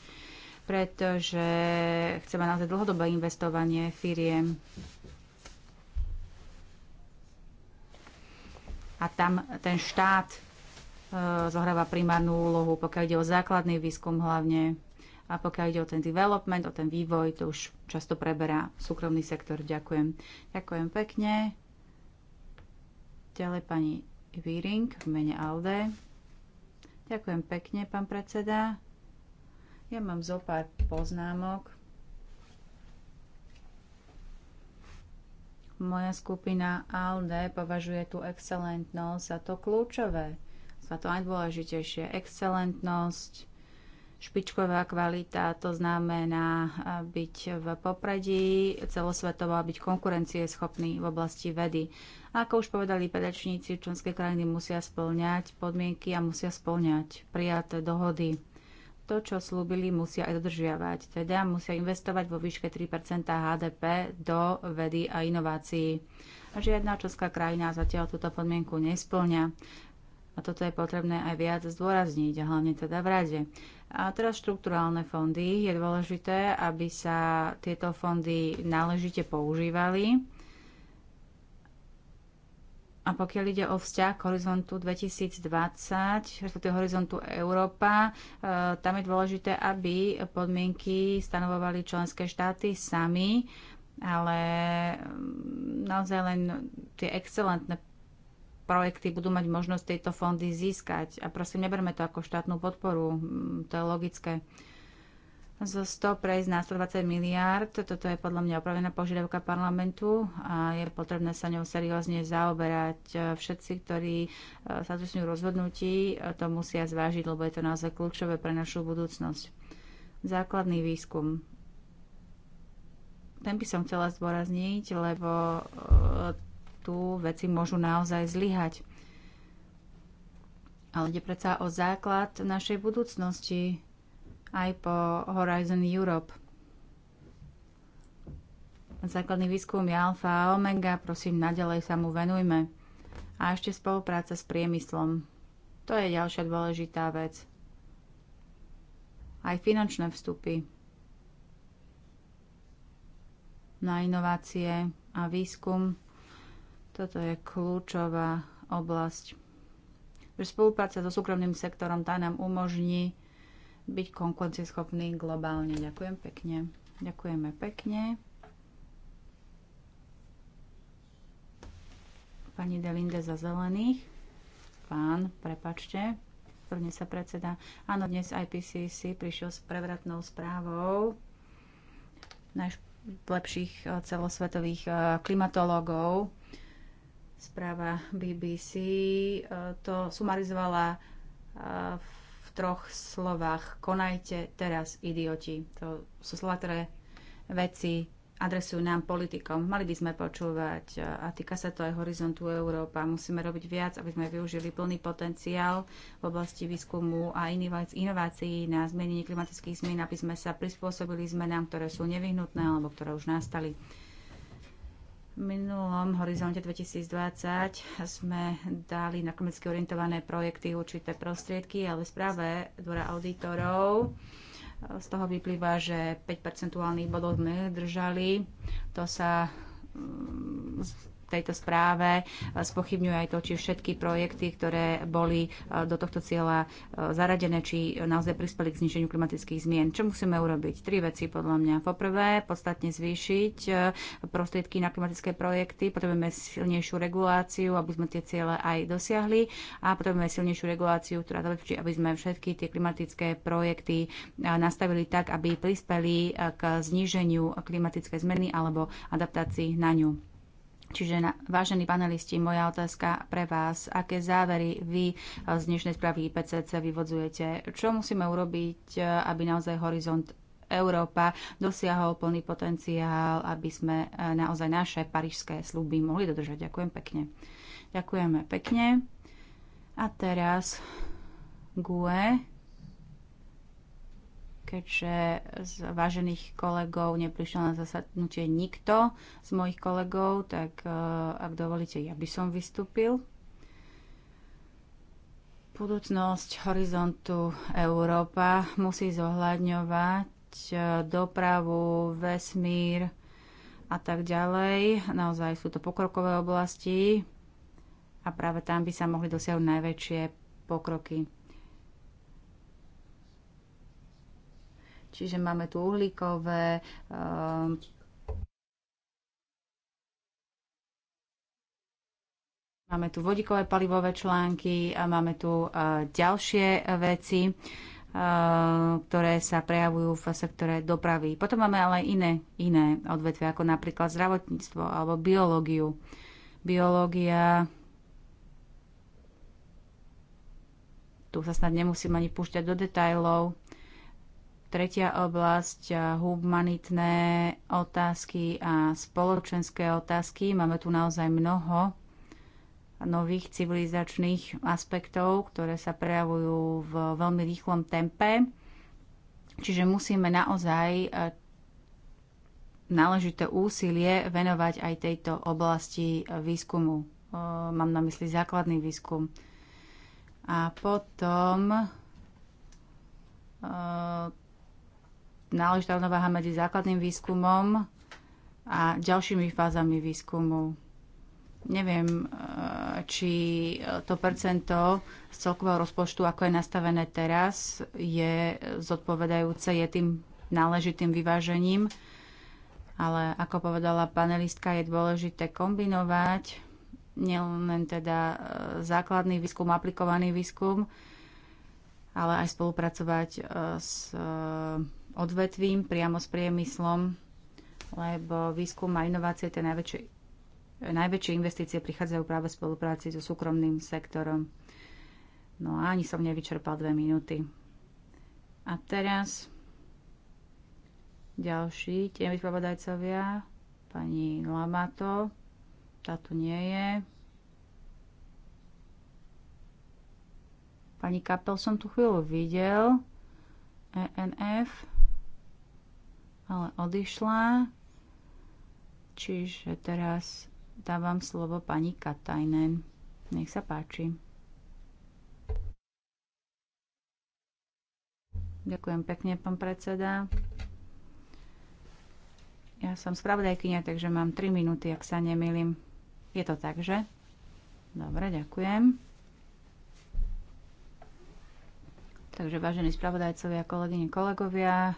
pretože chceme naozaj dlhodobé investovanie firiem. A tam ten štát e, zohráva primárnu úlohu, pokiaľ ide o základný výskum hlavne. A pokiaľ ide o ten development, o ten vývoj, to už často preberá súkromný sektor. Ďakujem. Ďakujem pekne. Ďalej pani Víring v mene ALDE. Ďakujem pekne, pán predseda. Ja mám zo pár poznámok. Moja skupina ALDE považuje tú excelentnosť za to kľúčové, za to najdôležitejšie. Excelentnosť, špičková kvalita, to znamená byť v popredí celosvetovo a byť konkurencieschopný v oblasti vedy. Ako už povedali pedačníci, členské krajiny musia splňať podmienky a musia splňať prijaté dohody. To, čo slúbili, musia aj dodržiavať. Teda musia investovať vo výške 3 HDP do vedy a inovácií. A žiadna česká krajina zatiaľ túto podmienku nesplňa. A toto je potrebné aj viac zdôrazniť, hlavne teda v rade. A teraz štruktúrálne fondy. Je dôležité, aby sa tieto fondy náležite používali. A pokiaľ ide o vzťah k horizontu 2020, respektíve horizontu Európa, e, tam je dôležité, aby podmienky stanovovali členské štáty sami, ale mm, naozaj len tie excelentné projekty budú mať možnosť tieto fondy získať. A prosím, neberme to ako štátnu podporu, to je logické. Zo 100 prejsť na 120 miliárd, toto je podľa mňa opravená požiadavka parlamentu a je potrebné sa ňou seriózne zaoberať. E, Všetci, ktorí e, sa zúčastňujú rozhodnutí, e, to musia zvážiť, lebo je to naozaj kľúčové pre našu budúcnosť. Základný výskum ten by som chcela zdôrazniť, lebo tu veci môžu naozaj zlyhať. Ale ide predsa o základ našej budúcnosti aj po Horizon Europe. Základný výskum je alfa a omega, prosím, nadalej sa mu venujme. A ešte spolupráca s priemyslom. To je ďalšia dôležitá vec. Aj finančné vstupy na inovácie a výskum toto je kľúčová oblasť. Spolupráca so súkromným sektorom tá nám umožní byť konkurencieschopný globálne. Ďakujem pekne. Ďakujeme pekne. Pani Delinde za zelených. Pán, prepačte, prvne sa predseda. Áno, dnes IPCC prišiel s prevratnou správou najlepších eh, celosvetových eh, klimatológov Správa BBC e, to sumarizovala e, v troch slovách. Konajte teraz, idioti. To sú slova, ktoré veci adresujú nám politikom. Mali by sme počúvať e, a týka sa to aj horizontu Európa. Musíme robiť viac, aby sme využili plný potenciál v oblasti výskumu a inovácií na zmenenie klimatických zmien, aby sme sa prispôsobili zmenám, ktoré sú nevyhnutné alebo ktoré už nastali minulom horizonte 2020 sme dali na komicky orientované projekty určité prostriedky, ale v správe Dvora auditorov e, z toho vyplýva, že 5 percentuálnych bodov sme držali. To sa mm, tejto správe e, spochybňuje aj to, či všetky projekty, ktoré boli e, do tohto cieľa e, zaradené, či naozaj prispeli k zniženiu klimatických zmien. Čo musíme urobiť? Tri veci podľa mňa. Poprvé, podstatne zvýšiť prostriedky na klimatické projekty, potrebujeme silnejšiu reguláciu, aby sme tie ciele aj dosiahli a potrebujeme silnejšiu reguláciu, ktorá zabezpečí, aby sme všetky tie klimatické projekty nastavili tak, aby prispeli k zníženiu klimatické zmeny alebo adaptácii na ňu. Čiže, na, vážení panelisti, moja otázka pre vás. Aké závery vy e, z dnešnej správy IPCC vyvodzujete? Čo musíme urobiť, e, aby naozaj horizont Európa dosiahol plný potenciál, aby sme e, naozaj naše parížské sluby mohli dodržať? Ďakujem pekne. Ďakujeme pekne. A teraz GUE keďže z vážených kolegov neprišiel na zasadnutie nikto z mojich kolegov, tak e, ak dovolíte, ja by som vystúpil. Budúcnosť horizontu Európa musí zohľadňovať e, dopravu, vesmír a tak ďalej. Naozaj sú to pokrokové oblasti a práve tam by sa mohli dosiahnuť najväčšie pokroky. Čiže máme tu uhlíkové, um, Máme tu vodíkové palivové články a máme tu uh, ďalšie e, veci, uh, ktoré sa prejavujú v sektore dopravy. Potom máme ale iné, iné odvetvia, ako napríklad zdravotníctvo alebo biológiu. Biológia, tu sa snad nemusím ani púšťať do detajlov, Tretia oblasť, eh, humanitné otázky a spoločenské otázky. Máme tu naozaj mnoho nových civilizačných aspektov, ktoré sa prejavujú v veľmi rýchlom tempe. Čiže musíme naozaj eh, náležité úsilie venovať aj tejto oblasti eh, výskumu. Mám na mysli základný výskum. A potom náležitá rovnováha medzi základným výskumom a ďalšími fázami výskumu. Neviem, e, či to percento z celkového rozpočtu, ako je nastavené teraz, je zodpovedajúce, je tým náležitým vyvážením, ale ako povedala panelistka, je dôležité kombinovať nielen teda e, základný výskum, aplikovaný výskum, ale aj spolupracovať e, s odvetvím, priamo s priemyslom, lebo výskum a inovácie, tie najväčšie, najväčšie investície prichádzajú práve v spolupráci so súkromným sektorom. No a ani som nevyčerpal dve minúty. A teraz ďalší tie spravodajcovia, pani Lamato, tá tu nie je. Pani Kapel som tu chvíľu videl, ENF ale odišla. Čiže teraz dávam slovo pani Katajnen. Nech sa páči. Ďakujem pekne, pán predseda. Ja som spravodajkynia, takže mám 3 minúty, ak sa nemýlim. Je to tak, že? Dobre, ďakujem. Takže vážení spravodajcovia, kolegyne, kolegovia,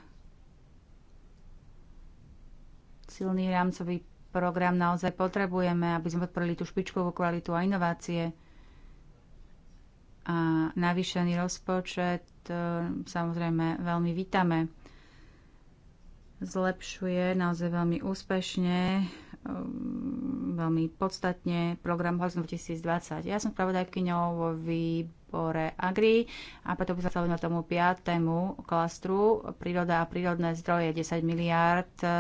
silný rámcový program naozaj potrebujeme, aby sme podporili tú špičkovú kvalitu a inovácie. A navýšený rozpočet e, samozrejme veľmi vítame. Zlepšuje naozaj veľmi úspešne veľmi podstatne program Horizon 2020. Ja som spravodajkyňou vo výbore Agri a preto by sa chcel na tomu piatému klastru príroda a prírodné zdroje 10 miliárd e,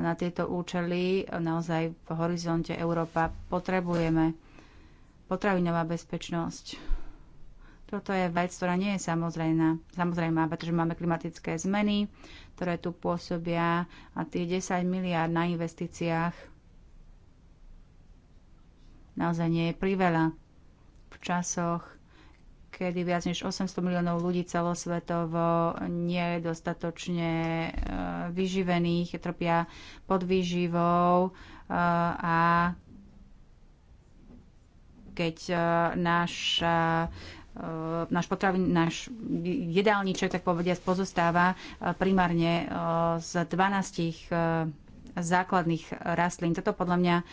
na tieto účely naozaj v horizonte Európa potrebujeme. Potravinová bezpečnosť. Toto je vec, ktorá nie je samozrejme, samozrejme, pretože máme klimatické zmeny, ktoré tu pôsobia a tie 10 miliárd na investíciách naozaj nie je priveľa. V časoch, kedy viac než 800 miliónov ľudí celosvetovo nie je dostatočne e, vyživených, trpia pod výživou e, a keď e, náš náš potravin, náš jedálniček, tak povediať, pozostáva primárne z 12 základných rastlín. Toto podľa mňa e,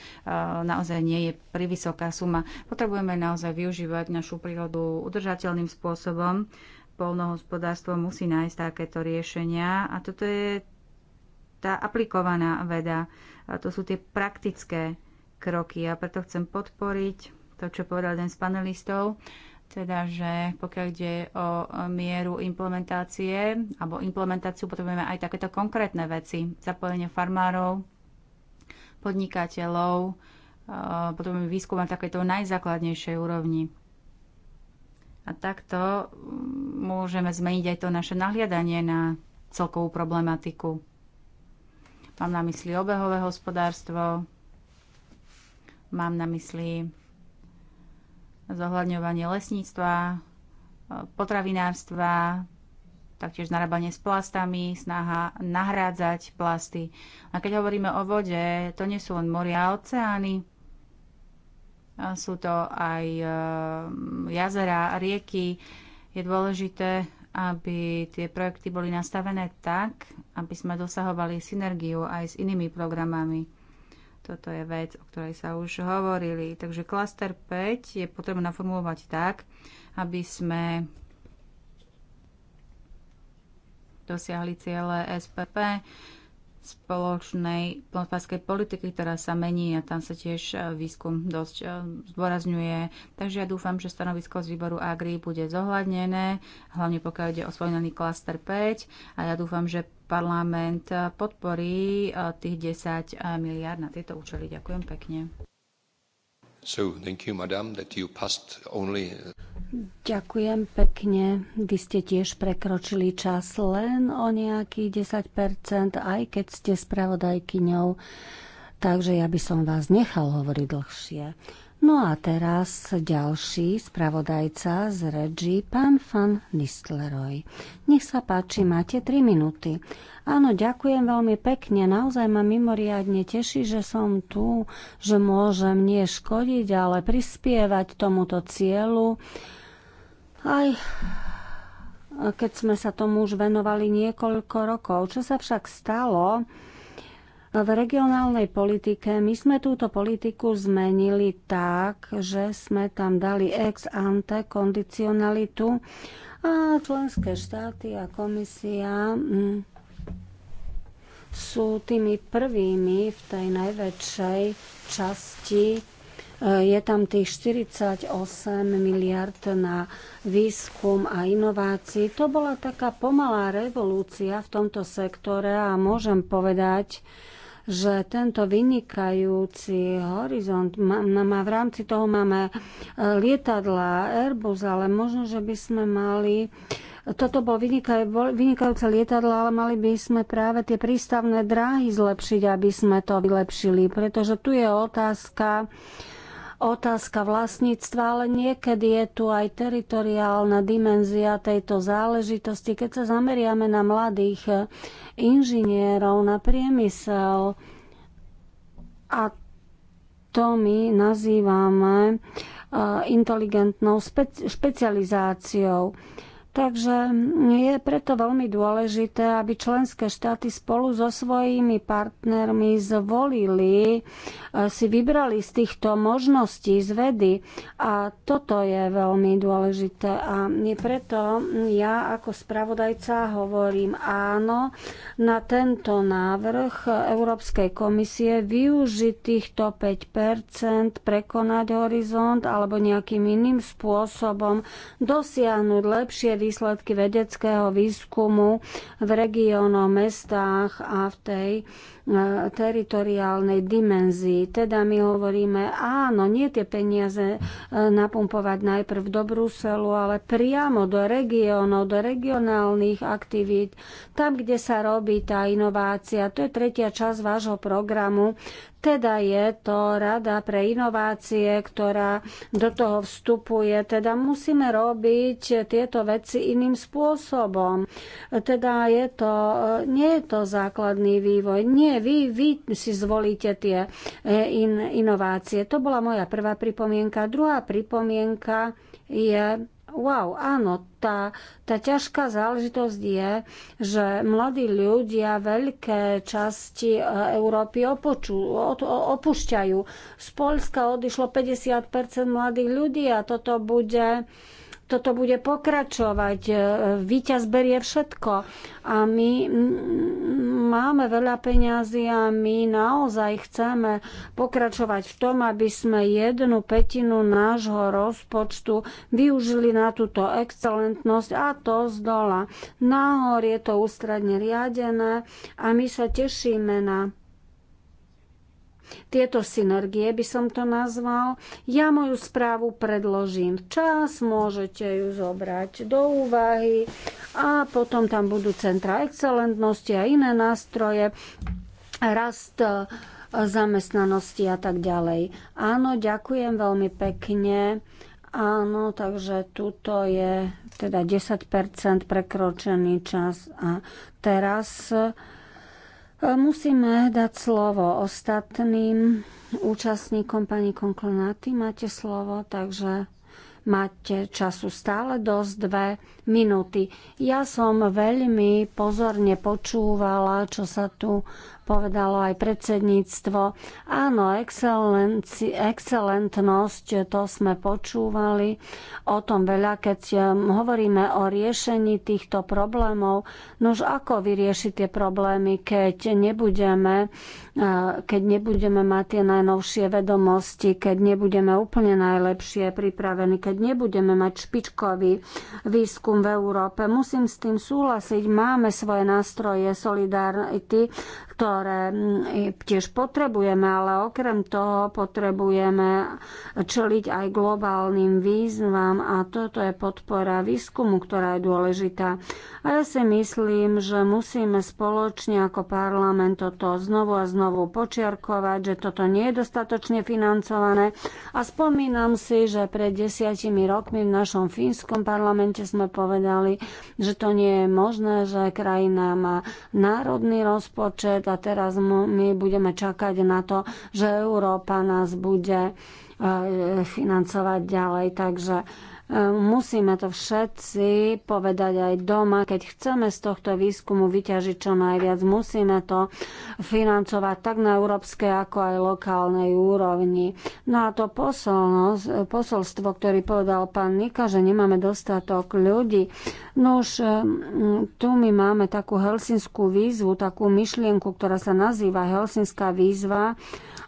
naozaj nie je privysoká suma. Potrebujeme naozaj využívať našu prírodu udržateľným spôsobom. Polnohospodárstvo musí nájsť takéto riešenia a toto je tá aplikovaná veda. A to sú tie praktické kroky a preto chcem podporiť to, čo povedal jeden z panelistov, teda, že pokiaľ ide o mieru implementácie alebo implementáciu, potrebujeme aj takéto konkrétne veci. Zapojenie farmárov, podnikateľov, e, potrebujeme výskum na takéto najzákladnejšej úrovni. A takto mm, môžeme zmeniť aj to naše nahliadanie na celkovú problematiku. Mám na mysli obehové hospodárstvo, mám na mysli zohľadňovanie lesníctva, potravinárstva, taktiež narábanie s plastami, snaha nahrádzať plasty. A keď hovoríme o vode, to nie sú len moria a oceány, sú to aj e, jazera, rieky. Je dôležité, aby tie projekty boli nastavené tak, aby sme dosahovali synergiu aj s inými programami. Toto je vec, o ktorej sa už hovorili. Takže klaster 5 je potrebné naformulovať tak, aby sme dosiahli ciele SPP spoločnej plnotvárskej politiky, ktorá sa mení a tam sa tiež e, výskum dosť e, zdôrazňuje. Takže ja dúfam, že stanovisko z výboru Agri bude zohľadnené, hlavne pokiaľ ide o spomínaný klaster 5 a ja dúfam, že parlament e, podporí tých 10 miliard na tieto účely. Ďakujem pekne. So, thank you, madam, that you passed only... Uh, Ďakujem pekne. Vy ste tiež prekročili čas len o nejaký 10%, aj keď ste spravodajkyňou. Takže ja by som vás nechal hovoriť dlhšie. No a teraz ďalší spravodajca z Regi, pán Fan Nistleroy. Nech sa páči, máte 3 minúty. Áno, ďakujem veľmi pekne. Naozaj ma mimoriadne teší, že som tu, že môžem nie škodiť, ale prispievať tomuto cieľu. Aj keď sme sa tomu už venovali niekoľko rokov. Čo sa však stalo, v regionálnej politike my sme túto politiku zmenili tak, že sme tam dali ex ante kondicionalitu a členské štáty a komisia mm, sú tými prvými v tej najväčšej časti. E, je tam tých 48 miliard na výskum a inovácii. To bola taká pomalá revolúcia v tomto sektore a môžem povedať, že tento vynikajúci horizont, má, v rámci toho máme e, lietadla, Airbus, ale možno, že by sme mali toto bol vynikaj, vynikajúce lietadlo, ale mali by sme práve tie prístavné dráhy zlepšiť, aby sme to vylepšili, pretože tu je otázka otázka vlastníctva, ale niekedy je tu aj teritoriálna dimenzia tejto záležitosti. Keď sa zameriame na mladých inžinierov, na priemysel a to my nazývame eh, inteligentnou špecializáciou. Takže je preto veľmi dôležité, aby členské štáty spolu so svojimi partnermi zvolili, e, si vybrali z týchto možností z vedy. A toto je veľmi dôležité. A preto ja ako spravodajca hovorím áno na tento návrh Európskej komisie využiť týchto 5 prekonať horizont alebo nejakým iným spôsobom dosiahnuť lepšie výsledky vedeckého výskumu v regiónoch, mestách a v tej E, teritoriálnej dimenzii. Teda my hovoríme, áno, nie tie peniaze e, napumpovať najprv do Bruselu, ale priamo do regiónov, do regionálnych aktivít, tam, kde sa robí tá inovácia. To je tretia časť vášho programu. Teda je to rada pre inovácie, ktorá do toho vstupuje. Teda musíme robiť tieto veci iným spôsobom. Teda je to, e, nie je to základný vývoj, nie vy, vy si zvolíte tie e, in, inovácie. To bola moja prvá pripomienka. Druhá pripomienka je wow, áno, tá, tá ťažká záležitosť je, že mladí ľudia veľké časti e, Európy opoču, opúšťajú. Z Polska odišlo 50 mladých ľudí a toto bude toto bude pokračovať. E, Výťaz berie všetko. A my máme veľa peňazí a my naozaj chceme pokračovať v tom, aby sme jednu petinu nášho rozpočtu využili na túto excelentnosť a to z dola. Nahor je to ústredne riadené a my sa tešíme na tieto synergie by som to nazval. Ja moju správu predložím čas, môžete ju zobrať do úvahy a potom tam budú centra excelentnosti a iné nástroje, rast zamestnanosti a tak ďalej. Áno, ďakujem veľmi pekne. Áno, takže tuto je teda 10% prekročený čas a teraz Musíme dať slovo ostatným účastníkom. Pani Konklonáty, máte slovo, takže máte času stále dosť dve minúty. Ja som veľmi pozorne počúvala, čo sa tu povedalo aj predsedníctvo. Áno, excelentnosť, to sme počúvali o tom veľa, keď ehm, hovoríme o riešení týchto problémov. už ako vyriešiť tie problémy, keď nebudeme, eh, keď nebudeme mať tie najnovšie vedomosti, keď nebudeme úplne najlepšie pripravení, keď nebudeme mať špičkový výskum v Európe. Musím s tým súhlasiť. Máme svoje nástroje solidarity, ktoré mm, tiež potrebujeme, ale okrem toho potrebujeme čeliť aj globálnym výzvam a toto je podpora výskumu, ktorá je dôležitá. A ja si myslím, že musíme spoločne ako parlament toto znovu a znovu počiarkovať, že toto nie je dostatočne financované. A spomínam si, že pred desiatimi rokmi v našom fínskom parlamente sme povedali, že to nie je možné, že krajina má národný rozpočet, svet a teraz my budeme čakať na to, že Európa nás bude eh, financovať ďalej. Takže E, musíme to všetci povedať aj doma. Keď chceme z tohto výskumu vyťažiť čo najviac, musíme to financovať tak na európskej, ako aj lokálnej úrovni. No a to posolstvo, ktorý povedal pán Nika, že nemáme dostatok ľudí. No už e, tu my máme takú helsinskú výzvu, takú myšlienku, ktorá sa nazýva helsinská výzva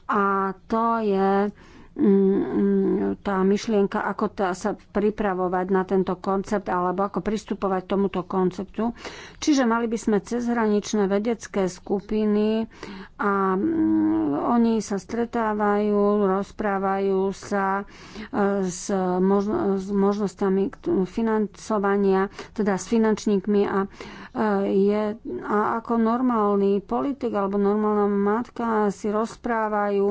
a to je Mm, mm, tá myšlienka, ako tá sa pripravovať na tento koncept alebo ako pristupovať tomuto konceptu. Čiže mali by sme cezhraničné vedecké skupiny a mm, oni sa stretávajú, rozprávajú sa e, s, s možnosťami financovania, teda s finančníkmi a e, je a ako normálny politik alebo normálna matka si rozprávajú,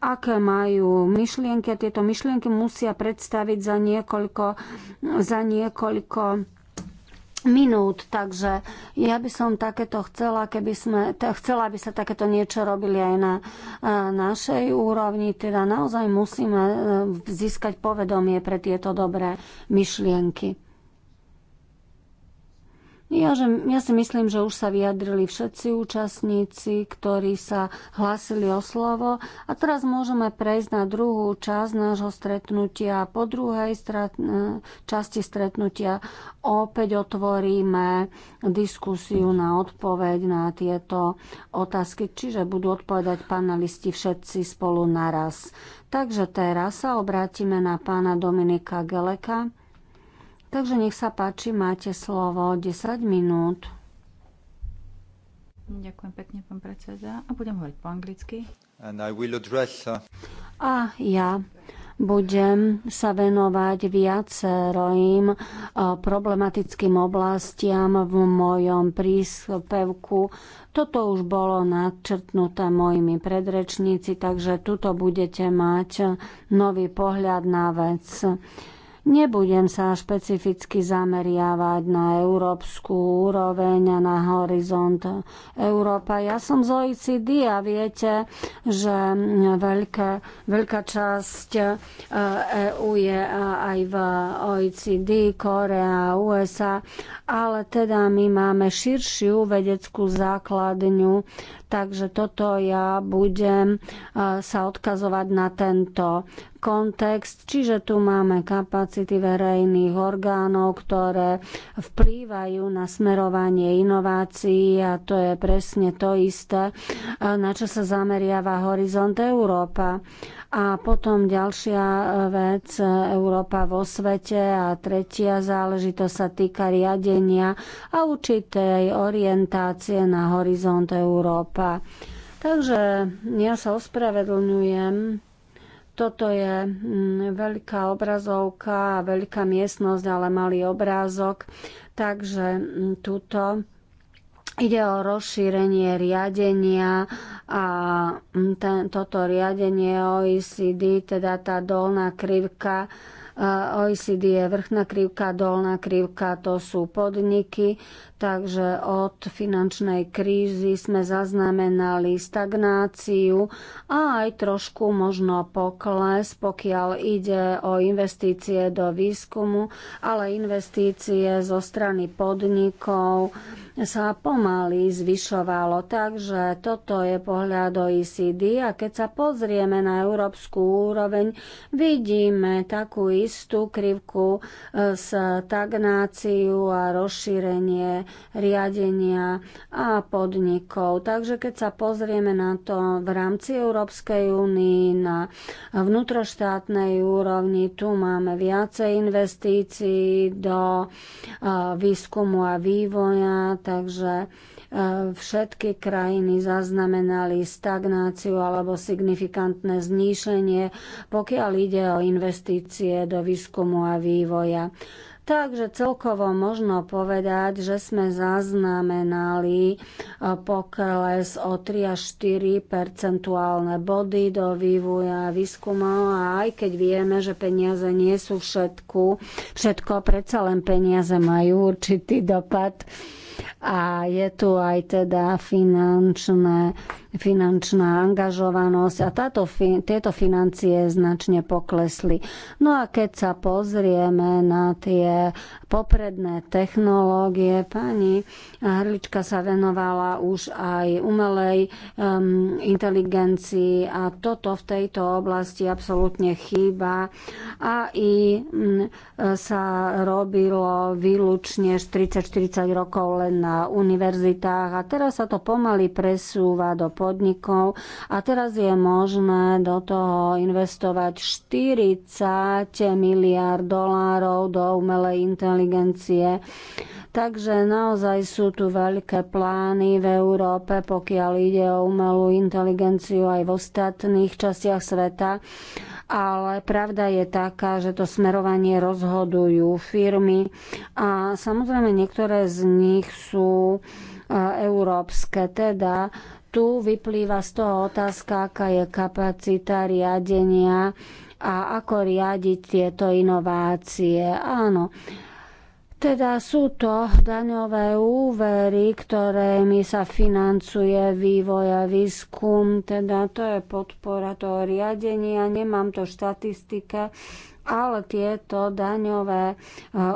aké majú myšlienky myšlienky a tieto myšlienky musia predstaviť za niekoľko, za niekoľko minút, takže ja by som takéto chcela, keby sme, chcela aby sa takéto niečo robili aj na našej úrovni, teda naozaj musíme e, získať povedomie pre tieto dobré myšlienky. Ja, že, ja si myslím, že už sa vyjadrili všetci účastníci, ktorí sa hlásili o slovo. A teraz môžeme prejsť na druhú časť nášho stretnutia. Po druhej strat, časti stretnutia opäť otvoríme diskusiu na odpoveď na tieto otázky. Čiže budú odpovedať panelisti všetci spolu naraz. Takže teraz sa obrátime na pána Dominika Geleka Takže nech sa páči, máte slovo 10 minút. Ďakujem pekne, pán predseda. A budem hovoriť po anglicky. And I will address, uh... A ja budem sa venovať viacerým uh, problematickým oblastiam v mojom príspevku. Toto už bolo nadčrtnuté mojimi predrečníci, takže tuto budete mať nový pohľad na vec. Nebudem sa špecificky zameriavať na európsku úroveň a na horizont Európa. Ja som z OECD a viete, že veľká, veľká časť EU e je e, aj v OECD, Korea, USA, ale teda my máme širšiu vedeckú základňu, Takže toto ja budem e, sa odkazovať na tento kontext, čiže tu máme kapacity verejných orgánov, ktoré vplývajú na smerovanie inovácií a to je presne to isté, e, na čo sa zameriava Horizont Európa. A potom ďalšia e, vec, e, Európa vo svete a tretia záležitosť sa týka riadenia a určitej orientácie na horizont Európa. Takže ja sa ospravedlňujem. Toto je mm, veľká obrazovka a veľká miestnosť, ale malý obrázok. Takže mm, tuto Ide o rozšírenie riadenia a ten, toto riadenie OECD, teda tá dolná krivka, e, OECD je vrchná krivka, dolná krivka, to sú podniky, takže od finančnej krízy sme zaznamenali stagnáciu a aj trošku možno pokles, pokiaľ ide o investície do výskumu, ale investície zo strany podnikov sa pomaly zvyšovalo. Takže toto je pohľad ECD a keď sa pozrieme na európsku úroveň, vidíme takú istú krivku e, stagnáciu a rozšírenie riadenia a podnikov. Takže keď sa pozrieme na to v rámci Európskej únii, na vnútroštátnej úrovni, tu máme viacej investícií do e, výskumu a vývoja, takže e, všetky krajiny zaznamenali stagnáciu alebo signifikantné zníšenie, pokiaľ ide o investície do výskumu a vývoja. Takže celkovo možno povedať, že sme zaznamenali eh, pokles o 3 až 4 percentuálne body do vývoja výskumov a aj keď vieme, že peniaze nie sú všetku, všetko, predsa len peniaze majú určitý dopad a je tu aj teda finančné finančná angažovanosť a táto, tieto financie značne poklesli. No a keď sa pozrieme na tie popredné technológie, pani Hrlička sa venovala už aj umelej um, inteligencii a toto v tejto oblasti absolútne chýba. A i um, sa robilo výlučne 40-40 rokov len na univerzitách a teraz sa to pomaly presúva do podnikov a teraz je možné do toho investovať 40 miliard dolárov do umelej inteligencie. Takže naozaj sú tu veľké plány v Európe, pokiaľ ide o umelú inteligenciu aj v ostatných častiach sveta. Ale pravda je taká, že to smerovanie rozhodujú firmy a samozrejme niektoré z nich sú e, európske, teda tu vyplýva z toho otázka, aká je kapacita riadenia a ako riadiť tieto inovácie. Áno, teda sú to daňové úvery, ktorými sa financuje vývoj a výskum, teda to je podpora toho riadenia, nemám to štatistike, ale tieto daňové e,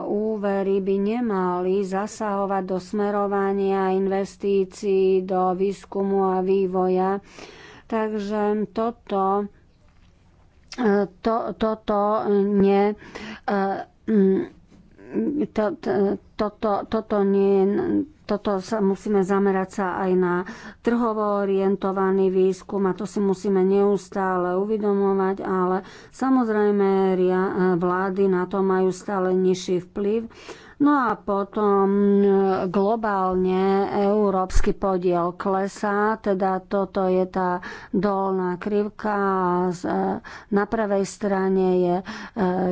úvery by nemali zasahovať do smerovania investícií, do výskumu a vývoja. Takže toto, e, to, toto nie, e, to, to, toto, toto nie toto sa musíme zamerať sa aj na trhovo orientovaný výskum a to si musíme neustále uvedomovať, ale samozrejme vlády na to majú stále nižší vplyv No a potom e, globálne európsky podiel klesá, teda toto je tá dolná krivka e, na pravej strane je e,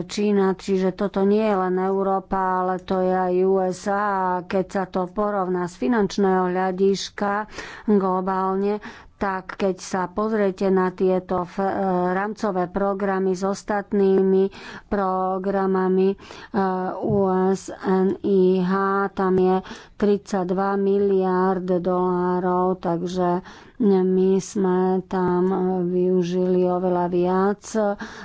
Čína, čiže toto nie je len Európa, ale to je aj USA. Keď sa to porovná z finančného hľadiska globálne, tak keď sa pozriete na tieto eh, rámcové programy s ostatnými programami USNIH, eh, tam je 32 miliard dolárov, takže my sme tam e, využili oveľa viac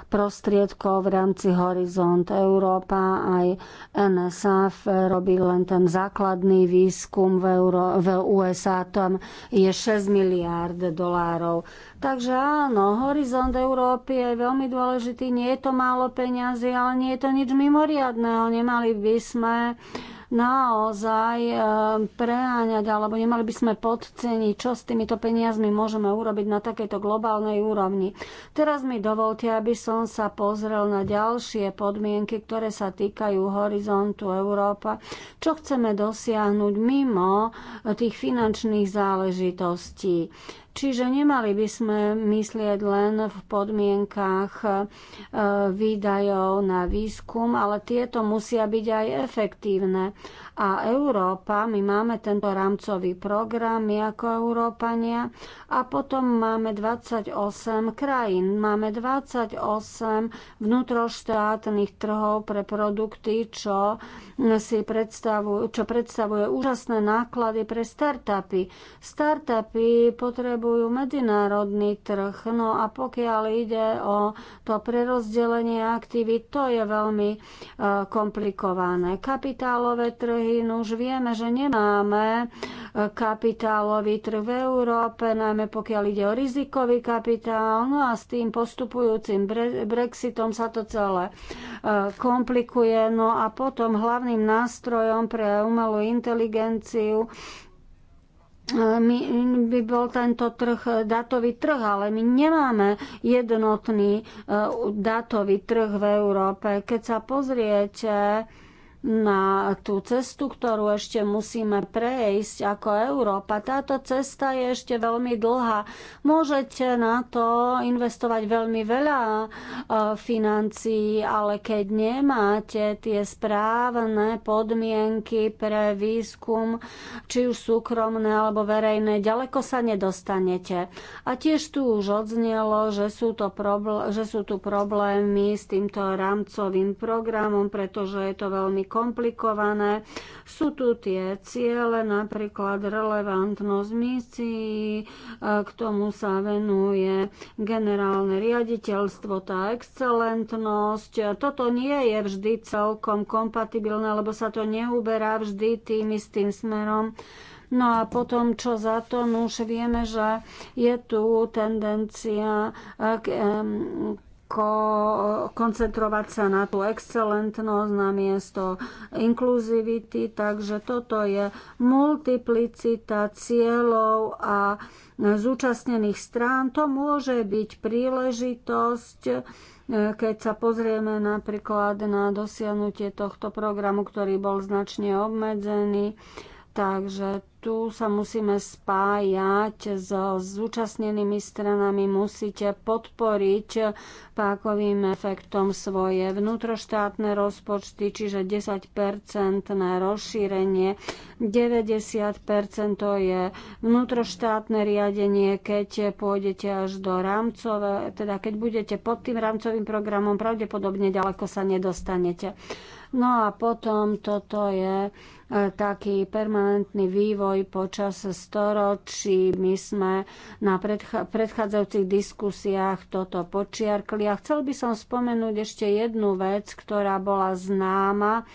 prostriedkov v rámci Horizont Európa. Aj NSF robí len ten základný výskum v, Euro- v USA. Tam je 6 miliard dolárov. Takže áno, horizont Európy je veľmi dôležitý. Nie je to málo peňazí, ale nie je to nič mimoriadného. Nemali by sme naozaj eh, preáňať, alebo nemali by sme podceniť, čo s týmito peniazmi môžeme urobiť na takejto globálnej úrovni. Teraz mi dovolte, aby som sa pozrel na ďalšie podmienky, ktoré sa týkajú horizontu Európa, čo chceme dosiahnuť mimo eh, tých finančných záležitostí. Čiže nemali by sme myslieť len v podmienkách e, výdajov na výskum, ale tieto musia byť aj efektívne. A Európa, my máme tento rámcový program, my ako Európania, a potom máme 28 krajín. Máme 28 vnútroštátnych trhov pre produkty, čo, si predstavujú, čo predstavuje úžasné náklady pre startupy. Startupy potrebujú medzinárodný trh, no a pokiaľ ide o to prerozdelenie aktivít, to je veľmi eh, komplikované. Kapitálové trhy krajín no už vieme, že nemáme eh, kapitálový trh v Európe, najmä pokiaľ ide o rizikový kapitál. No a s tým postupujúcim Brexitom sa to celé eh, komplikuje. No a potom hlavným nástrojom pre umelú inteligenciu eh, my, by bol tento trh, datový trh, ale my nemáme jednotný datový trh v Európe. Keď sa pozriete na tú cestu, ktorú ešte musíme prejsť ako Európa. Táto cesta je ešte veľmi dlhá. Môžete na to investovať veľmi veľa e, financií, ale keď nemáte tie správne podmienky pre výskum, či už súkromné alebo verejné, ďaleko sa nedostanete. A tiež tu už odznelo, že sú, to probl- že sú tu problémy s týmto rámcovým programom, pretože je to veľmi komplikované. Sú tu tie ciele, napríklad relevantnosť misií, e, k tomu sa venuje generálne riaditeľstvo, tá excelentnosť. Toto nie je vždy celkom kompatibilné, lebo sa to neuberá vždy tým istým smerom. No a potom, čo za to, no už vieme, že je tu tendencia k, ako eh, koncentrovať sa na tú excelentnosť namiesto inkluzivity. Takže toto je multiplicita cieľov a zúčastnených strán. To môže byť príležitosť eh, keď sa pozrieme napríklad na dosiahnutie tohto programu, ktorý bol značne obmedzený. Takže tu sa musíme spájať so zúčastnenými stranami, musíte podporiť pákovým efektom svoje vnútroštátne rozpočty, čiže 10% na rozšírenie, 90% to je vnútroštátne riadenie, keď pôjdete až do rámcové, teda keď budete pod tým rámcovým programom, pravdepodobne ďaleko sa nedostanete. No a potom toto je e, taký permanentný vývoj počas storočí. My sme na predcha- predchádzajúcich diskusiách toto počiarkli. A chcel by som spomenúť ešte jednu vec, ktorá bola známa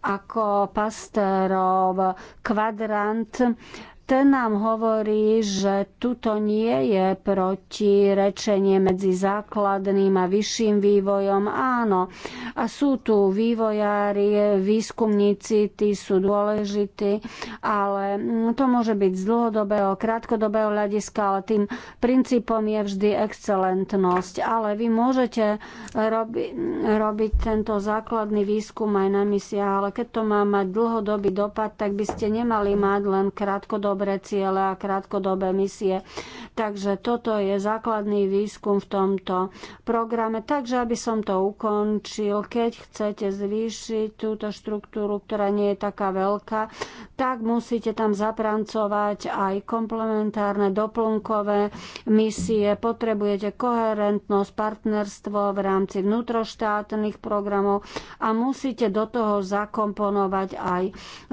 ako pastérov kvadrant ten nám hovorí, že tuto nie je proti rečenie medzi základným a vyšším vývojom. Áno, a sú tu vývojári, výskumníci, tí sú dôležití, ale mm, to môže byť z dlhodobého, krátkodobého hľadiska, ale tým princípom je vždy excelentnosť. Ale vy môžete robi, robiť tento základný výskum aj na misiách, ale keď to má mať dlhodobý dopad, tak by ste nemali mať len krátkodobý dobré ciele a krátkodobé misie. Takže toto je základný výskum v tomto programe. Takže aby som to ukončil, keď chcete zvýšiť túto štruktúru, ktorá nie je taká veľká, tak musíte tam zaprancovať aj komplementárne doplnkové misie. Potrebujete koherentnosť, partnerstvo v rámci vnútroštátnych programov a musíte do toho zakomponovať aj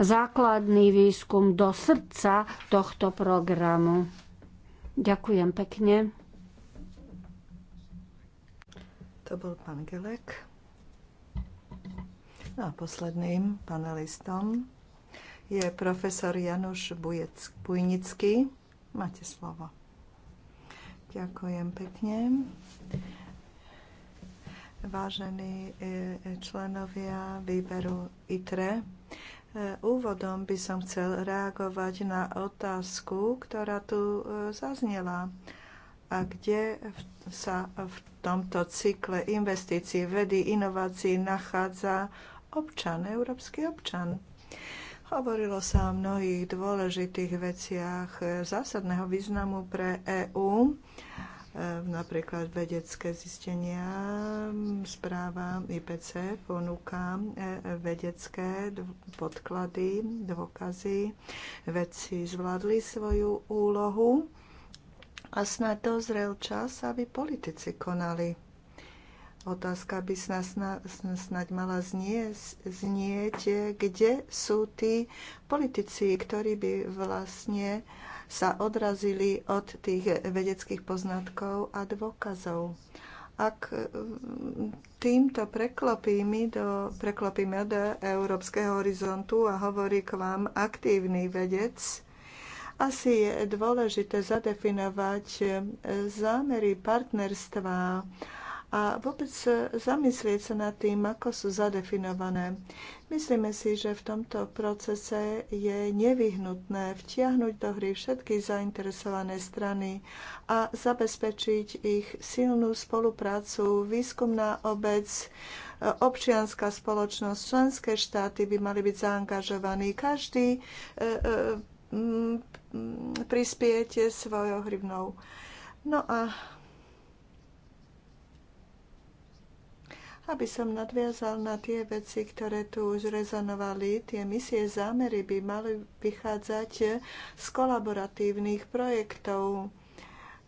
základný výskum do srdca tohto programu. Ďakujem pekne. To bol pán Gelek. No a posledným panelistom je profesor Januš Bujec, Bujnický. Máte slovo. Ďakujem pekne. Vážení eh, eh, členovia výberu ITRE, E, úvodom by som chcel reagovať na otázku, ktorá tu e, zaznela a kde sa v tomto cykle investícií, vedy, inovácií nachádza občan, európsky občan. Hovorilo sa o mnohých dôležitých veciach e, zásadného významu pre EÚ. EU Ehm, napríklad vedecké zistenia. Ehm, správa IPC ponúka e, vedecké podklady, dôkazy. Vedci zvládli svoju úlohu a snad to zrel čas, aby politici konali. Otázka by snad, snad mala znieť, znieť, kde sú tí politici, ktorí by vlastne uh, sa odrazili od tých vedeckých poznatkov a dôkazov. Ak mm, týmto preklopíme do, preklopíme do európskeho horizontu a hovorí k vám aktívny vedec, asi je dôležité zadefinovať e, zámery partnerstva a vôbec zamyslieť sa nad tým, ako sú zadefinované. Myslíme si, že v tomto procese je nevyhnutné vtiahnuť do hry všetky zainteresované strany a zabezpečiť ich silnú spoluprácu. Výskumná obec, občianská spoločnosť, členské štáty by mali byť zaangažovaní. Každý e, e, prispiete svojou hrivnou. No a aby som nadviazal na tie veci, ktoré tu už rezonovali. Tie misie zámery by mali vychádzať z kolaboratívnych projektov.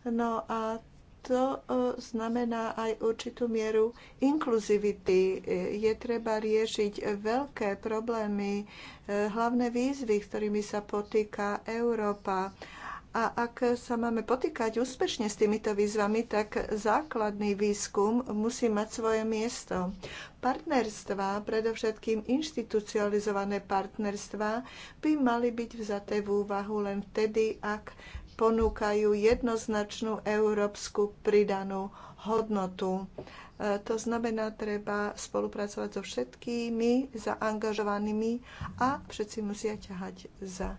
No a to e, znamená aj určitú mieru inkluzivity. E, je treba riešiť veľké problémy, e, hlavné výzvy, ktorými sa potýka Európa a ak sa máme potýkať úspešne s týmito výzvami, tak základný výskum musí mať svoje miesto. Partnerstva, predovšetkým inštitucionalizované partnerstva, by mali byť vzaté v úvahu len vtedy, ak ponúkajú jednoznačnú európsku pridanú hodnotu. E, to znamená, treba spolupracovať so všetkými zaangažovanými a všetci musia ťahať za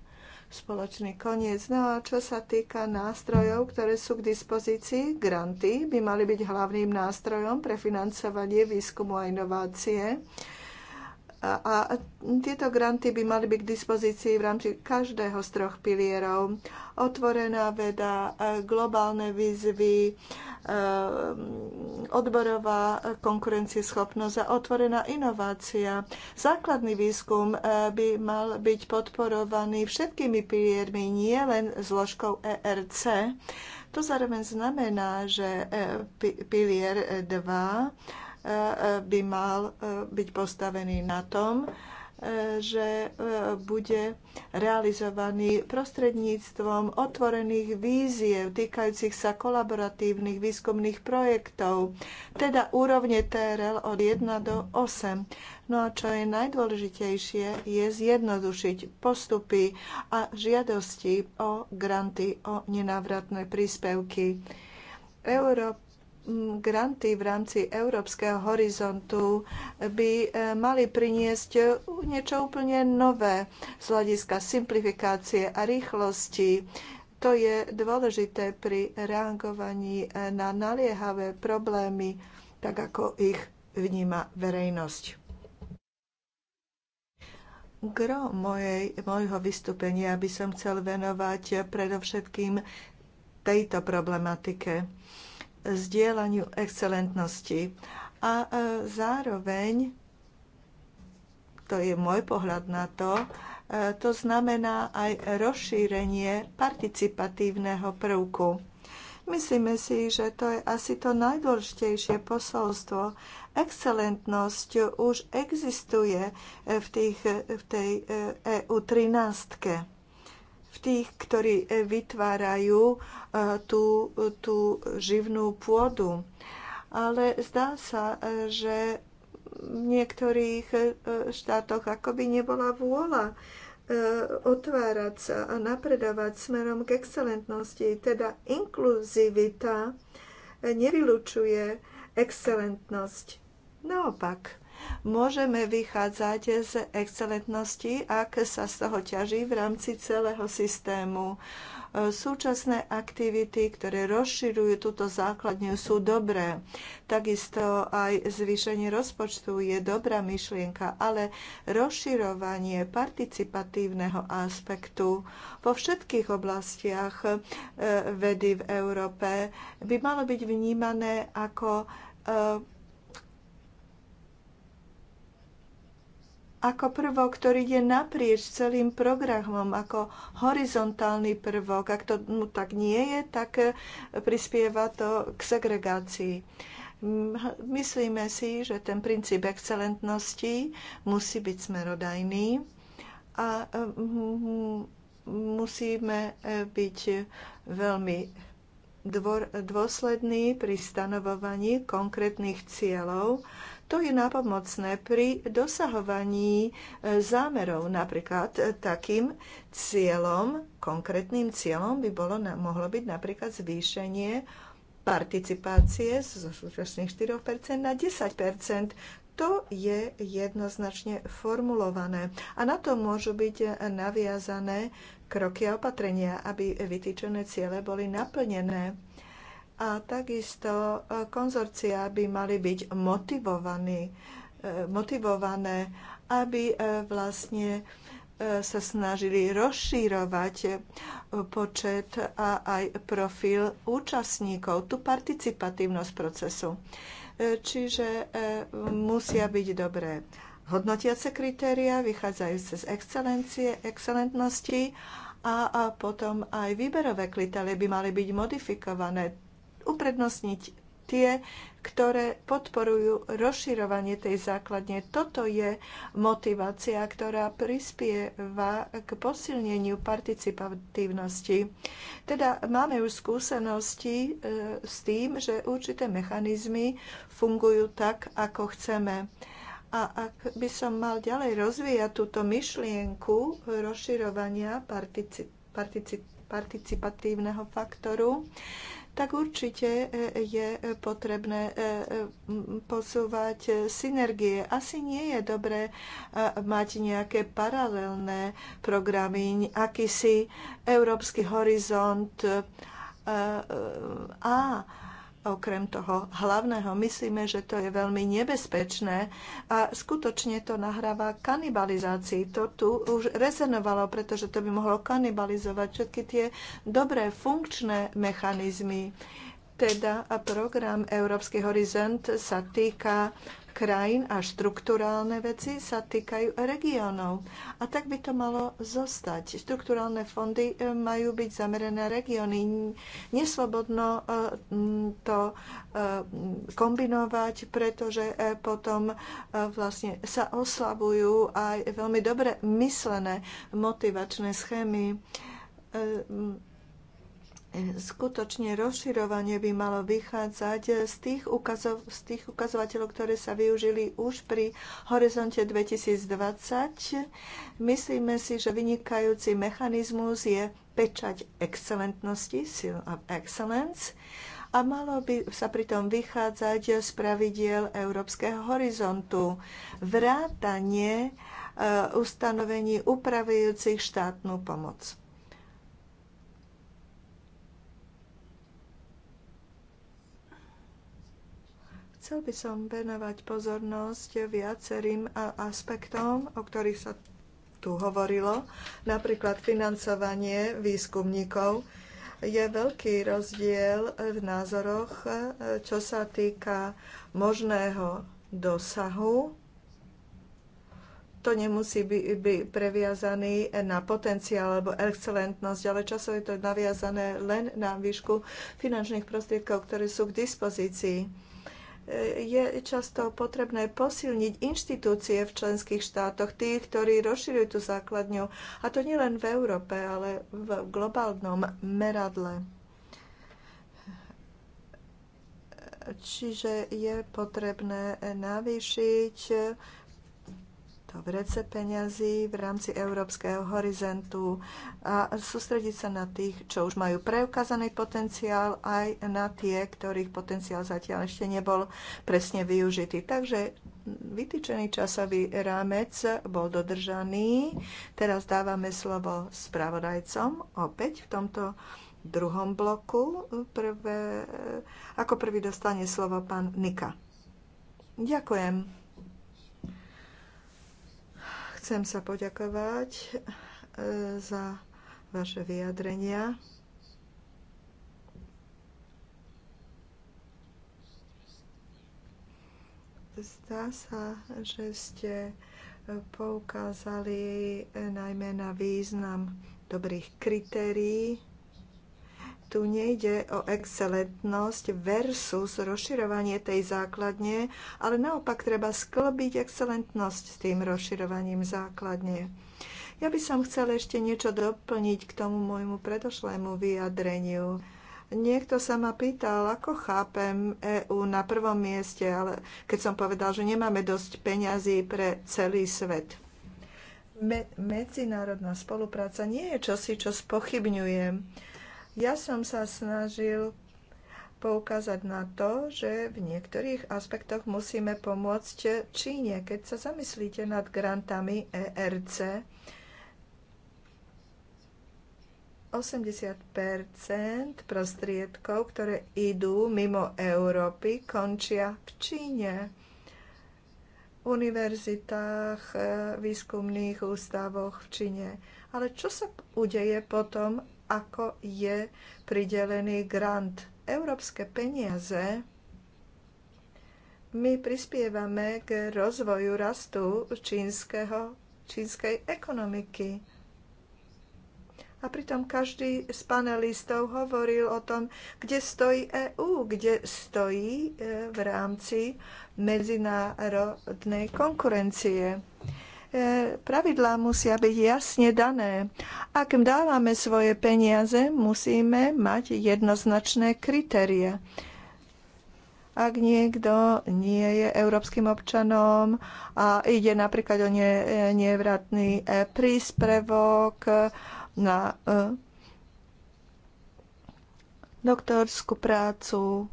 spoločný koniec. No a čo sa týka nástrojov, ktoré sú k dispozícii, granty by mali byť hlavným nástrojom pre financovanie výskumu a inovácie. A tieto granty by mali byť k dispozícii v rámci každého z troch pilierov. Otvorená veda, e, globálne výzvy, e, odborová konkurencieschopnosť a otvorená inovácia. Základný výskum e, by mal byť podporovaný všetkými piliermi, nie len zložkou ERC. To zároveň znamená, že pilier 2 by mal e, byť postavený na tom, e, že e, bude realizovaný prostredníctvom otvorených víziev týkajúcich sa kolaboratívnych výskumných projektov, teda úrovne TRL od 1 do 8. No a čo je najdôležitejšie, je zjednodušiť postupy a žiadosti o granty, o nenávratné príspevky. Európa granty v rámci Európskeho horizontu by e, mali priniesť niečo úplne nové z hľadiska simplifikácie a rýchlosti. To je dôležité pri reagovaní e, na naliehavé problémy, tak ako ich vníma verejnosť. Gro mojej, mojho vystúpenia by som chcel venovať predovšetkým tejto problematike zdieľaniu excelentnosti. A e, zároveň, to je môj pohľad na to, e, to znamená aj rozšírenie participatívneho prvku. Myslíme si, že to je asi to najdôležitejšie posolstvo. Excelentnosť už existuje v, tých, v tej EU e 13 v tých, ktorí e, vytvárajú e, tú, tú živnú pôdu. Ale zdá sa, e, že v niektorých štátoch akoby nebola vôľa otvárať sa a napredávať smerom k excelentnosti. Teda inkluzivita nevylučuje excelentnosť. Naopak, Môžeme vychádzať z excelentnosti, ak sa z toho ťaží v rámci celého systému e, súčasné aktivity, ktoré rozširujú túto základňu, sú dobré. Takisto aj zvýšenie rozpočtu je dobrá myšlienka, ale rozširovanie participatívneho aspektu vo všetkých oblastiach e, vedy v Európe by malo byť vnímané ako e, ako prvok, ktorý ide naprieč celým programom, ako horizontálny prvok. Ak to mu tak nie je, tak eh, prispieva to k segregácii. Myslíme si, že ten princíp excelentnosti musí byť smerodajný a eh, musíme eh, byť veľmi dôslední pri stanovovaní konkrétnych cieľov to je nápomocné pri dosahovaní e, zámerov. Napríklad e, takým cieľom, konkrétnym cieľom by bolo, mohlo byť napríklad zvýšenie participácie zo súčasných 4% na 10%. To je jednoznačne formulované. A na to môžu byť e, naviazané kroky a opatrenia, aby vytýčené ciele boli naplnené a takisto e, konzorcia by mali byť motivovaní, e, motivované, aby e, vlastne sa snažili rozšírovať počet a aj profil účastníkov, tú participatívnosť procesu. Čiže musia byť dobré hodnotiace kritéria, vychádzajúce z excelencie, excelentnosti a, a potom aj výberové kritéria by mali byť modifikované uprednostniť tie, ktoré podporujú rozširovanie tej základne. Toto je motivácia, ktorá prispieva k posilneniu participatívnosti. Teda máme už skúsenosti e, s tým, že určité mechanizmy fungujú tak, ako chceme. A ak by som mal ďalej rozvíjať túto myšlienku rozširovania particip participatívneho faktoru, tak určite e, je potrebné e, e, posúvať synergie. Asi nie je dobré mať nejaké paralelné programy, akýsi Európsky horizont a okrem toho hlavného. Myslíme, že to je veľmi nebezpečné a skutočne to nahráva kanibalizácii. To tu už rezenovalo, pretože to by mohlo kanibalizovať všetky tie dobré funkčné mechanizmy. Teda a program Európsky horizont sa týka krajín a štrukturálne veci sa týkajú regiónov. A tak by to malo zostať. Štruktúrálne fondy e, majú byť zamerané na regióny. Neslobodno e, to e, kombinovať, pretože potom vlastne sa oslabujú aj veľmi dobre myslené motivačné schémy Skutočne rozširovanie by malo vychádzať z tých, ukazov, z tých ukazovateľov, ktoré sa využili už pri horizonte 2020. Myslíme si, že vynikajúci mechanizmus je pečať excelentnosti, seal of excellence, a malo by sa pritom vychádzať z pravidiel Európskeho horizontu. Vrátanie e, ustanovení upravujúcich štátnu pomoc. Chcel by som venovať pozornosť viacerým aspektom, o ktorých sa tu hovorilo, napríklad financovanie výskumníkov. Je veľký rozdiel v názoroch, e, čo sa týka možného dosahu to nemusí byť by previazaný na potenciál alebo excelentnosť, ale časovo je to naviazané len na výšku finančných prostriedkov, ktoré sú k dispozícii je často potrebné posilniť inštitúcie v členských štátoch, tých, ktorí rozširujú tú základňu. A to nielen v Európe, ale v globálnom meradle. Čiže je potrebné navýšiť to vrece peňazí v rámci európskeho horizontu a sústrediť sa na tých, čo už majú preukázaný potenciál, aj na tie, ktorých potenciál zatiaľ ešte nebol presne využitý. Takže vytýčený časový rámec bol dodržaný. Teraz dávame slovo spravodajcom opäť v tomto druhom bloku. Prvé, ako prvý dostane slovo pán Nika. Ďakujem. Chcem sa poďakovať eh, za vaše vyjadrenia. Zdá sa, že ste eh, poukázali eh, najmä na význam dobrých kritérií tu nejde o excelentnosť versus rozširovanie tej základne, ale naopak treba sklbiť excelentnosť s tým rozširovaním základne. Ja by som chcela ešte niečo doplniť k tomu môjmu predošlému vyjadreniu. Niekto sa ma pýtal, ako chápem EÚ na prvom mieste, ale keď som povedal, že nemáme dosť peňazí pre celý svet. Me- medzinárodná spolupráca nie je čosi, čo spochybňujem ja som sa snažil poukázať na to, že v niektorých aspektoch musíme pomôcť Číne. Keď sa zamyslíte nad grantami e ERC, 80 prostriedkov, ktoré idú mimo Európy, končia v Číne. V univerzitách, e, výskumných ústavoch v Číne. Ale čo sa udeje potom ako je pridelený grant. Európske peniaze my prispievame k rozvoju rastu čínskeho, čínskej ekonomiky. A pritom každý z panelistov hovoril o tom, kde stojí EÚ, kde stojí e, v rámci medzinárodnej konkurencie. E, pravidlá musia byť jasne dané. Ak dávame svoje peniaze, musíme mať jednoznačné kritéria. Ak niekto nie je európskym občanom a ide napríklad o ne, e, nevratný e, prísprevok na doktorskú prácu,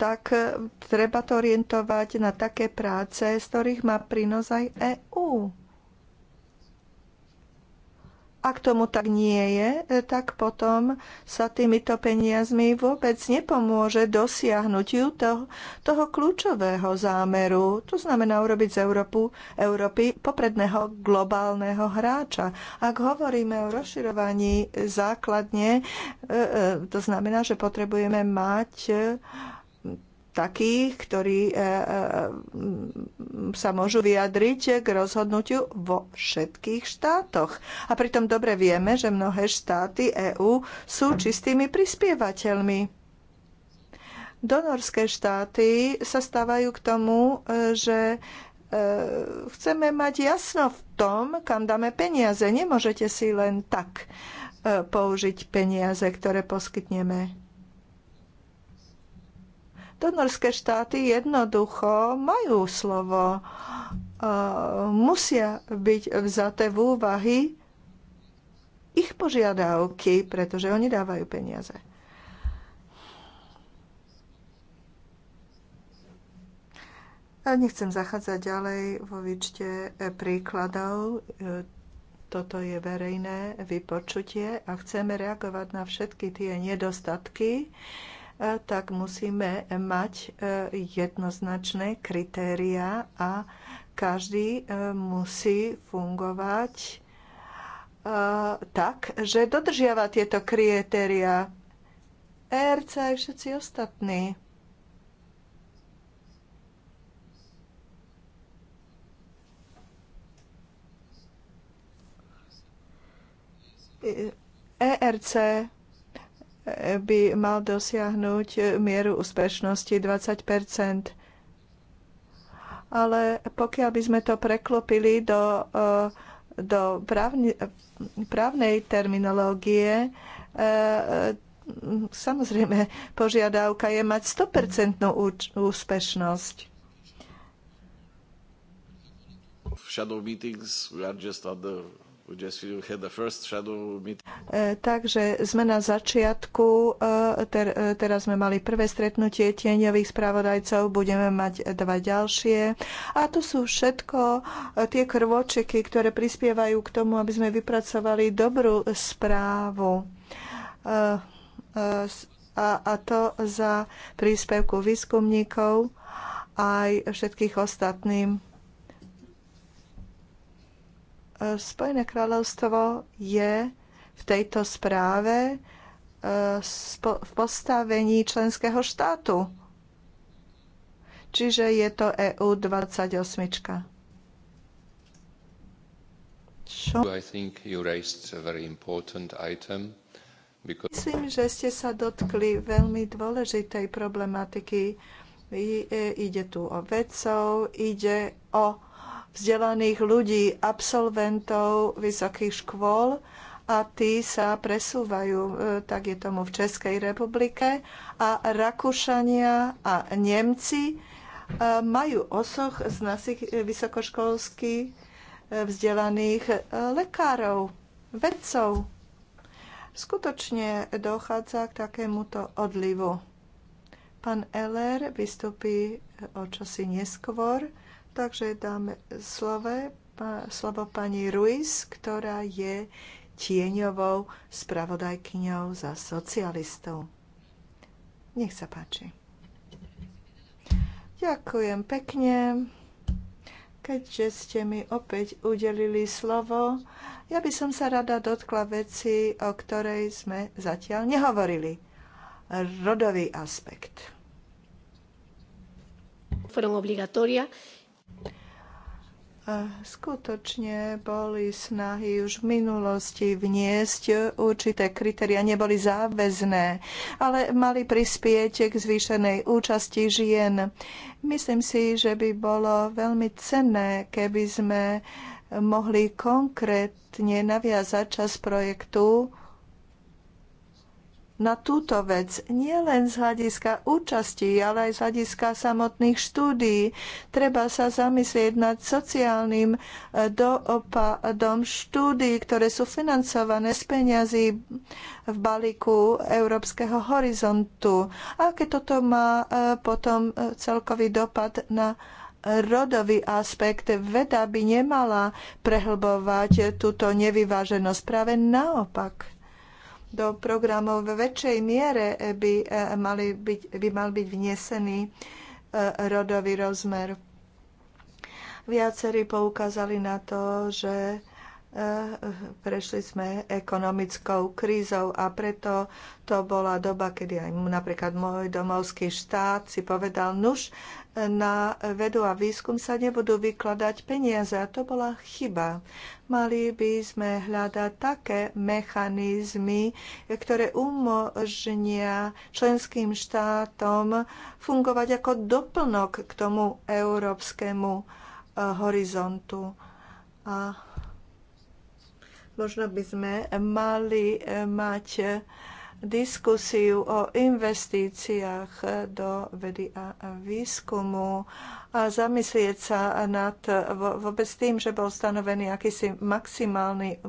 tak e, treba to orientovať na také práce, z ktorých má prínos aj EÚ. Ak tomu tak nie je, e, tak potom sa týmito peniazmi vôbec nepomôže dosiahnutiu toho, toho kľúčového zámeru. To znamená urobiť z Európu, Európy popredného globálneho hráča. Ak hovoríme o rozširovaní základne, e, to znamená, že potrebujeme mať takých, ktorí e, e, sa môžu vyjadriť k rozhodnutiu vo všetkých štátoch. A pritom dobre vieme, že mnohé štáty EÚ sú čistými prispievateľmi. Donorské štáty sa stávajú k tomu, e, že chceme mať jasno v tom, kam dáme peniaze. Nemôžete si len tak použiť peniaze, ktoré poskytneme Donorské štáty jednoducho majú slovo. Musia byť vzaté v úvahy ich požiadavky, pretože oni dávajú peniaze. Ja nechcem zachádzať ďalej vo výčte e, príkladov. E, toto je verejné vypočutie a chceme reagovať na všetky tie nedostatky, tak musíme mať e, jednoznačné kritéria a každý e, musí fungovať e, tak, že dodržiava tieto kritéria ERC aj všetci ostatní. ERC by mal dosiahnuť mieru úspešnosti 20 Ale pokiaľ by sme to preklopili do, eh, do právne, právnej terminológie, eh, samozrejme požiadavka je mať 100% úspešnosť. shadow meetings. We are just at the E, takže sme na začiatku, e, ter, e, teraz sme mali prvé stretnutie tieňových spravodajcov, budeme mať dva ďalšie. A to sú všetko tie krvočeky, ktoré prispievajú k tomu, aby sme vypracovali dobrú správu. A, a to za príspevku výskumníkov aj všetkých ostatným Spojené kráľovstvo je v tejto správe e, v postavení členského štátu. Čiže je to EU 28. Čo? Myslím, že ste sa dotkli veľmi dôležitej problematiky. E, ide tu o vedcov, ide o vzdelaných ľudí, absolventov vysokých škôl a tí sa presúvajú, e, tak je tomu v Českej republike. A Rakúšania a Nemci e, majú osoch z našich vysokoškolských e, vzdelaných lekárov, vedcov. Skutočne dochádza k takémuto odlivu. Pán Eller vystupí o čosi neskôr Takže dáme slove, slovo pani Ruiz, ktorá je tieňovou spravodajkyňou za socialistov. Nech sa páči. Ďakujem pekne. Keďže ste mi opäť udelili slovo, ja by som sa rada dotkla veci, o ktorej sme zatiaľ nehovorili. Rodový aspekt. Fueron obligatoria a skutočne boli snahy už v minulosti vniesť určité kritéria, neboli záväzné, ale mali prispieť k zvýšenej účasti žien. Myslím si, že by bolo veľmi cenné, keby sme mohli konkrétne naviazať čas projektu na túto vec, nielen z hľadiska účasti, ale aj z hľadiska samotných štúdií. Treba sa zamyslieť nad sociálnym eh, dopadom štúdií, ktoré sú financované z peňazí v balíku Európskeho horizontu. A keď toto má eh, potom eh, celkový dopad na rodový aspekt. Veda by nemala prehlbovať túto nevyváženosť. Práve naopak do programov v väčšej miere by, e, mali byť, by mal byť vnesený e, rodový rozmer. Viacerí poukázali na to, že e, prešli sme ekonomickou krízou a preto to bola doba, kedy aj napríklad môj domovský štát si povedal, nuž, na vedu a výskum sa nebudú vykladať peniaze. A to bola chyba. Mali by sme hľadať také mechanizmy, ktoré umožnia členským štátom fungovať ako doplnok k tomu európskemu eh, horizontu. A možno by sme mali eh, mať eh, diskusiu o investíciách do vedy a výskumu a zamyslieť sa nad vôbec tým, že bol stanovený akýsi maximálny,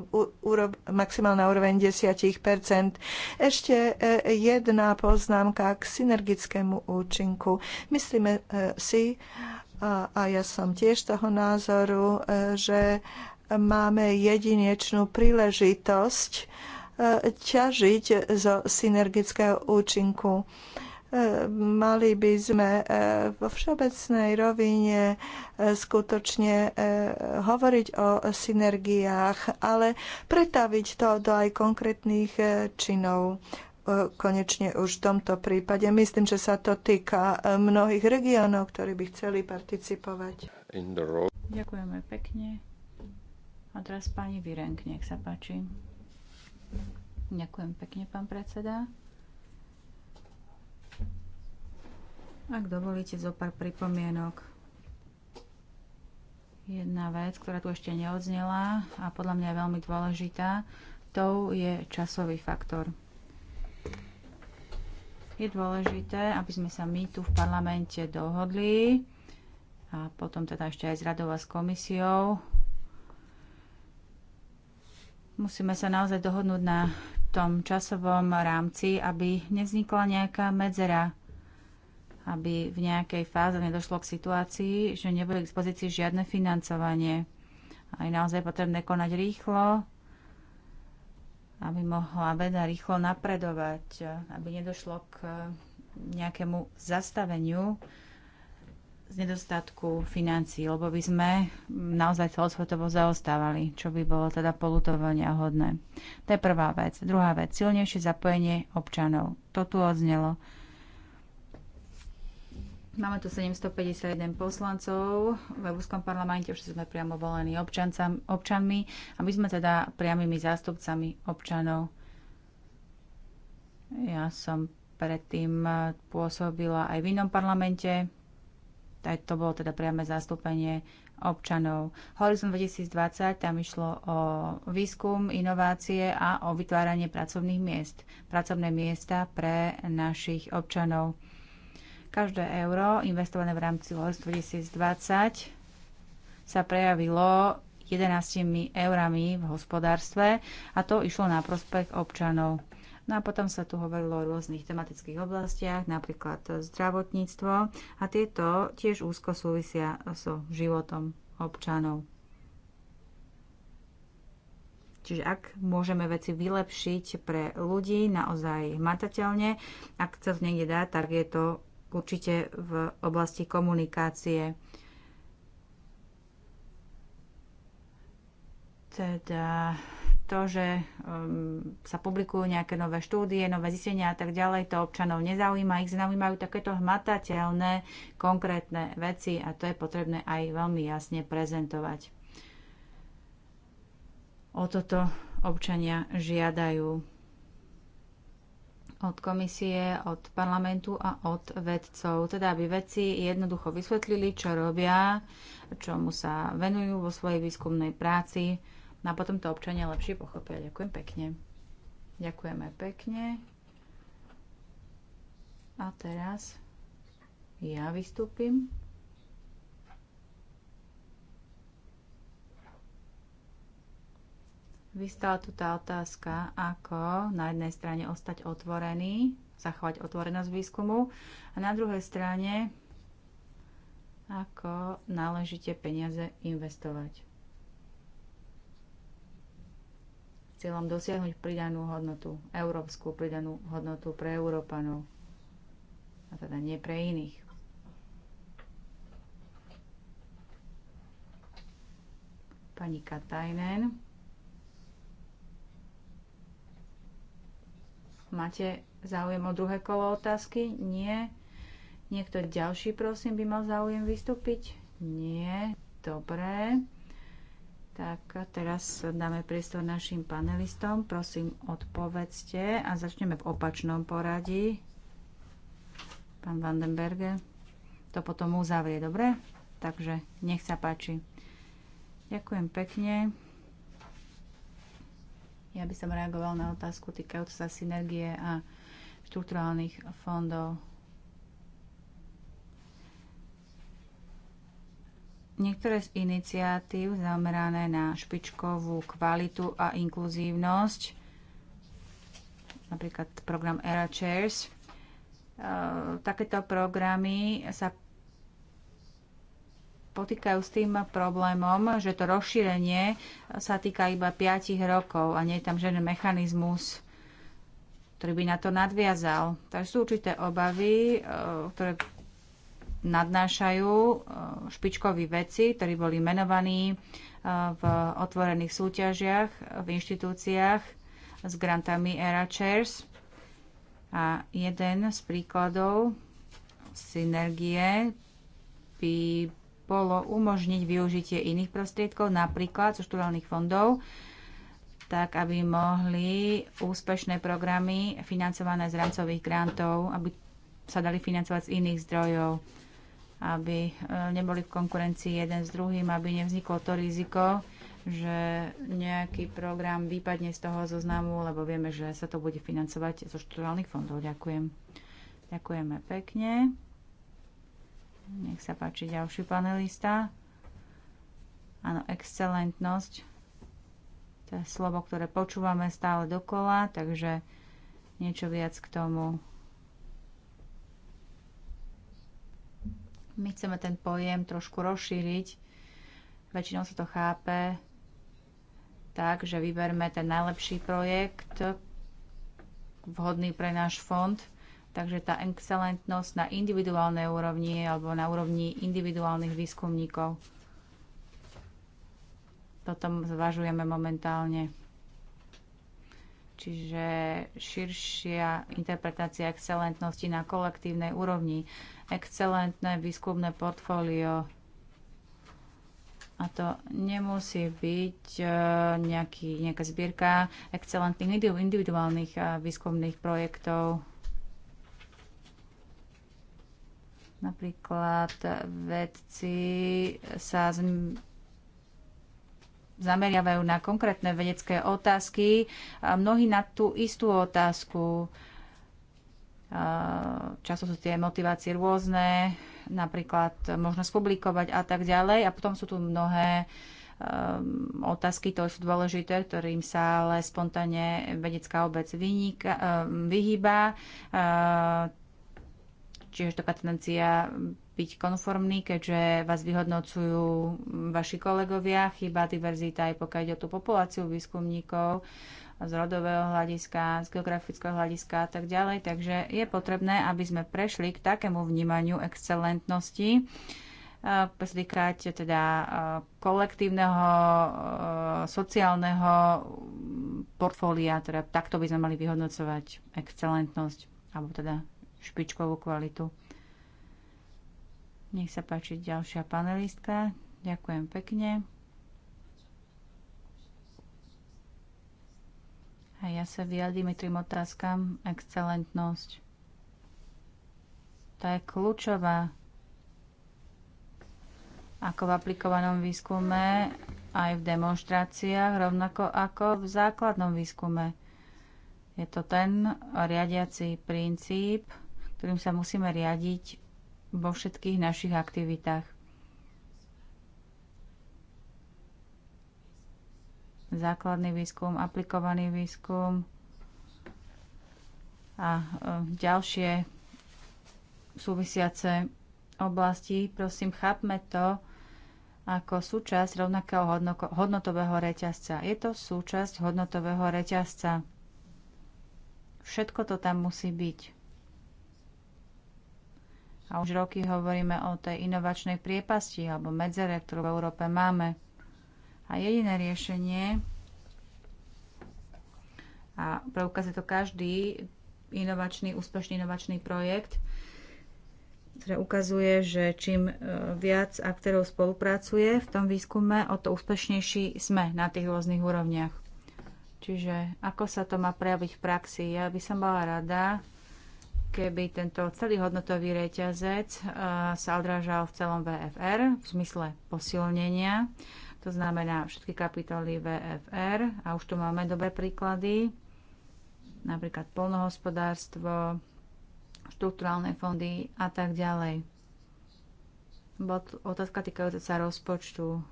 maximálna úroveň 10 Ešte e, jedna poznámka k synergickému účinku. Myslíme e, si, a ja som tiež toho názoru, e, že máme jedinečnú príležitosť ťažiť zo synergického účinku. Mali by sme e, vo všeobecnej rovine e, skutočne e, hovoriť o synergiách, ale pretaviť to do aj konkrétnych činov konečne už v tomto prípade. Myslím, že sa to týka mnohých regiónov, ktorí by chceli participovať. Ďakujeme pekne. A teraz pani Virenk, nech sa páči. Ďakujem pekne, pán predseda. Ak dovolíte, zo pár pripomienok. Jedna vec, ktorá tu ešte neodznela a podľa mňa je veľmi dôležitá, to je časový faktor. Je dôležité, aby sme sa my tu v parlamente dohodli a potom teda ešte aj s radou a s komisiou Musíme sa naozaj dohodnúť na tom časovom rámci, aby nevznikla nejaká medzera, aby v nejakej fáze nedošlo k situácii, že nebude k dispozícii žiadne financovanie. A je naozaj potrebné konať rýchlo, aby mohla veda rýchlo napredovať, aby nedošlo k nejakému zastaveniu z nedostatku financií, lebo by sme naozaj celosvetovo zaostávali, čo by bolo teda polutovania hodné. To je prvá vec. Druhá vec, silnejšie zapojenie občanov. To tu odznelo. Máme tu 751 poslancov v Európskom parlamente, všetci sme priamo volení občancam, občanmi a my sme teda priamými zástupcami občanov. Ja som predtým pôsobila aj v inom parlamente, to bolo teda priame zastúpenie občanov. Horizon 2020, tam išlo o výskum, inovácie a o vytváranie pracovných miest. Pracovné miesta pre našich občanov. Každé euro investované v rámci Horizon 2020 sa prejavilo 11 eurami v hospodárstve a to išlo na prospech občanov. No a potom sa tu hovorilo o rôznych tematických oblastiach, napríklad zdravotníctvo a tieto tiež úzko súvisia so životom občanov. Čiže ak môžeme veci vylepšiť pre ľudí naozaj hmatateľne, ak sa to niekde dá, tak je to určite v oblasti komunikácie. Teda to, že um, sa publikujú nejaké nové štúdie, nové zistenia a tak ďalej, to občanov nezaujíma. Ich zaujímajú takéto hmatateľné, konkrétne veci a to je potrebné aj veľmi jasne prezentovať. O toto občania žiadajú od komisie, od parlamentu a od vedcov. Teda, aby vedci jednoducho vysvetlili, čo robia, čomu sa venujú vo svojej výskumnej práci No a potom to občania lepšie pochopia. Ďakujem pekne. Ďakujeme pekne. A teraz ja vystúpim. Vystala tu tá otázka, ako na jednej strane ostať otvorený, zachovať otvorenosť výskumu a na druhej strane, ako náležite peniaze investovať. cieľom dosiahnuť pridanú hodnotu, európsku pridanú hodnotu pre Európanov, a teda nie pre iných. Pani Katajnen. Máte záujem o druhé kolo otázky? Nie. Niekto ďalší, prosím, by mal záujem vystúpiť? Nie. Dobre. Tak teraz dáme priestor našim panelistom. Prosím, odpovedzte a začneme v opačnom poradí. Pán Vandenberge, to potom uzavrie, dobre? Takže nech sa páči. Ďakujem pekne. Ja by som reagoval na otázku týkajúcu sa synergie a štrukturálnych fondov Niektoré z iniciatív zamerané na špičkovú kvalitu a inkluzívnosť, napríklad program Era Chairs, e, takéto programy sa potýkajú s tým problémom, že to rozšírenie sa týka iba 5 rokov a nie je tam žiadny mechanizmus, ktorý by na to nadviazal. Takže sú určité obavy, e, ktoré nadnášajú e, špičkoví vedci, ktorí boli menovaní e, v otvorených súťažiach, v inštitúciách s grantami Era Chairs. A jeden z príkladov synergie by bolo umožniť využitie iných prostriedkov, napríklad zo študálnych fondov, tak aby mohli úspešné programy financované z rámcových grantov, aby sa dali financovať z iných zdrojov aby e, neboli v konkurencii jeden s druhým, aby nevzniklo to riziko, že nejaký program vypadne z toho zoznamu, lebo vieme, že sa to bude financovať zo štruktúrálnych fondov. Ďakujem. Ďakujeme pekne. Nech sa páči ďalší panelista. Áno, excelentnosť. To je slovo, ktoré počúvame stále dokola, takže niečo viac k tomu My chceme ten pojem trošku rozšíriť. Väčšinou sa to chápe tak, že vyberme ten najlepší projekt, vhodný pre náš fond. Takže tá excelentnosť na individuálnej úrovni alebo na úrovni individuálnych výskumníkov. Toto zvažujeme momentálne čiže širšia interpretácia excelentnosti na kolektívnej úrovni, excelentné výskumné portfólio. A to nemusí byť e, nejaký, nejaká zbierka excelentných individuálnych e, výskumných projektov. Napríklad e, vedci sa z zameriavajú na konkrétne vedecké otázky. A mnohí na tú istú otázku. Často sú tie motivácie rôzne, napríklad možnosť publikovať a tak ďalej. A potom sú tu mnohé ehm, otázky, to sú dôležité, ktorým sa ale spontánne vedecká obec ehm, vyhýba. čiže to tendencia byť konformný, keďže vás vyhodnocujú vaši kolegovia, chyba diverzita aj pokiaľ ide o tú populáciu výskumníkov z rodového hľadiska, z geografického hľadiska a tak ďalej. Takže je potrebné, aby sme prešli k takému vnímaniu excelentnosti, zlikať eh, teda eh, kolektívneho eh, sociálneho portfólia, teda takto by sme mali vyhodnocovať excelentnosť alebo teda špičkovú kvalitu. Nech sa páči ďalšia panelistka. Ďakujem pekne. A ja sa vyjadím tým otázkam excelentnosť. To je kľúčová. Ako v aplikovanom výskume, aj v demonstráciách, rovnako ako v základnom výskume. Je to ten riadiaci princíp, ktorým sa musíme riadiť vo všetkých našich aktivitách. Základný výskum, aplikovaný výskum a e, ďalšie súvisiace oblasti. Prosím, chápme to ako súčasť rovnakého hodnotového reťazca. Je to súčasť hodnotového reťazca. Všetko to tam musí byť. A už roky hovoríme o tej inovačnej priepasti alebo medzere, ktorú v Európe máme. A jediné riešenie, a preukazuje to každý inovačný, úspešný inovačný projekt, ktoré ukazuje, že čím e, viac aktérov spolupracuje v tom výskume, o to úspešnejší sme na tých rôznych úrovniach. Čiže ako sa to má prejaviť v praxi? Ja by som bola rada, keby tento celý hodnotový reťazec eh, sa odrážal v celom VFR v zmysle posilnenia. To znamená všetky kapitoly VFR a už tu máme dobré príklady, napríklad polnohospodárstvo, štruktúrálne fondy a tak ďalej. Bo otázka týkajúca sa rozpočtu.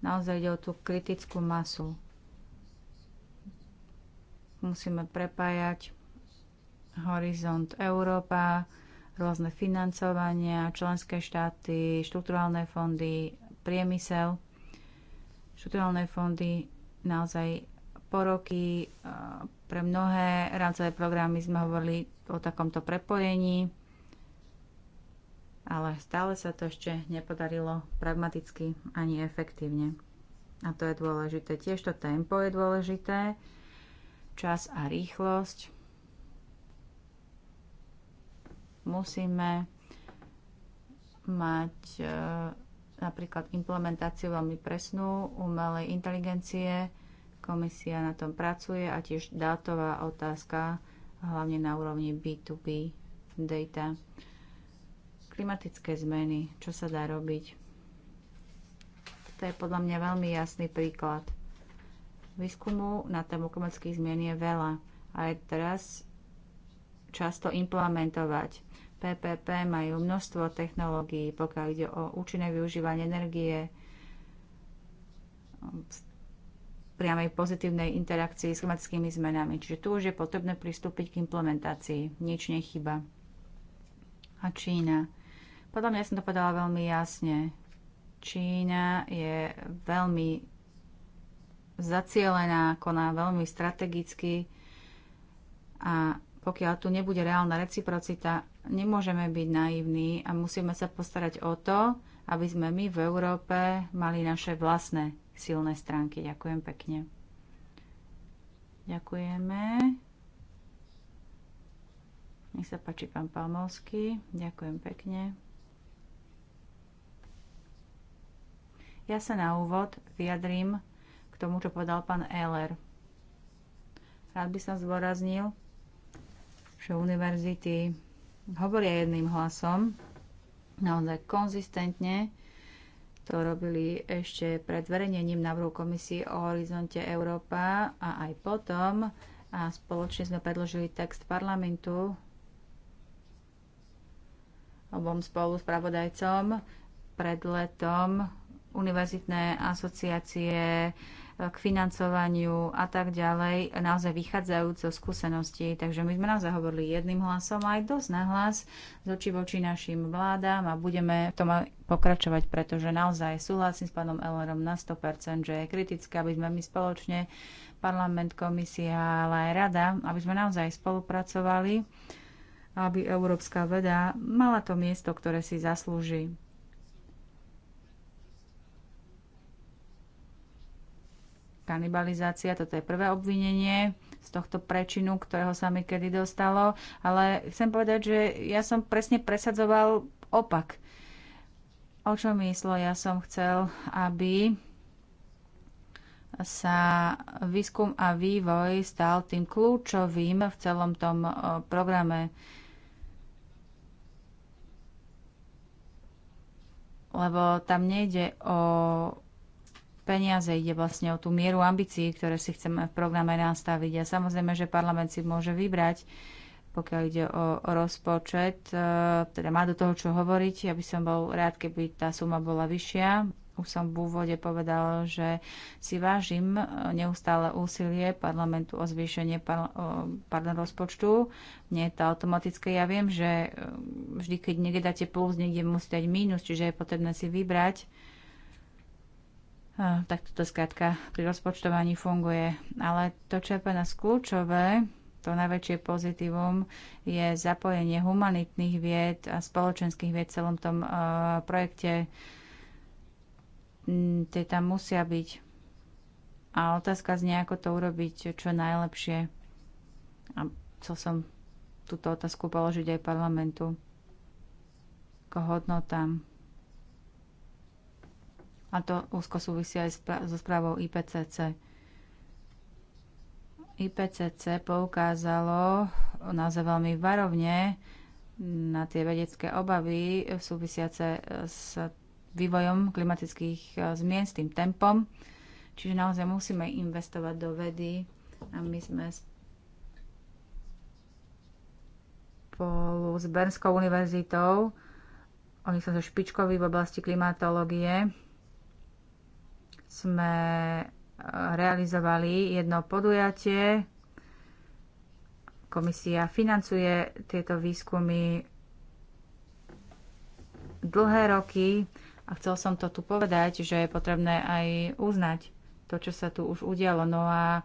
Naozaj ide o tú kritickú masu musíme prepájať Horizont Európa, rôzne financovania, členské štáty, štrukturálne fondy, priemysel. Štrukturálne fondy naozaj po roky e, pre mnohé rámcové programy sme hovorili o takomto prepojení, ale stále sa to ešte nepodarilo pragmaticky ani efektívne. A to je dôležité. Tiež to tempo je dôležité, čas a rýchlosť. Musíme mať e, napríklad implementáciu veľmi presnú umelej inteligencie. Komisia na tom pracuje a tiež dátová otázka, hlavne na úrovni B2B data. Klimatické zmeny, čo sa dá robiť? To je podľa mňa veľmi jasný príklad. Výskumu na tému klimatických zmien je veľa a je teraz často implementovať PPP majú množstvo technológií, pokiaľ ide o účinné využívanie energie priamej pozitívnej interakcii s klimatickými zmenami. Čiže tu už je potrebné pristúpiť k implementácii. Nič nechyba. A Čína. Podľa mňa som to povedala veľmi jasne. Čína je veľmi zacielená, koná veľmi strategicky a pokiaľ tu nebude reálna reciprocita, Nemôžeme byť naivní a musíme sa postarať o to, aby sme my v Európe mali naše vlastné silné stránky. Ďakujem pekne. Ďakujeme. Nech sa páči pán Palmovský. Ďakujem pekne. Ja sa na úvod vyjadrím k tomu, čo povedal pán Eller. Rád by som zdôraznil, že univerzity hovoria jedným hlasom, naozaj konzistentne, to robili ešte pred zverejnením návrhu komisie o horizonte Európa a aj potom. A spoločne sme predložili text parlamentu obom spolu s pravodajcom pred letom Univerzitné asociácie k financovaniu a tak ďalej, naozaj vychádzajúco zo skúseností. Takže my sme naozaj hovorili jedným hlasom aj dosť nahlas z oči voči našim vládam a budeme v tom pokračovať, pretože naozaj súhlasím s pánom Ellerom na 100%, že je kritické, aby sme my spoločne, parlament, komisia, ale aj rada, aby sme naozaj spolupracovali, aby európska veda mala to miesto, ktoré si zaslúži. kanibalizácia, toto je prvé obvinenie z tohto prečinu, ktorého sa mi kedy dostalo, ale chcem povedať, že ja som presne presadzoval opak. O čo myslo? Ja som chcel, aby sa výskum a vývoj stal tým kľúčovým v celom tom programe. Lebo tam nejde o peniaze, ide vlastne o tú mieru ambícií, ktoré si chceme v programe nastaviť. A samozrejme, že parlament si môže vybrať, pokiaľ ide o, o rozpočet, e, teda má do toho čo hovoriť. Ja by som bol rád, keby tá suma bola vyššia. Už som v úvode povedal, že si vážim e, neustále úsilie parlamentu o zvýšenie par, pardon, rozpočtu. Nie je to automatické. Ja viem, že e, vždy, keď niekde dáte plus, niekde musíte dať mínus, čiže je potrebné si vybrať tak toto skrátka pri rozpočtovaní funguje. Ale to, čo je pre nás kľúčové, to najväčšie pozitívum je zapojenie humanitných vied a spoločenských vied v celom tom uh, projekte. Mm, tie tam musia byť. A otázka znie, ako to urobiť čo najlepšie. A chcel som túto otázku položiť aj parlamentu. Ko hodnotám a to úzko súvisí aj so správou IPCC. IPCC poukázalo naozaj veľmi varovne na tie vedecké obavy súvisiace e, s vývojom klimatických e, zmien, s tým tempom. Čiže naozaj musíme investovať do vedy a my sme spolu s Bernskou univerzitou, oni sú špičkoví v oblasti klimatológie, sme eh, realizovali jedno podujatie. Komisia financuje tieto výskumy dlhé roky a chcel som to tu povedať, že je potrebné aj uznať to, čo sa tu už udialo. No a eh,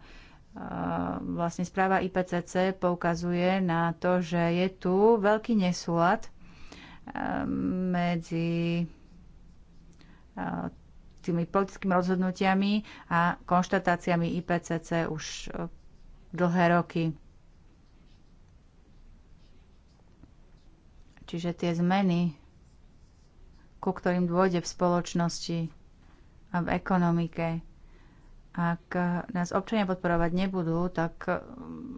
vlastne správa IPCC poukazuje na to, že je tu veľký nesúlad eh, medzi tými politickými rozhodnutiami a konštatáciami IPCC už e, dlhé roky. Čiže tie zmeny, ku ktorým dôjde v spoločnosti a v ekonomike, ak nás občania podporovať nebudú, tak e,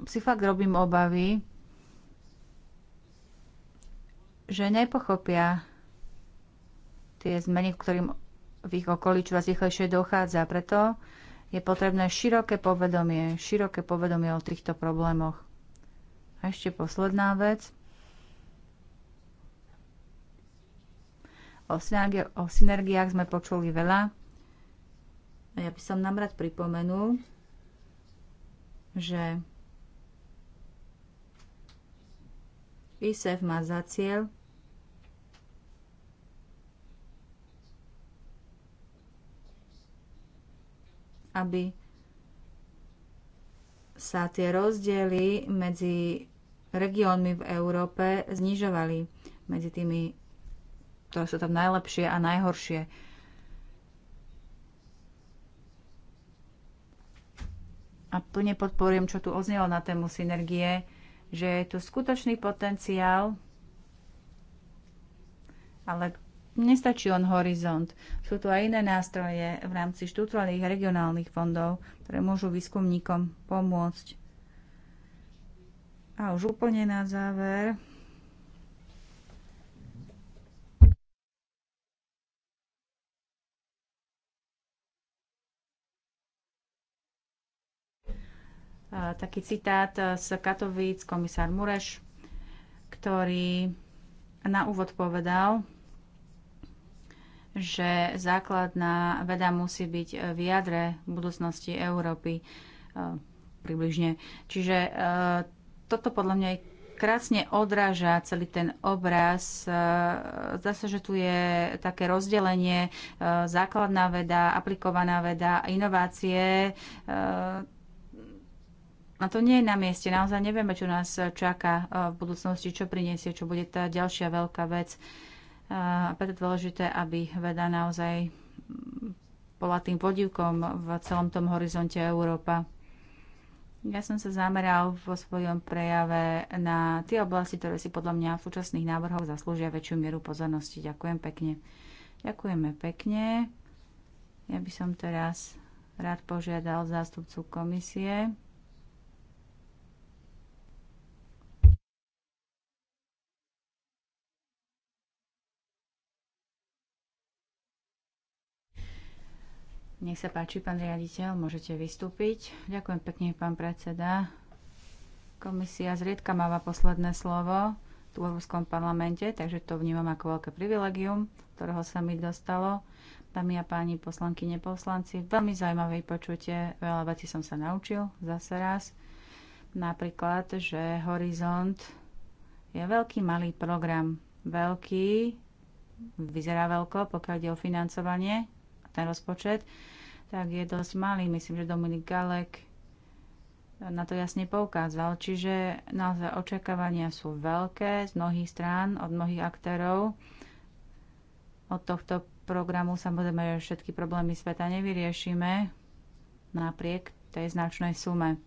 si fakt robím obavy, že nepochopia tie zmeny, ktorým v ich okolí vás rýchlejšie dochádza. Preto je potrebné široké povedomie, široké povedomie o týchto problémoch. A ešte posledná vec. O, synergi- o synergiách sme počuli veľa. A ja by som nám rád pripomenul, že ISEF má za cieľ aby sa tie rozdiely medzi regiónmi v Európe znižovali medzi tými, ktoré sú tam najlepšie a najhoršie. A plne podporujem, čo tu oznelo na tému synergie, že je tu skutočný potenciál, ale nestačí len horizont. Sú tu aj iné nástroje v rámci štruktúrnych regionálnych fondov, ktoré môžu výskumníkom pomôcť. A už úplne na záver. taký citát z Katovíc, komisár Mureš, ktorý na úvod povedal, že základná veda musí byť v jadre budúcnosti Európy e, približne. Čiže e, toto podľa mňa je krásne odráža celý ten obraz. E, zdá sa, že tu je také rozdelenie základná veda, aplikovaná veda, inovácie. A to nie je na mieste. Naozaj nevieme, čo nás čaká v budúcnosti, čo priniesie, čo bude tá ďalšia veľká vec. A preto dôležité, aby veda naozaj bola tým podivkom v celom tom horizonte Európa. Ja som sa zameral vo svojom prejave na tie oblasti, ktoré si podľa mňa v súčasných návrhoch zaslúžia väčšiu mieru pozornosti. Ďakujem pekne. Ďakujeme pekne. Ja by som teraz rád požiadal zástupcu komisie, Nech sa páči, pán riaditeľ, môžete vystúpiť. Ďakujem pekne, pán predseda. Komisia zriedka máva posledné slovo tu v Európskom parlamente, takže to vnímam ako veľké privilegium, ktorého sa mi dostalo. Dámy a páni poslanky, neposlanci, veľmi zaujímavé počutie, veľa vecí som sa naučil zase raz. Napríklad, že Horizont je veľký malý program. Veľký, vyzerá veľko, pokiaľ ide o financovanie, ten rozpočet, tak je dosť malý. Myslím, že Dominik Galek na to jasne poukázal. Čiže naozaj očakávania sú veľké z mnohých strán, od mnohých aktérov. Od tohto programu samozrejme všetky problémy sveta nevyriešime napriek tej značnej sume.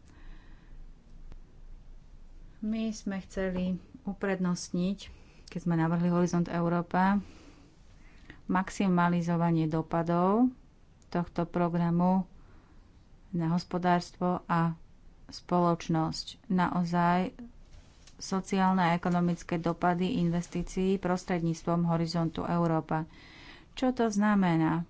My sme chceli uprednostniť, keď sme navrhli Horizont Európa, maximalizovanie dopadov tohto programu na hospodárstvo a spoločnosť. Naozaj sociálne a ekonomické dopady investícií prostredníctvom Horizontu Európa. Čo to znamená?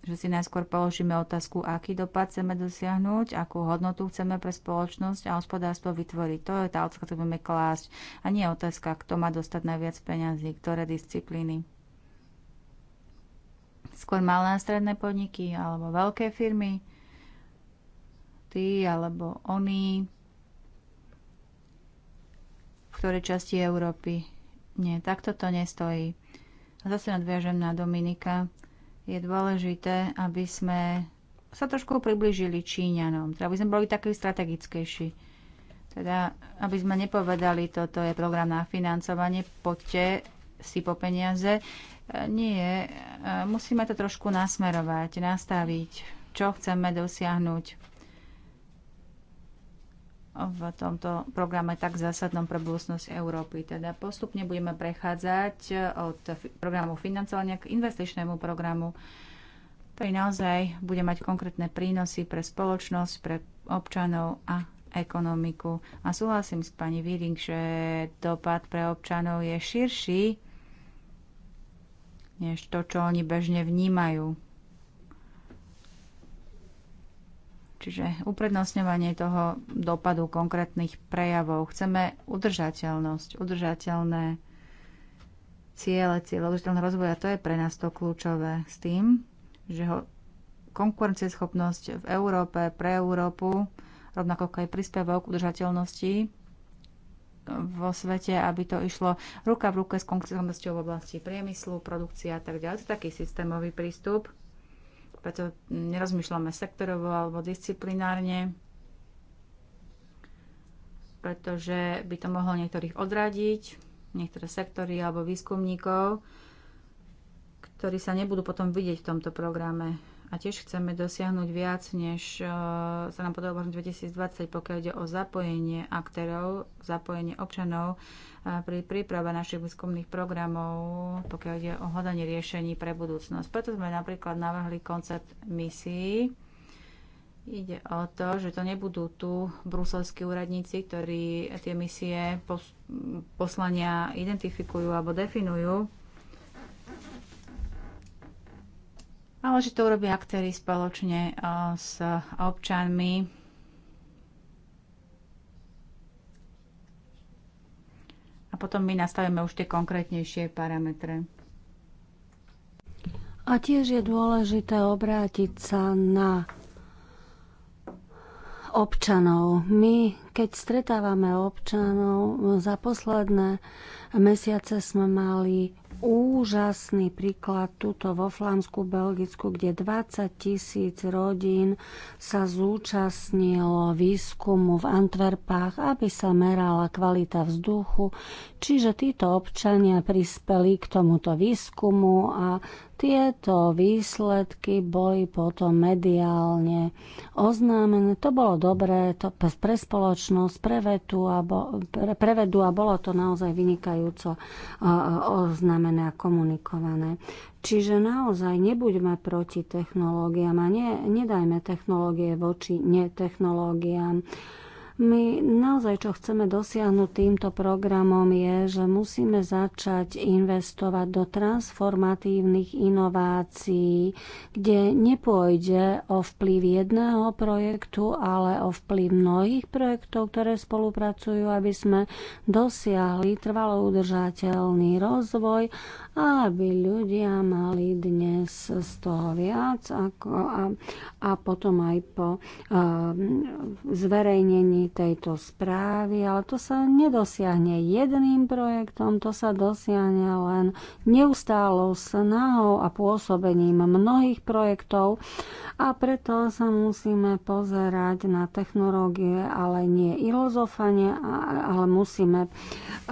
Že si najskôr položíme otázku, aký dopad chceme dosiahnuť, akú hodnotu chceme pre spoločnosť a hospodárstvo vytvoriť. To je tá otázka, ktorú budeme klásť. A nie otázka, kto má dostať najviac peňazí, ktoré disciplíny skôr malé a stredné podniky alebo veľké firmy, ty alebo oni, v ktorej časti Európy. Nie, takto to nestojí. A zase nadviažem na Dominika. Je dôležité, aby sme sa trošku priblížili Číňanom, teda aby sme boli takí strategickejší. Teda, aby sme nepovedali, toto je program na financovanie, poďte si po peniaze. E, nie, e, musíme to trošku nasmerovať, nastaviť, čo chceme dosiahnuť v tomto programe tak zásadnom pre budúcnosť Európy. Teda postupne budeme prechádzať e, od programu financovania k investičnému programu, ktorý naozaj bude mať konkrétne prínosy pre spoločnosť, pre občanov a ekonomiku. A súhlasím s pani Víring, že dopad pre občanov je širší, než to, čo oni bežne vnímajú. Čiže uprednostňovanie toho dopadu konkrétnych prejavov. Chceme udržateľnosť, udržateľné ciele, cieľe udržateľného rozvoja. To je pre nás to kľúčové s tým, že ho konkurencieschopnosť v Európe, pre Európu, rovnako aj príspevok udržateľnosti vo svete, aby to išlo ruka v ruke s konkurenciou v oblasti priemyslu, produkcia a tak ďalej. To je taký systémový prístup, preto nerozmýšľame sektorovo alebo disciplinárne, pretože by to mohlo niektorých odradiť, niektoré sektory alebo výskumníkov, ktorí sa nebudú potom vidieť v tomto programe a tiež chceme dosiahnuť viac, než e, sa nám podalo v 2020, pokiaľ ide o zapojenie aktérov, zapojenie občanov e, pri príprave našich výskumných programov, pokiaľ ide o hľadanie riešení pre budúcnosť. Preto sme napríklad navrhli koncept misií. Ide o to, že to nebudú tu bruselskí úradníci, ktorí tie misie pos- poslania identifikujú alebo definujú, ale že to urobia aktéry spoločne eh, s občanmi. A potom my nastavíme už tie konkrétnejšie parametre. A tiež je dôležité obrátiť sa na občanov. My, keď stretávame občanov, za posledné mesiace sme mali úžasný príklad tuto vo Flámsku, Belgicku, kde 20 tisíc rodín sa zúčastnilo výskumu v Antwerpách, aby sa merala kvalita vzduchu. Čiže títo občania prispeli k tomuto výskumu a tieto výsledky boli potom mediálne oznámené. To bolo dobré to pre spoločnosť, pre, vetu a bo, pre, pre vedu a bolo to naozaj vynikajúco oznámené a komunikované. Čiže naozaj nebuďme proti technológiám a ne, nedajme technológie voči netechnológiám. My naozaj, čo chceme dosiahnuť týmto programom, je, že musíme začať investovať do transformatívnych inovácií, kde nepôjde o vplyv jedného projektu, ale o vplyv mnohých projektov, ktoré spolupracujú, aby sme dosiahli trvalo udržateľný rozvoj aby ľudia mali dnes z toho viac ako a, a potom aj po a, eh, zverejnení tejto správy, ale to sa nedosiahne jedným projektom, to sa dosiahne len neustálou snahou a pôsobením mnohých projektov a preto sa musíme pozerať na technológie, ale nie ilozofanie, ale musíme,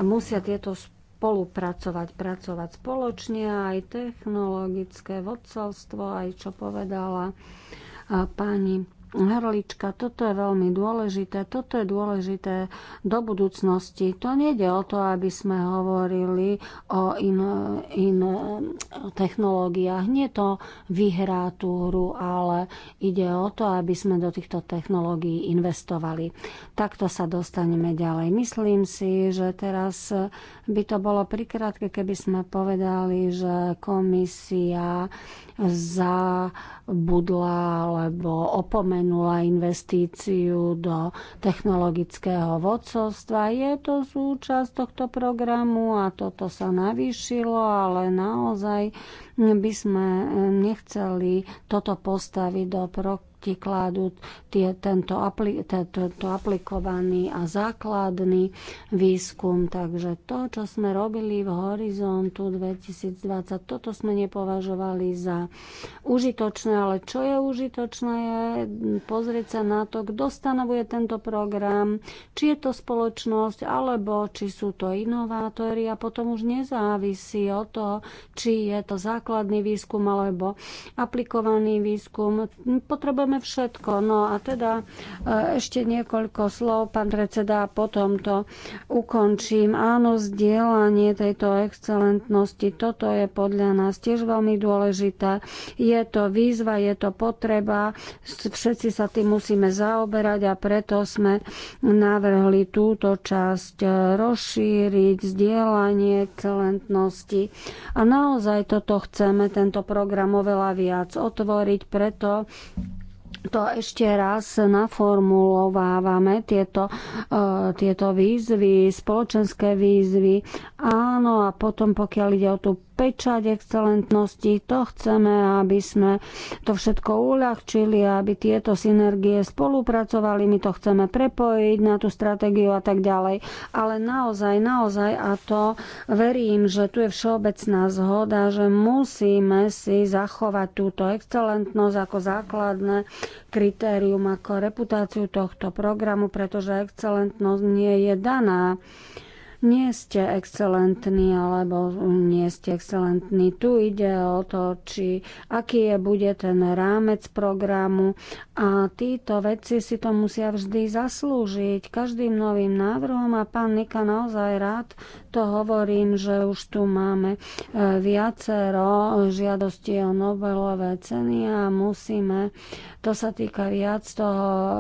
musia tieto spoločnosti spolupracovať, pracovať spoločne, aj technologické vodcovstvo, aj čo povedala pani hrlička. Toto je veľmi dôležité. Toto je dôležité do budúcnosti. To nejde o to, aby sme hovorili o in, in technológiách. Nie to vyhrá tú hru, ale ide o to, aby sme do týchto technológií investovali. Takto sa dostaneme ďalej. Myslím si, že teraz by to bolo prikrátke, keby sme povedali, že komisia zabudla alebo opomenula spomenula investíciu do technologického vodcovstva. Je to súčasť tohto programu a toto sa navýšilo, ale naozaj by sme nechceli toto postaviť do pro protikládu tie, tento, apli, tento aplikovaný a základný výskum. Takže to, čo sme robili v Horizontu 2020, toto sme nepovažovali za užitočné, ale čo je užitočné je pozrieť sa na to, kto stanovuje tento program, či je to spoločnosť, alebo či sú to inovátori a potom už nezávisí od toho, či je to základný výskum alebo aplikovaný výskum. Potrebujeme dosiahneme všetko. No a teda e, ešte niekoľko slov, pán predseda, a potom to ukončím. Áno, zdieľanie tejto excelentnosti, toto je podľa nás tiež veľmi dôležité. Je to výzva, je to potreba, všetci sa tým musíme zaoberať a preto sme navrhli túto časť e, rozšíriť, zdieľanie excelentnosti. A naozaj toto chceme, tento program oveľa viac otvoriť, preto to ešte raz naformulovávame tieto, uh, tieto výzvy, spoločenské výzvy. Áno, a potom pokiaľ ide o tú pečať excelentnosti. To chceme, aby sme to všetko uľahčili, aby tieto synergie spolupracovali. My to chceme prepojiť na tú stratégiu a tak ďalej. Ale naozaj, naozaj, a to verím, že tu je všeobecná zhoda, že musíme si zachovať túto excelentnosť ako základné kritérium, ako reputáciu tohto programu, pretože excelentnosť nie je daná nie ste excelentní alebo nie ste excelentní. Tu ide o to, či aký je bude ten rámec programu a títo veci si to musia vždy zaslúžiť každým novým návrhom a pán Nika naozaj rád preto hovorím, že už tu máme e, viacero žiadosti o Nobelové ceny a musíme, to sa týka viac toho e,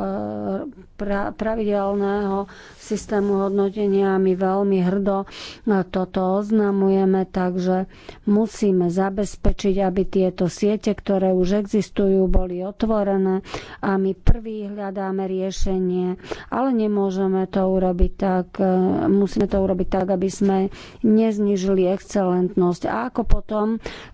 pra, pravidelného systému hodnotenia. My veľmi hrdo e, toto oznamujeme, takže musíme zabezpečiť, aby tieto siete, ktoré už existujú, boli otvorené a my prvý hľadáme riešenie, ale nemôžeme to urobiť tak, musíme to urobiť tak, aby sme sme neznižili excelentnosť a ako potom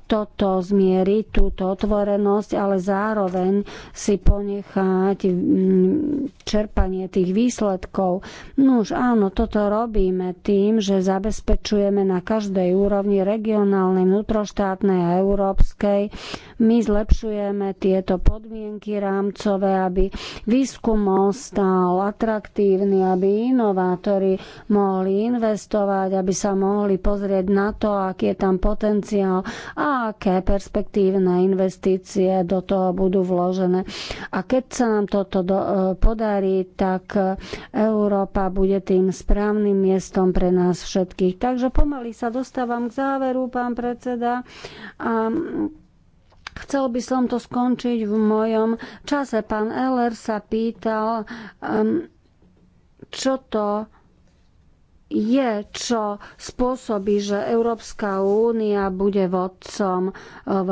toto zmieriť, túto otvorenosť, ale zároveň si ponechať mm, čerpanie tých výsledkov. No už áno, toto robíme tým, že zabezpečujeme na každej úrovni regionálnej, vnútroštátnej a európskej. My zlepšujeme tieto podmienky rámcové, aby výskum stal atraktívny, aby inovátori mohli investovať, aby sa mohli pozrieť na to, aký je tam potenciál a aké perspektívne investície do toho budú vložené. A keď sa nám toto do, e, podarí, tak e, Európa bude tým správnym miestom pre nás všetkých. Takže pomaly sa dostávam k záveru, pán predseda. A Chcel by som to skončiť v mojom čase. Pán Eller sa pýtal, e, čo to je, čo spôsobí, že Európska únia bude vodcom eh, v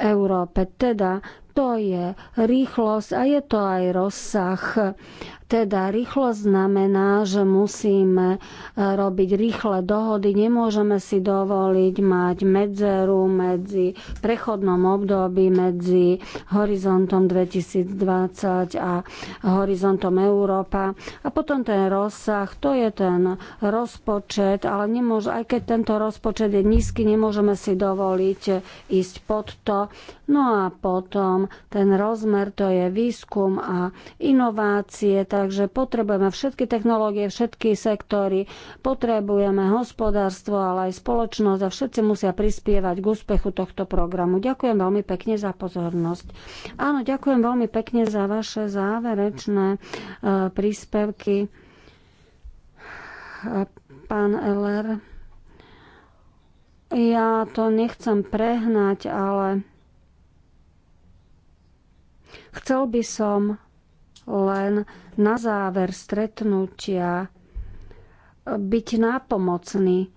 Európe. Teda to je rýchlosť a je to aj rozsah teda rýchlosť znamená, že musíme e, robiť rýchle dohody, nemôžeme si dovoliť mať medzeru medzi prechodnom období medzi horizontom 2020 a horizontom Európa. A potom ten rozsah, to je ten rozpočet, ale nemôže, aj keď tento rozpočet je nízky, nemôžeme si dovoliť e, ísť pod to, No a potom ten rozmer to je výskum a inovácie, takže potrebujeme všetky technológie, všetky sektory, potrebujeme hospodárstvo, ale aj spoločnosť a všetci musia prispievať k úspechu tohto programu. Ďakujem veľmi pekne za pozornosť. Áno, ďakujem veľmi pekne za vaše záverečné e, príspevky. Pán Eller, ja to nechcem prehnať, ale Chcel by som len na záver stretnutia byť nápomocný.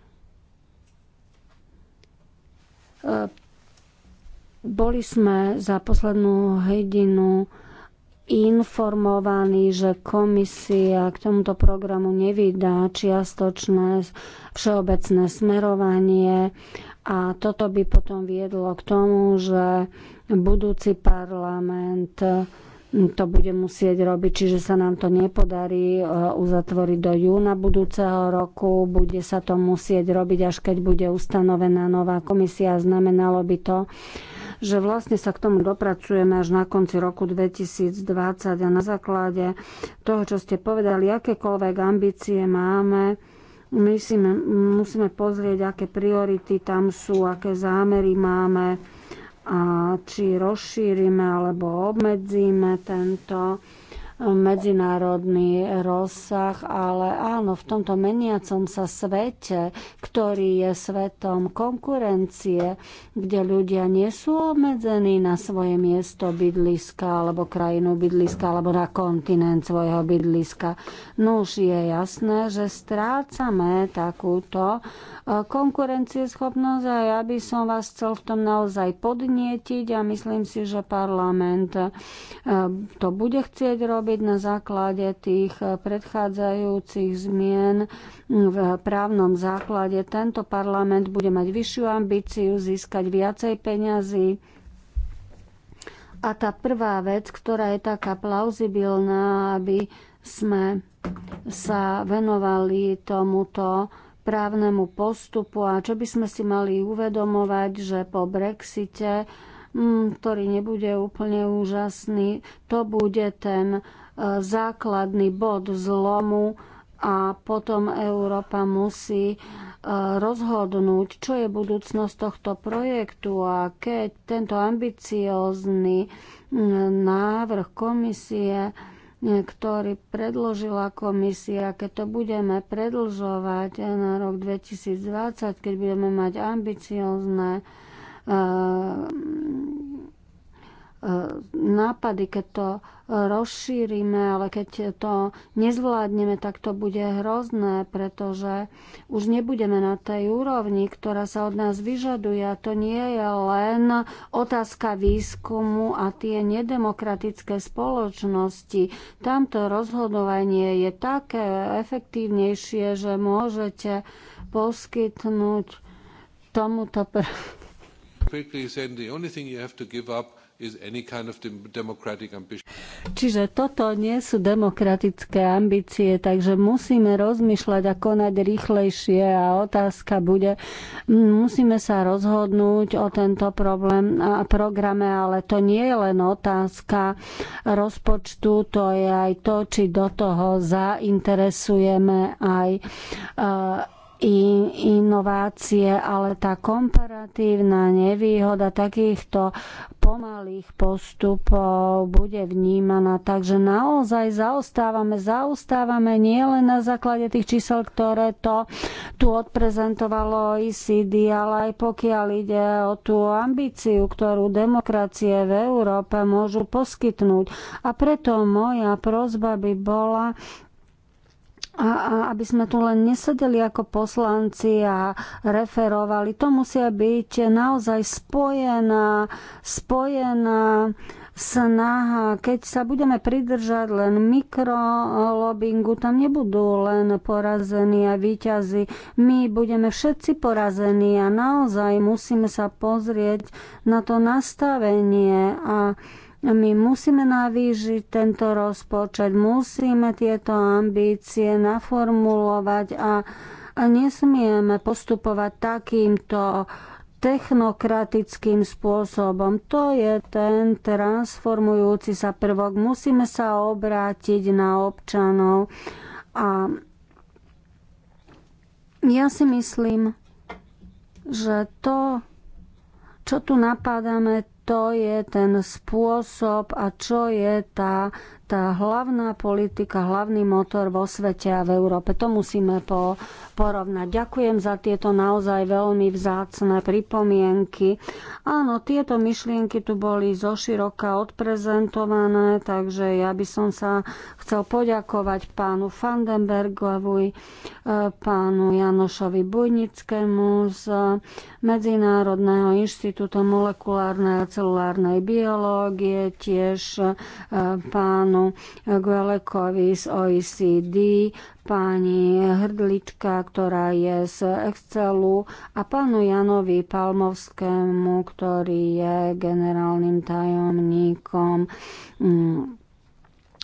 Boli sme za poslednú hodinu informovaní, že komisia k tomuto programu nevydá čiastočné všeobecné smerovanie a toto by potom viedlo k tomu, že budúci parlament to bude musieť robiť, čiže sa nám to nepodarí e, uzatvoriť do júna budúceho roku. Bude sa to musieť robiť, až keď bude ustanovená nová komisia. Znamenalo by to, že vlastne sa k tomu dopracujeme až na konci roku 2020 a na základe toho, čo ste povedali, akékoľvek ambície máme, musíme, musíme pozrieť, aké priority tam sú, aké zámery máme a či rozšírime alebo obmedzíme tento medzinárodný rozsah, ale áno, v tomto meniacom sa svete, ktorý je svetom konkurencie, kde ľudia nie sú obmedzení na svoje miesto bydliska alebo krajinu bydliska alebo na kontinent svojho bydliska. No už je jasné, že strácame takúto e, konkurencieschopnosť a ja by som vás chcel v tom naozaj podnietiť a myslím si, že parlament e, to bude chcieť robiť robiť na základe tých eh, predchádzajúcich zmien mm, v právnom základe. Tento parlament bude mať vyššiu ambíciu získať viacej peňazí. A tá prvá vec, ktorá je taká plauzibilná, aby sme sa venovali tomuto právnemu postupu a čo by sme si mali uvedomovať, že po Brexite Mm, ktorý nebude úplne úžasný. To bude ten e, základný bod zlomu a potom Európa musí e, rozhodnúť, čo je budúcnosť tohto projektu a keď tento ambiciózny mm, návrh komisie e, ktorý predložila komisia, keď to budeme predlžovať na rok 2020, keď budeme mať ambiciozne Ehm, ehm, nápady, keď to rozšírime, ale keď to nezvládneme, tak to bude hrozné, pretože už nebudeme na tej úrovni, ktorá sa od nás vyžaduje. A to nie je len otázka výskumu a tie nedemokratické spoločnosti. Tamto rozhodovanie je také efektívnejšie, že môžete poskytnúť tomuto pr- Čiže toto nie sú demokratické ambície, takže musíme rozmýšľať a konať rýchlejšie a otázka bude, mm, musíme sa rozhodnúť o tento problém a programe, ale to nie je len otázka rozpočtu, to je aj to, či do toho zainteresujeme aj uh, in, inovácie, ale tá komparatívna nevýhoda takýchto pomalých postupov bude vnímaná. Takže naozaj zaostávame, zaostávame nielen na základe tých čísel, ktoré to tu odprezentovalo OECD, ale aj pokiaľ ide o tú ambíciu, ktorú demokracie v Európe môžu poskytnúť. A preto moja prozba by bola, a, a aby sme tu len nesedeli ako poslanci a referovali. To musia byť naozaj spojená, spojená snaha. Keď sa budeme pridržať len mikrolobingu, tam nebudú len porazení a výťazí. My budeme všetci porazení a naozaj musíme sa pozrieť na to nastavenie a my musíme navýžiť tento rozpočet, musíme tieto ambície naformulovať a, a nesmieme postupovať takýmto technokratickým spôsobom. To je ten transformujúci sa prvok. Musíme sa obrátiť na občanov a ja si myslím, že to, čo tu napádame, to je ten spôsob a čo je tá tá hlavná politika, hlavný motor vo svete a v Európe. To musíme po, porovnať. Ďakujem za tieto naozaj veľmi vzácne pripomienky. Áno, tieto myšlienky tu boli zoširoka odprezentované, takže ja by som sa chcel poďakovať pánu Fandenbergovi, e, pánu Janošovi Bujnickému z Medzinárodného inštitúta molekulárnej a celulárnej biológie, tiež e, pánu pánu Gvelekovi z OECD, pani Hrdlička, ktorá je z Excelu a pánu Janovi Palmovskému, ktorý je generálnym tajomníkom mm,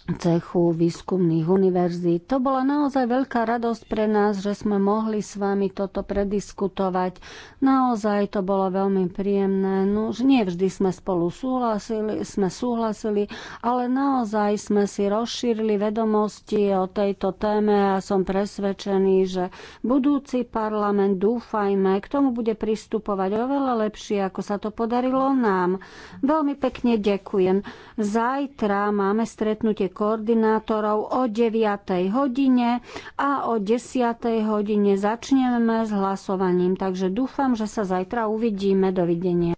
cechu výskumných univerzít. To bola naozaj veľká radosť pre nás, že sme mohli s vami toto prediskutovať. Naozaj to bolo veľmi príjemné. No, nie vždy sme spolu súhlasili, sme súhlasili, ale naozaj sme si rozšírili vedomosti o tejto téme a som presvedčený, že budúci parlament, dúfajme, k tomu bude pristupovať oveľa lepšie, ako sa to podarilo nám. Veľmi pekne ďakujem. Zajtra máme stretnutie koordinátorov o 9. hodine a o 10. hodine začneme s hlasovaním. Takže dúfam, že sa zajtra uvidíme. Dovidenia.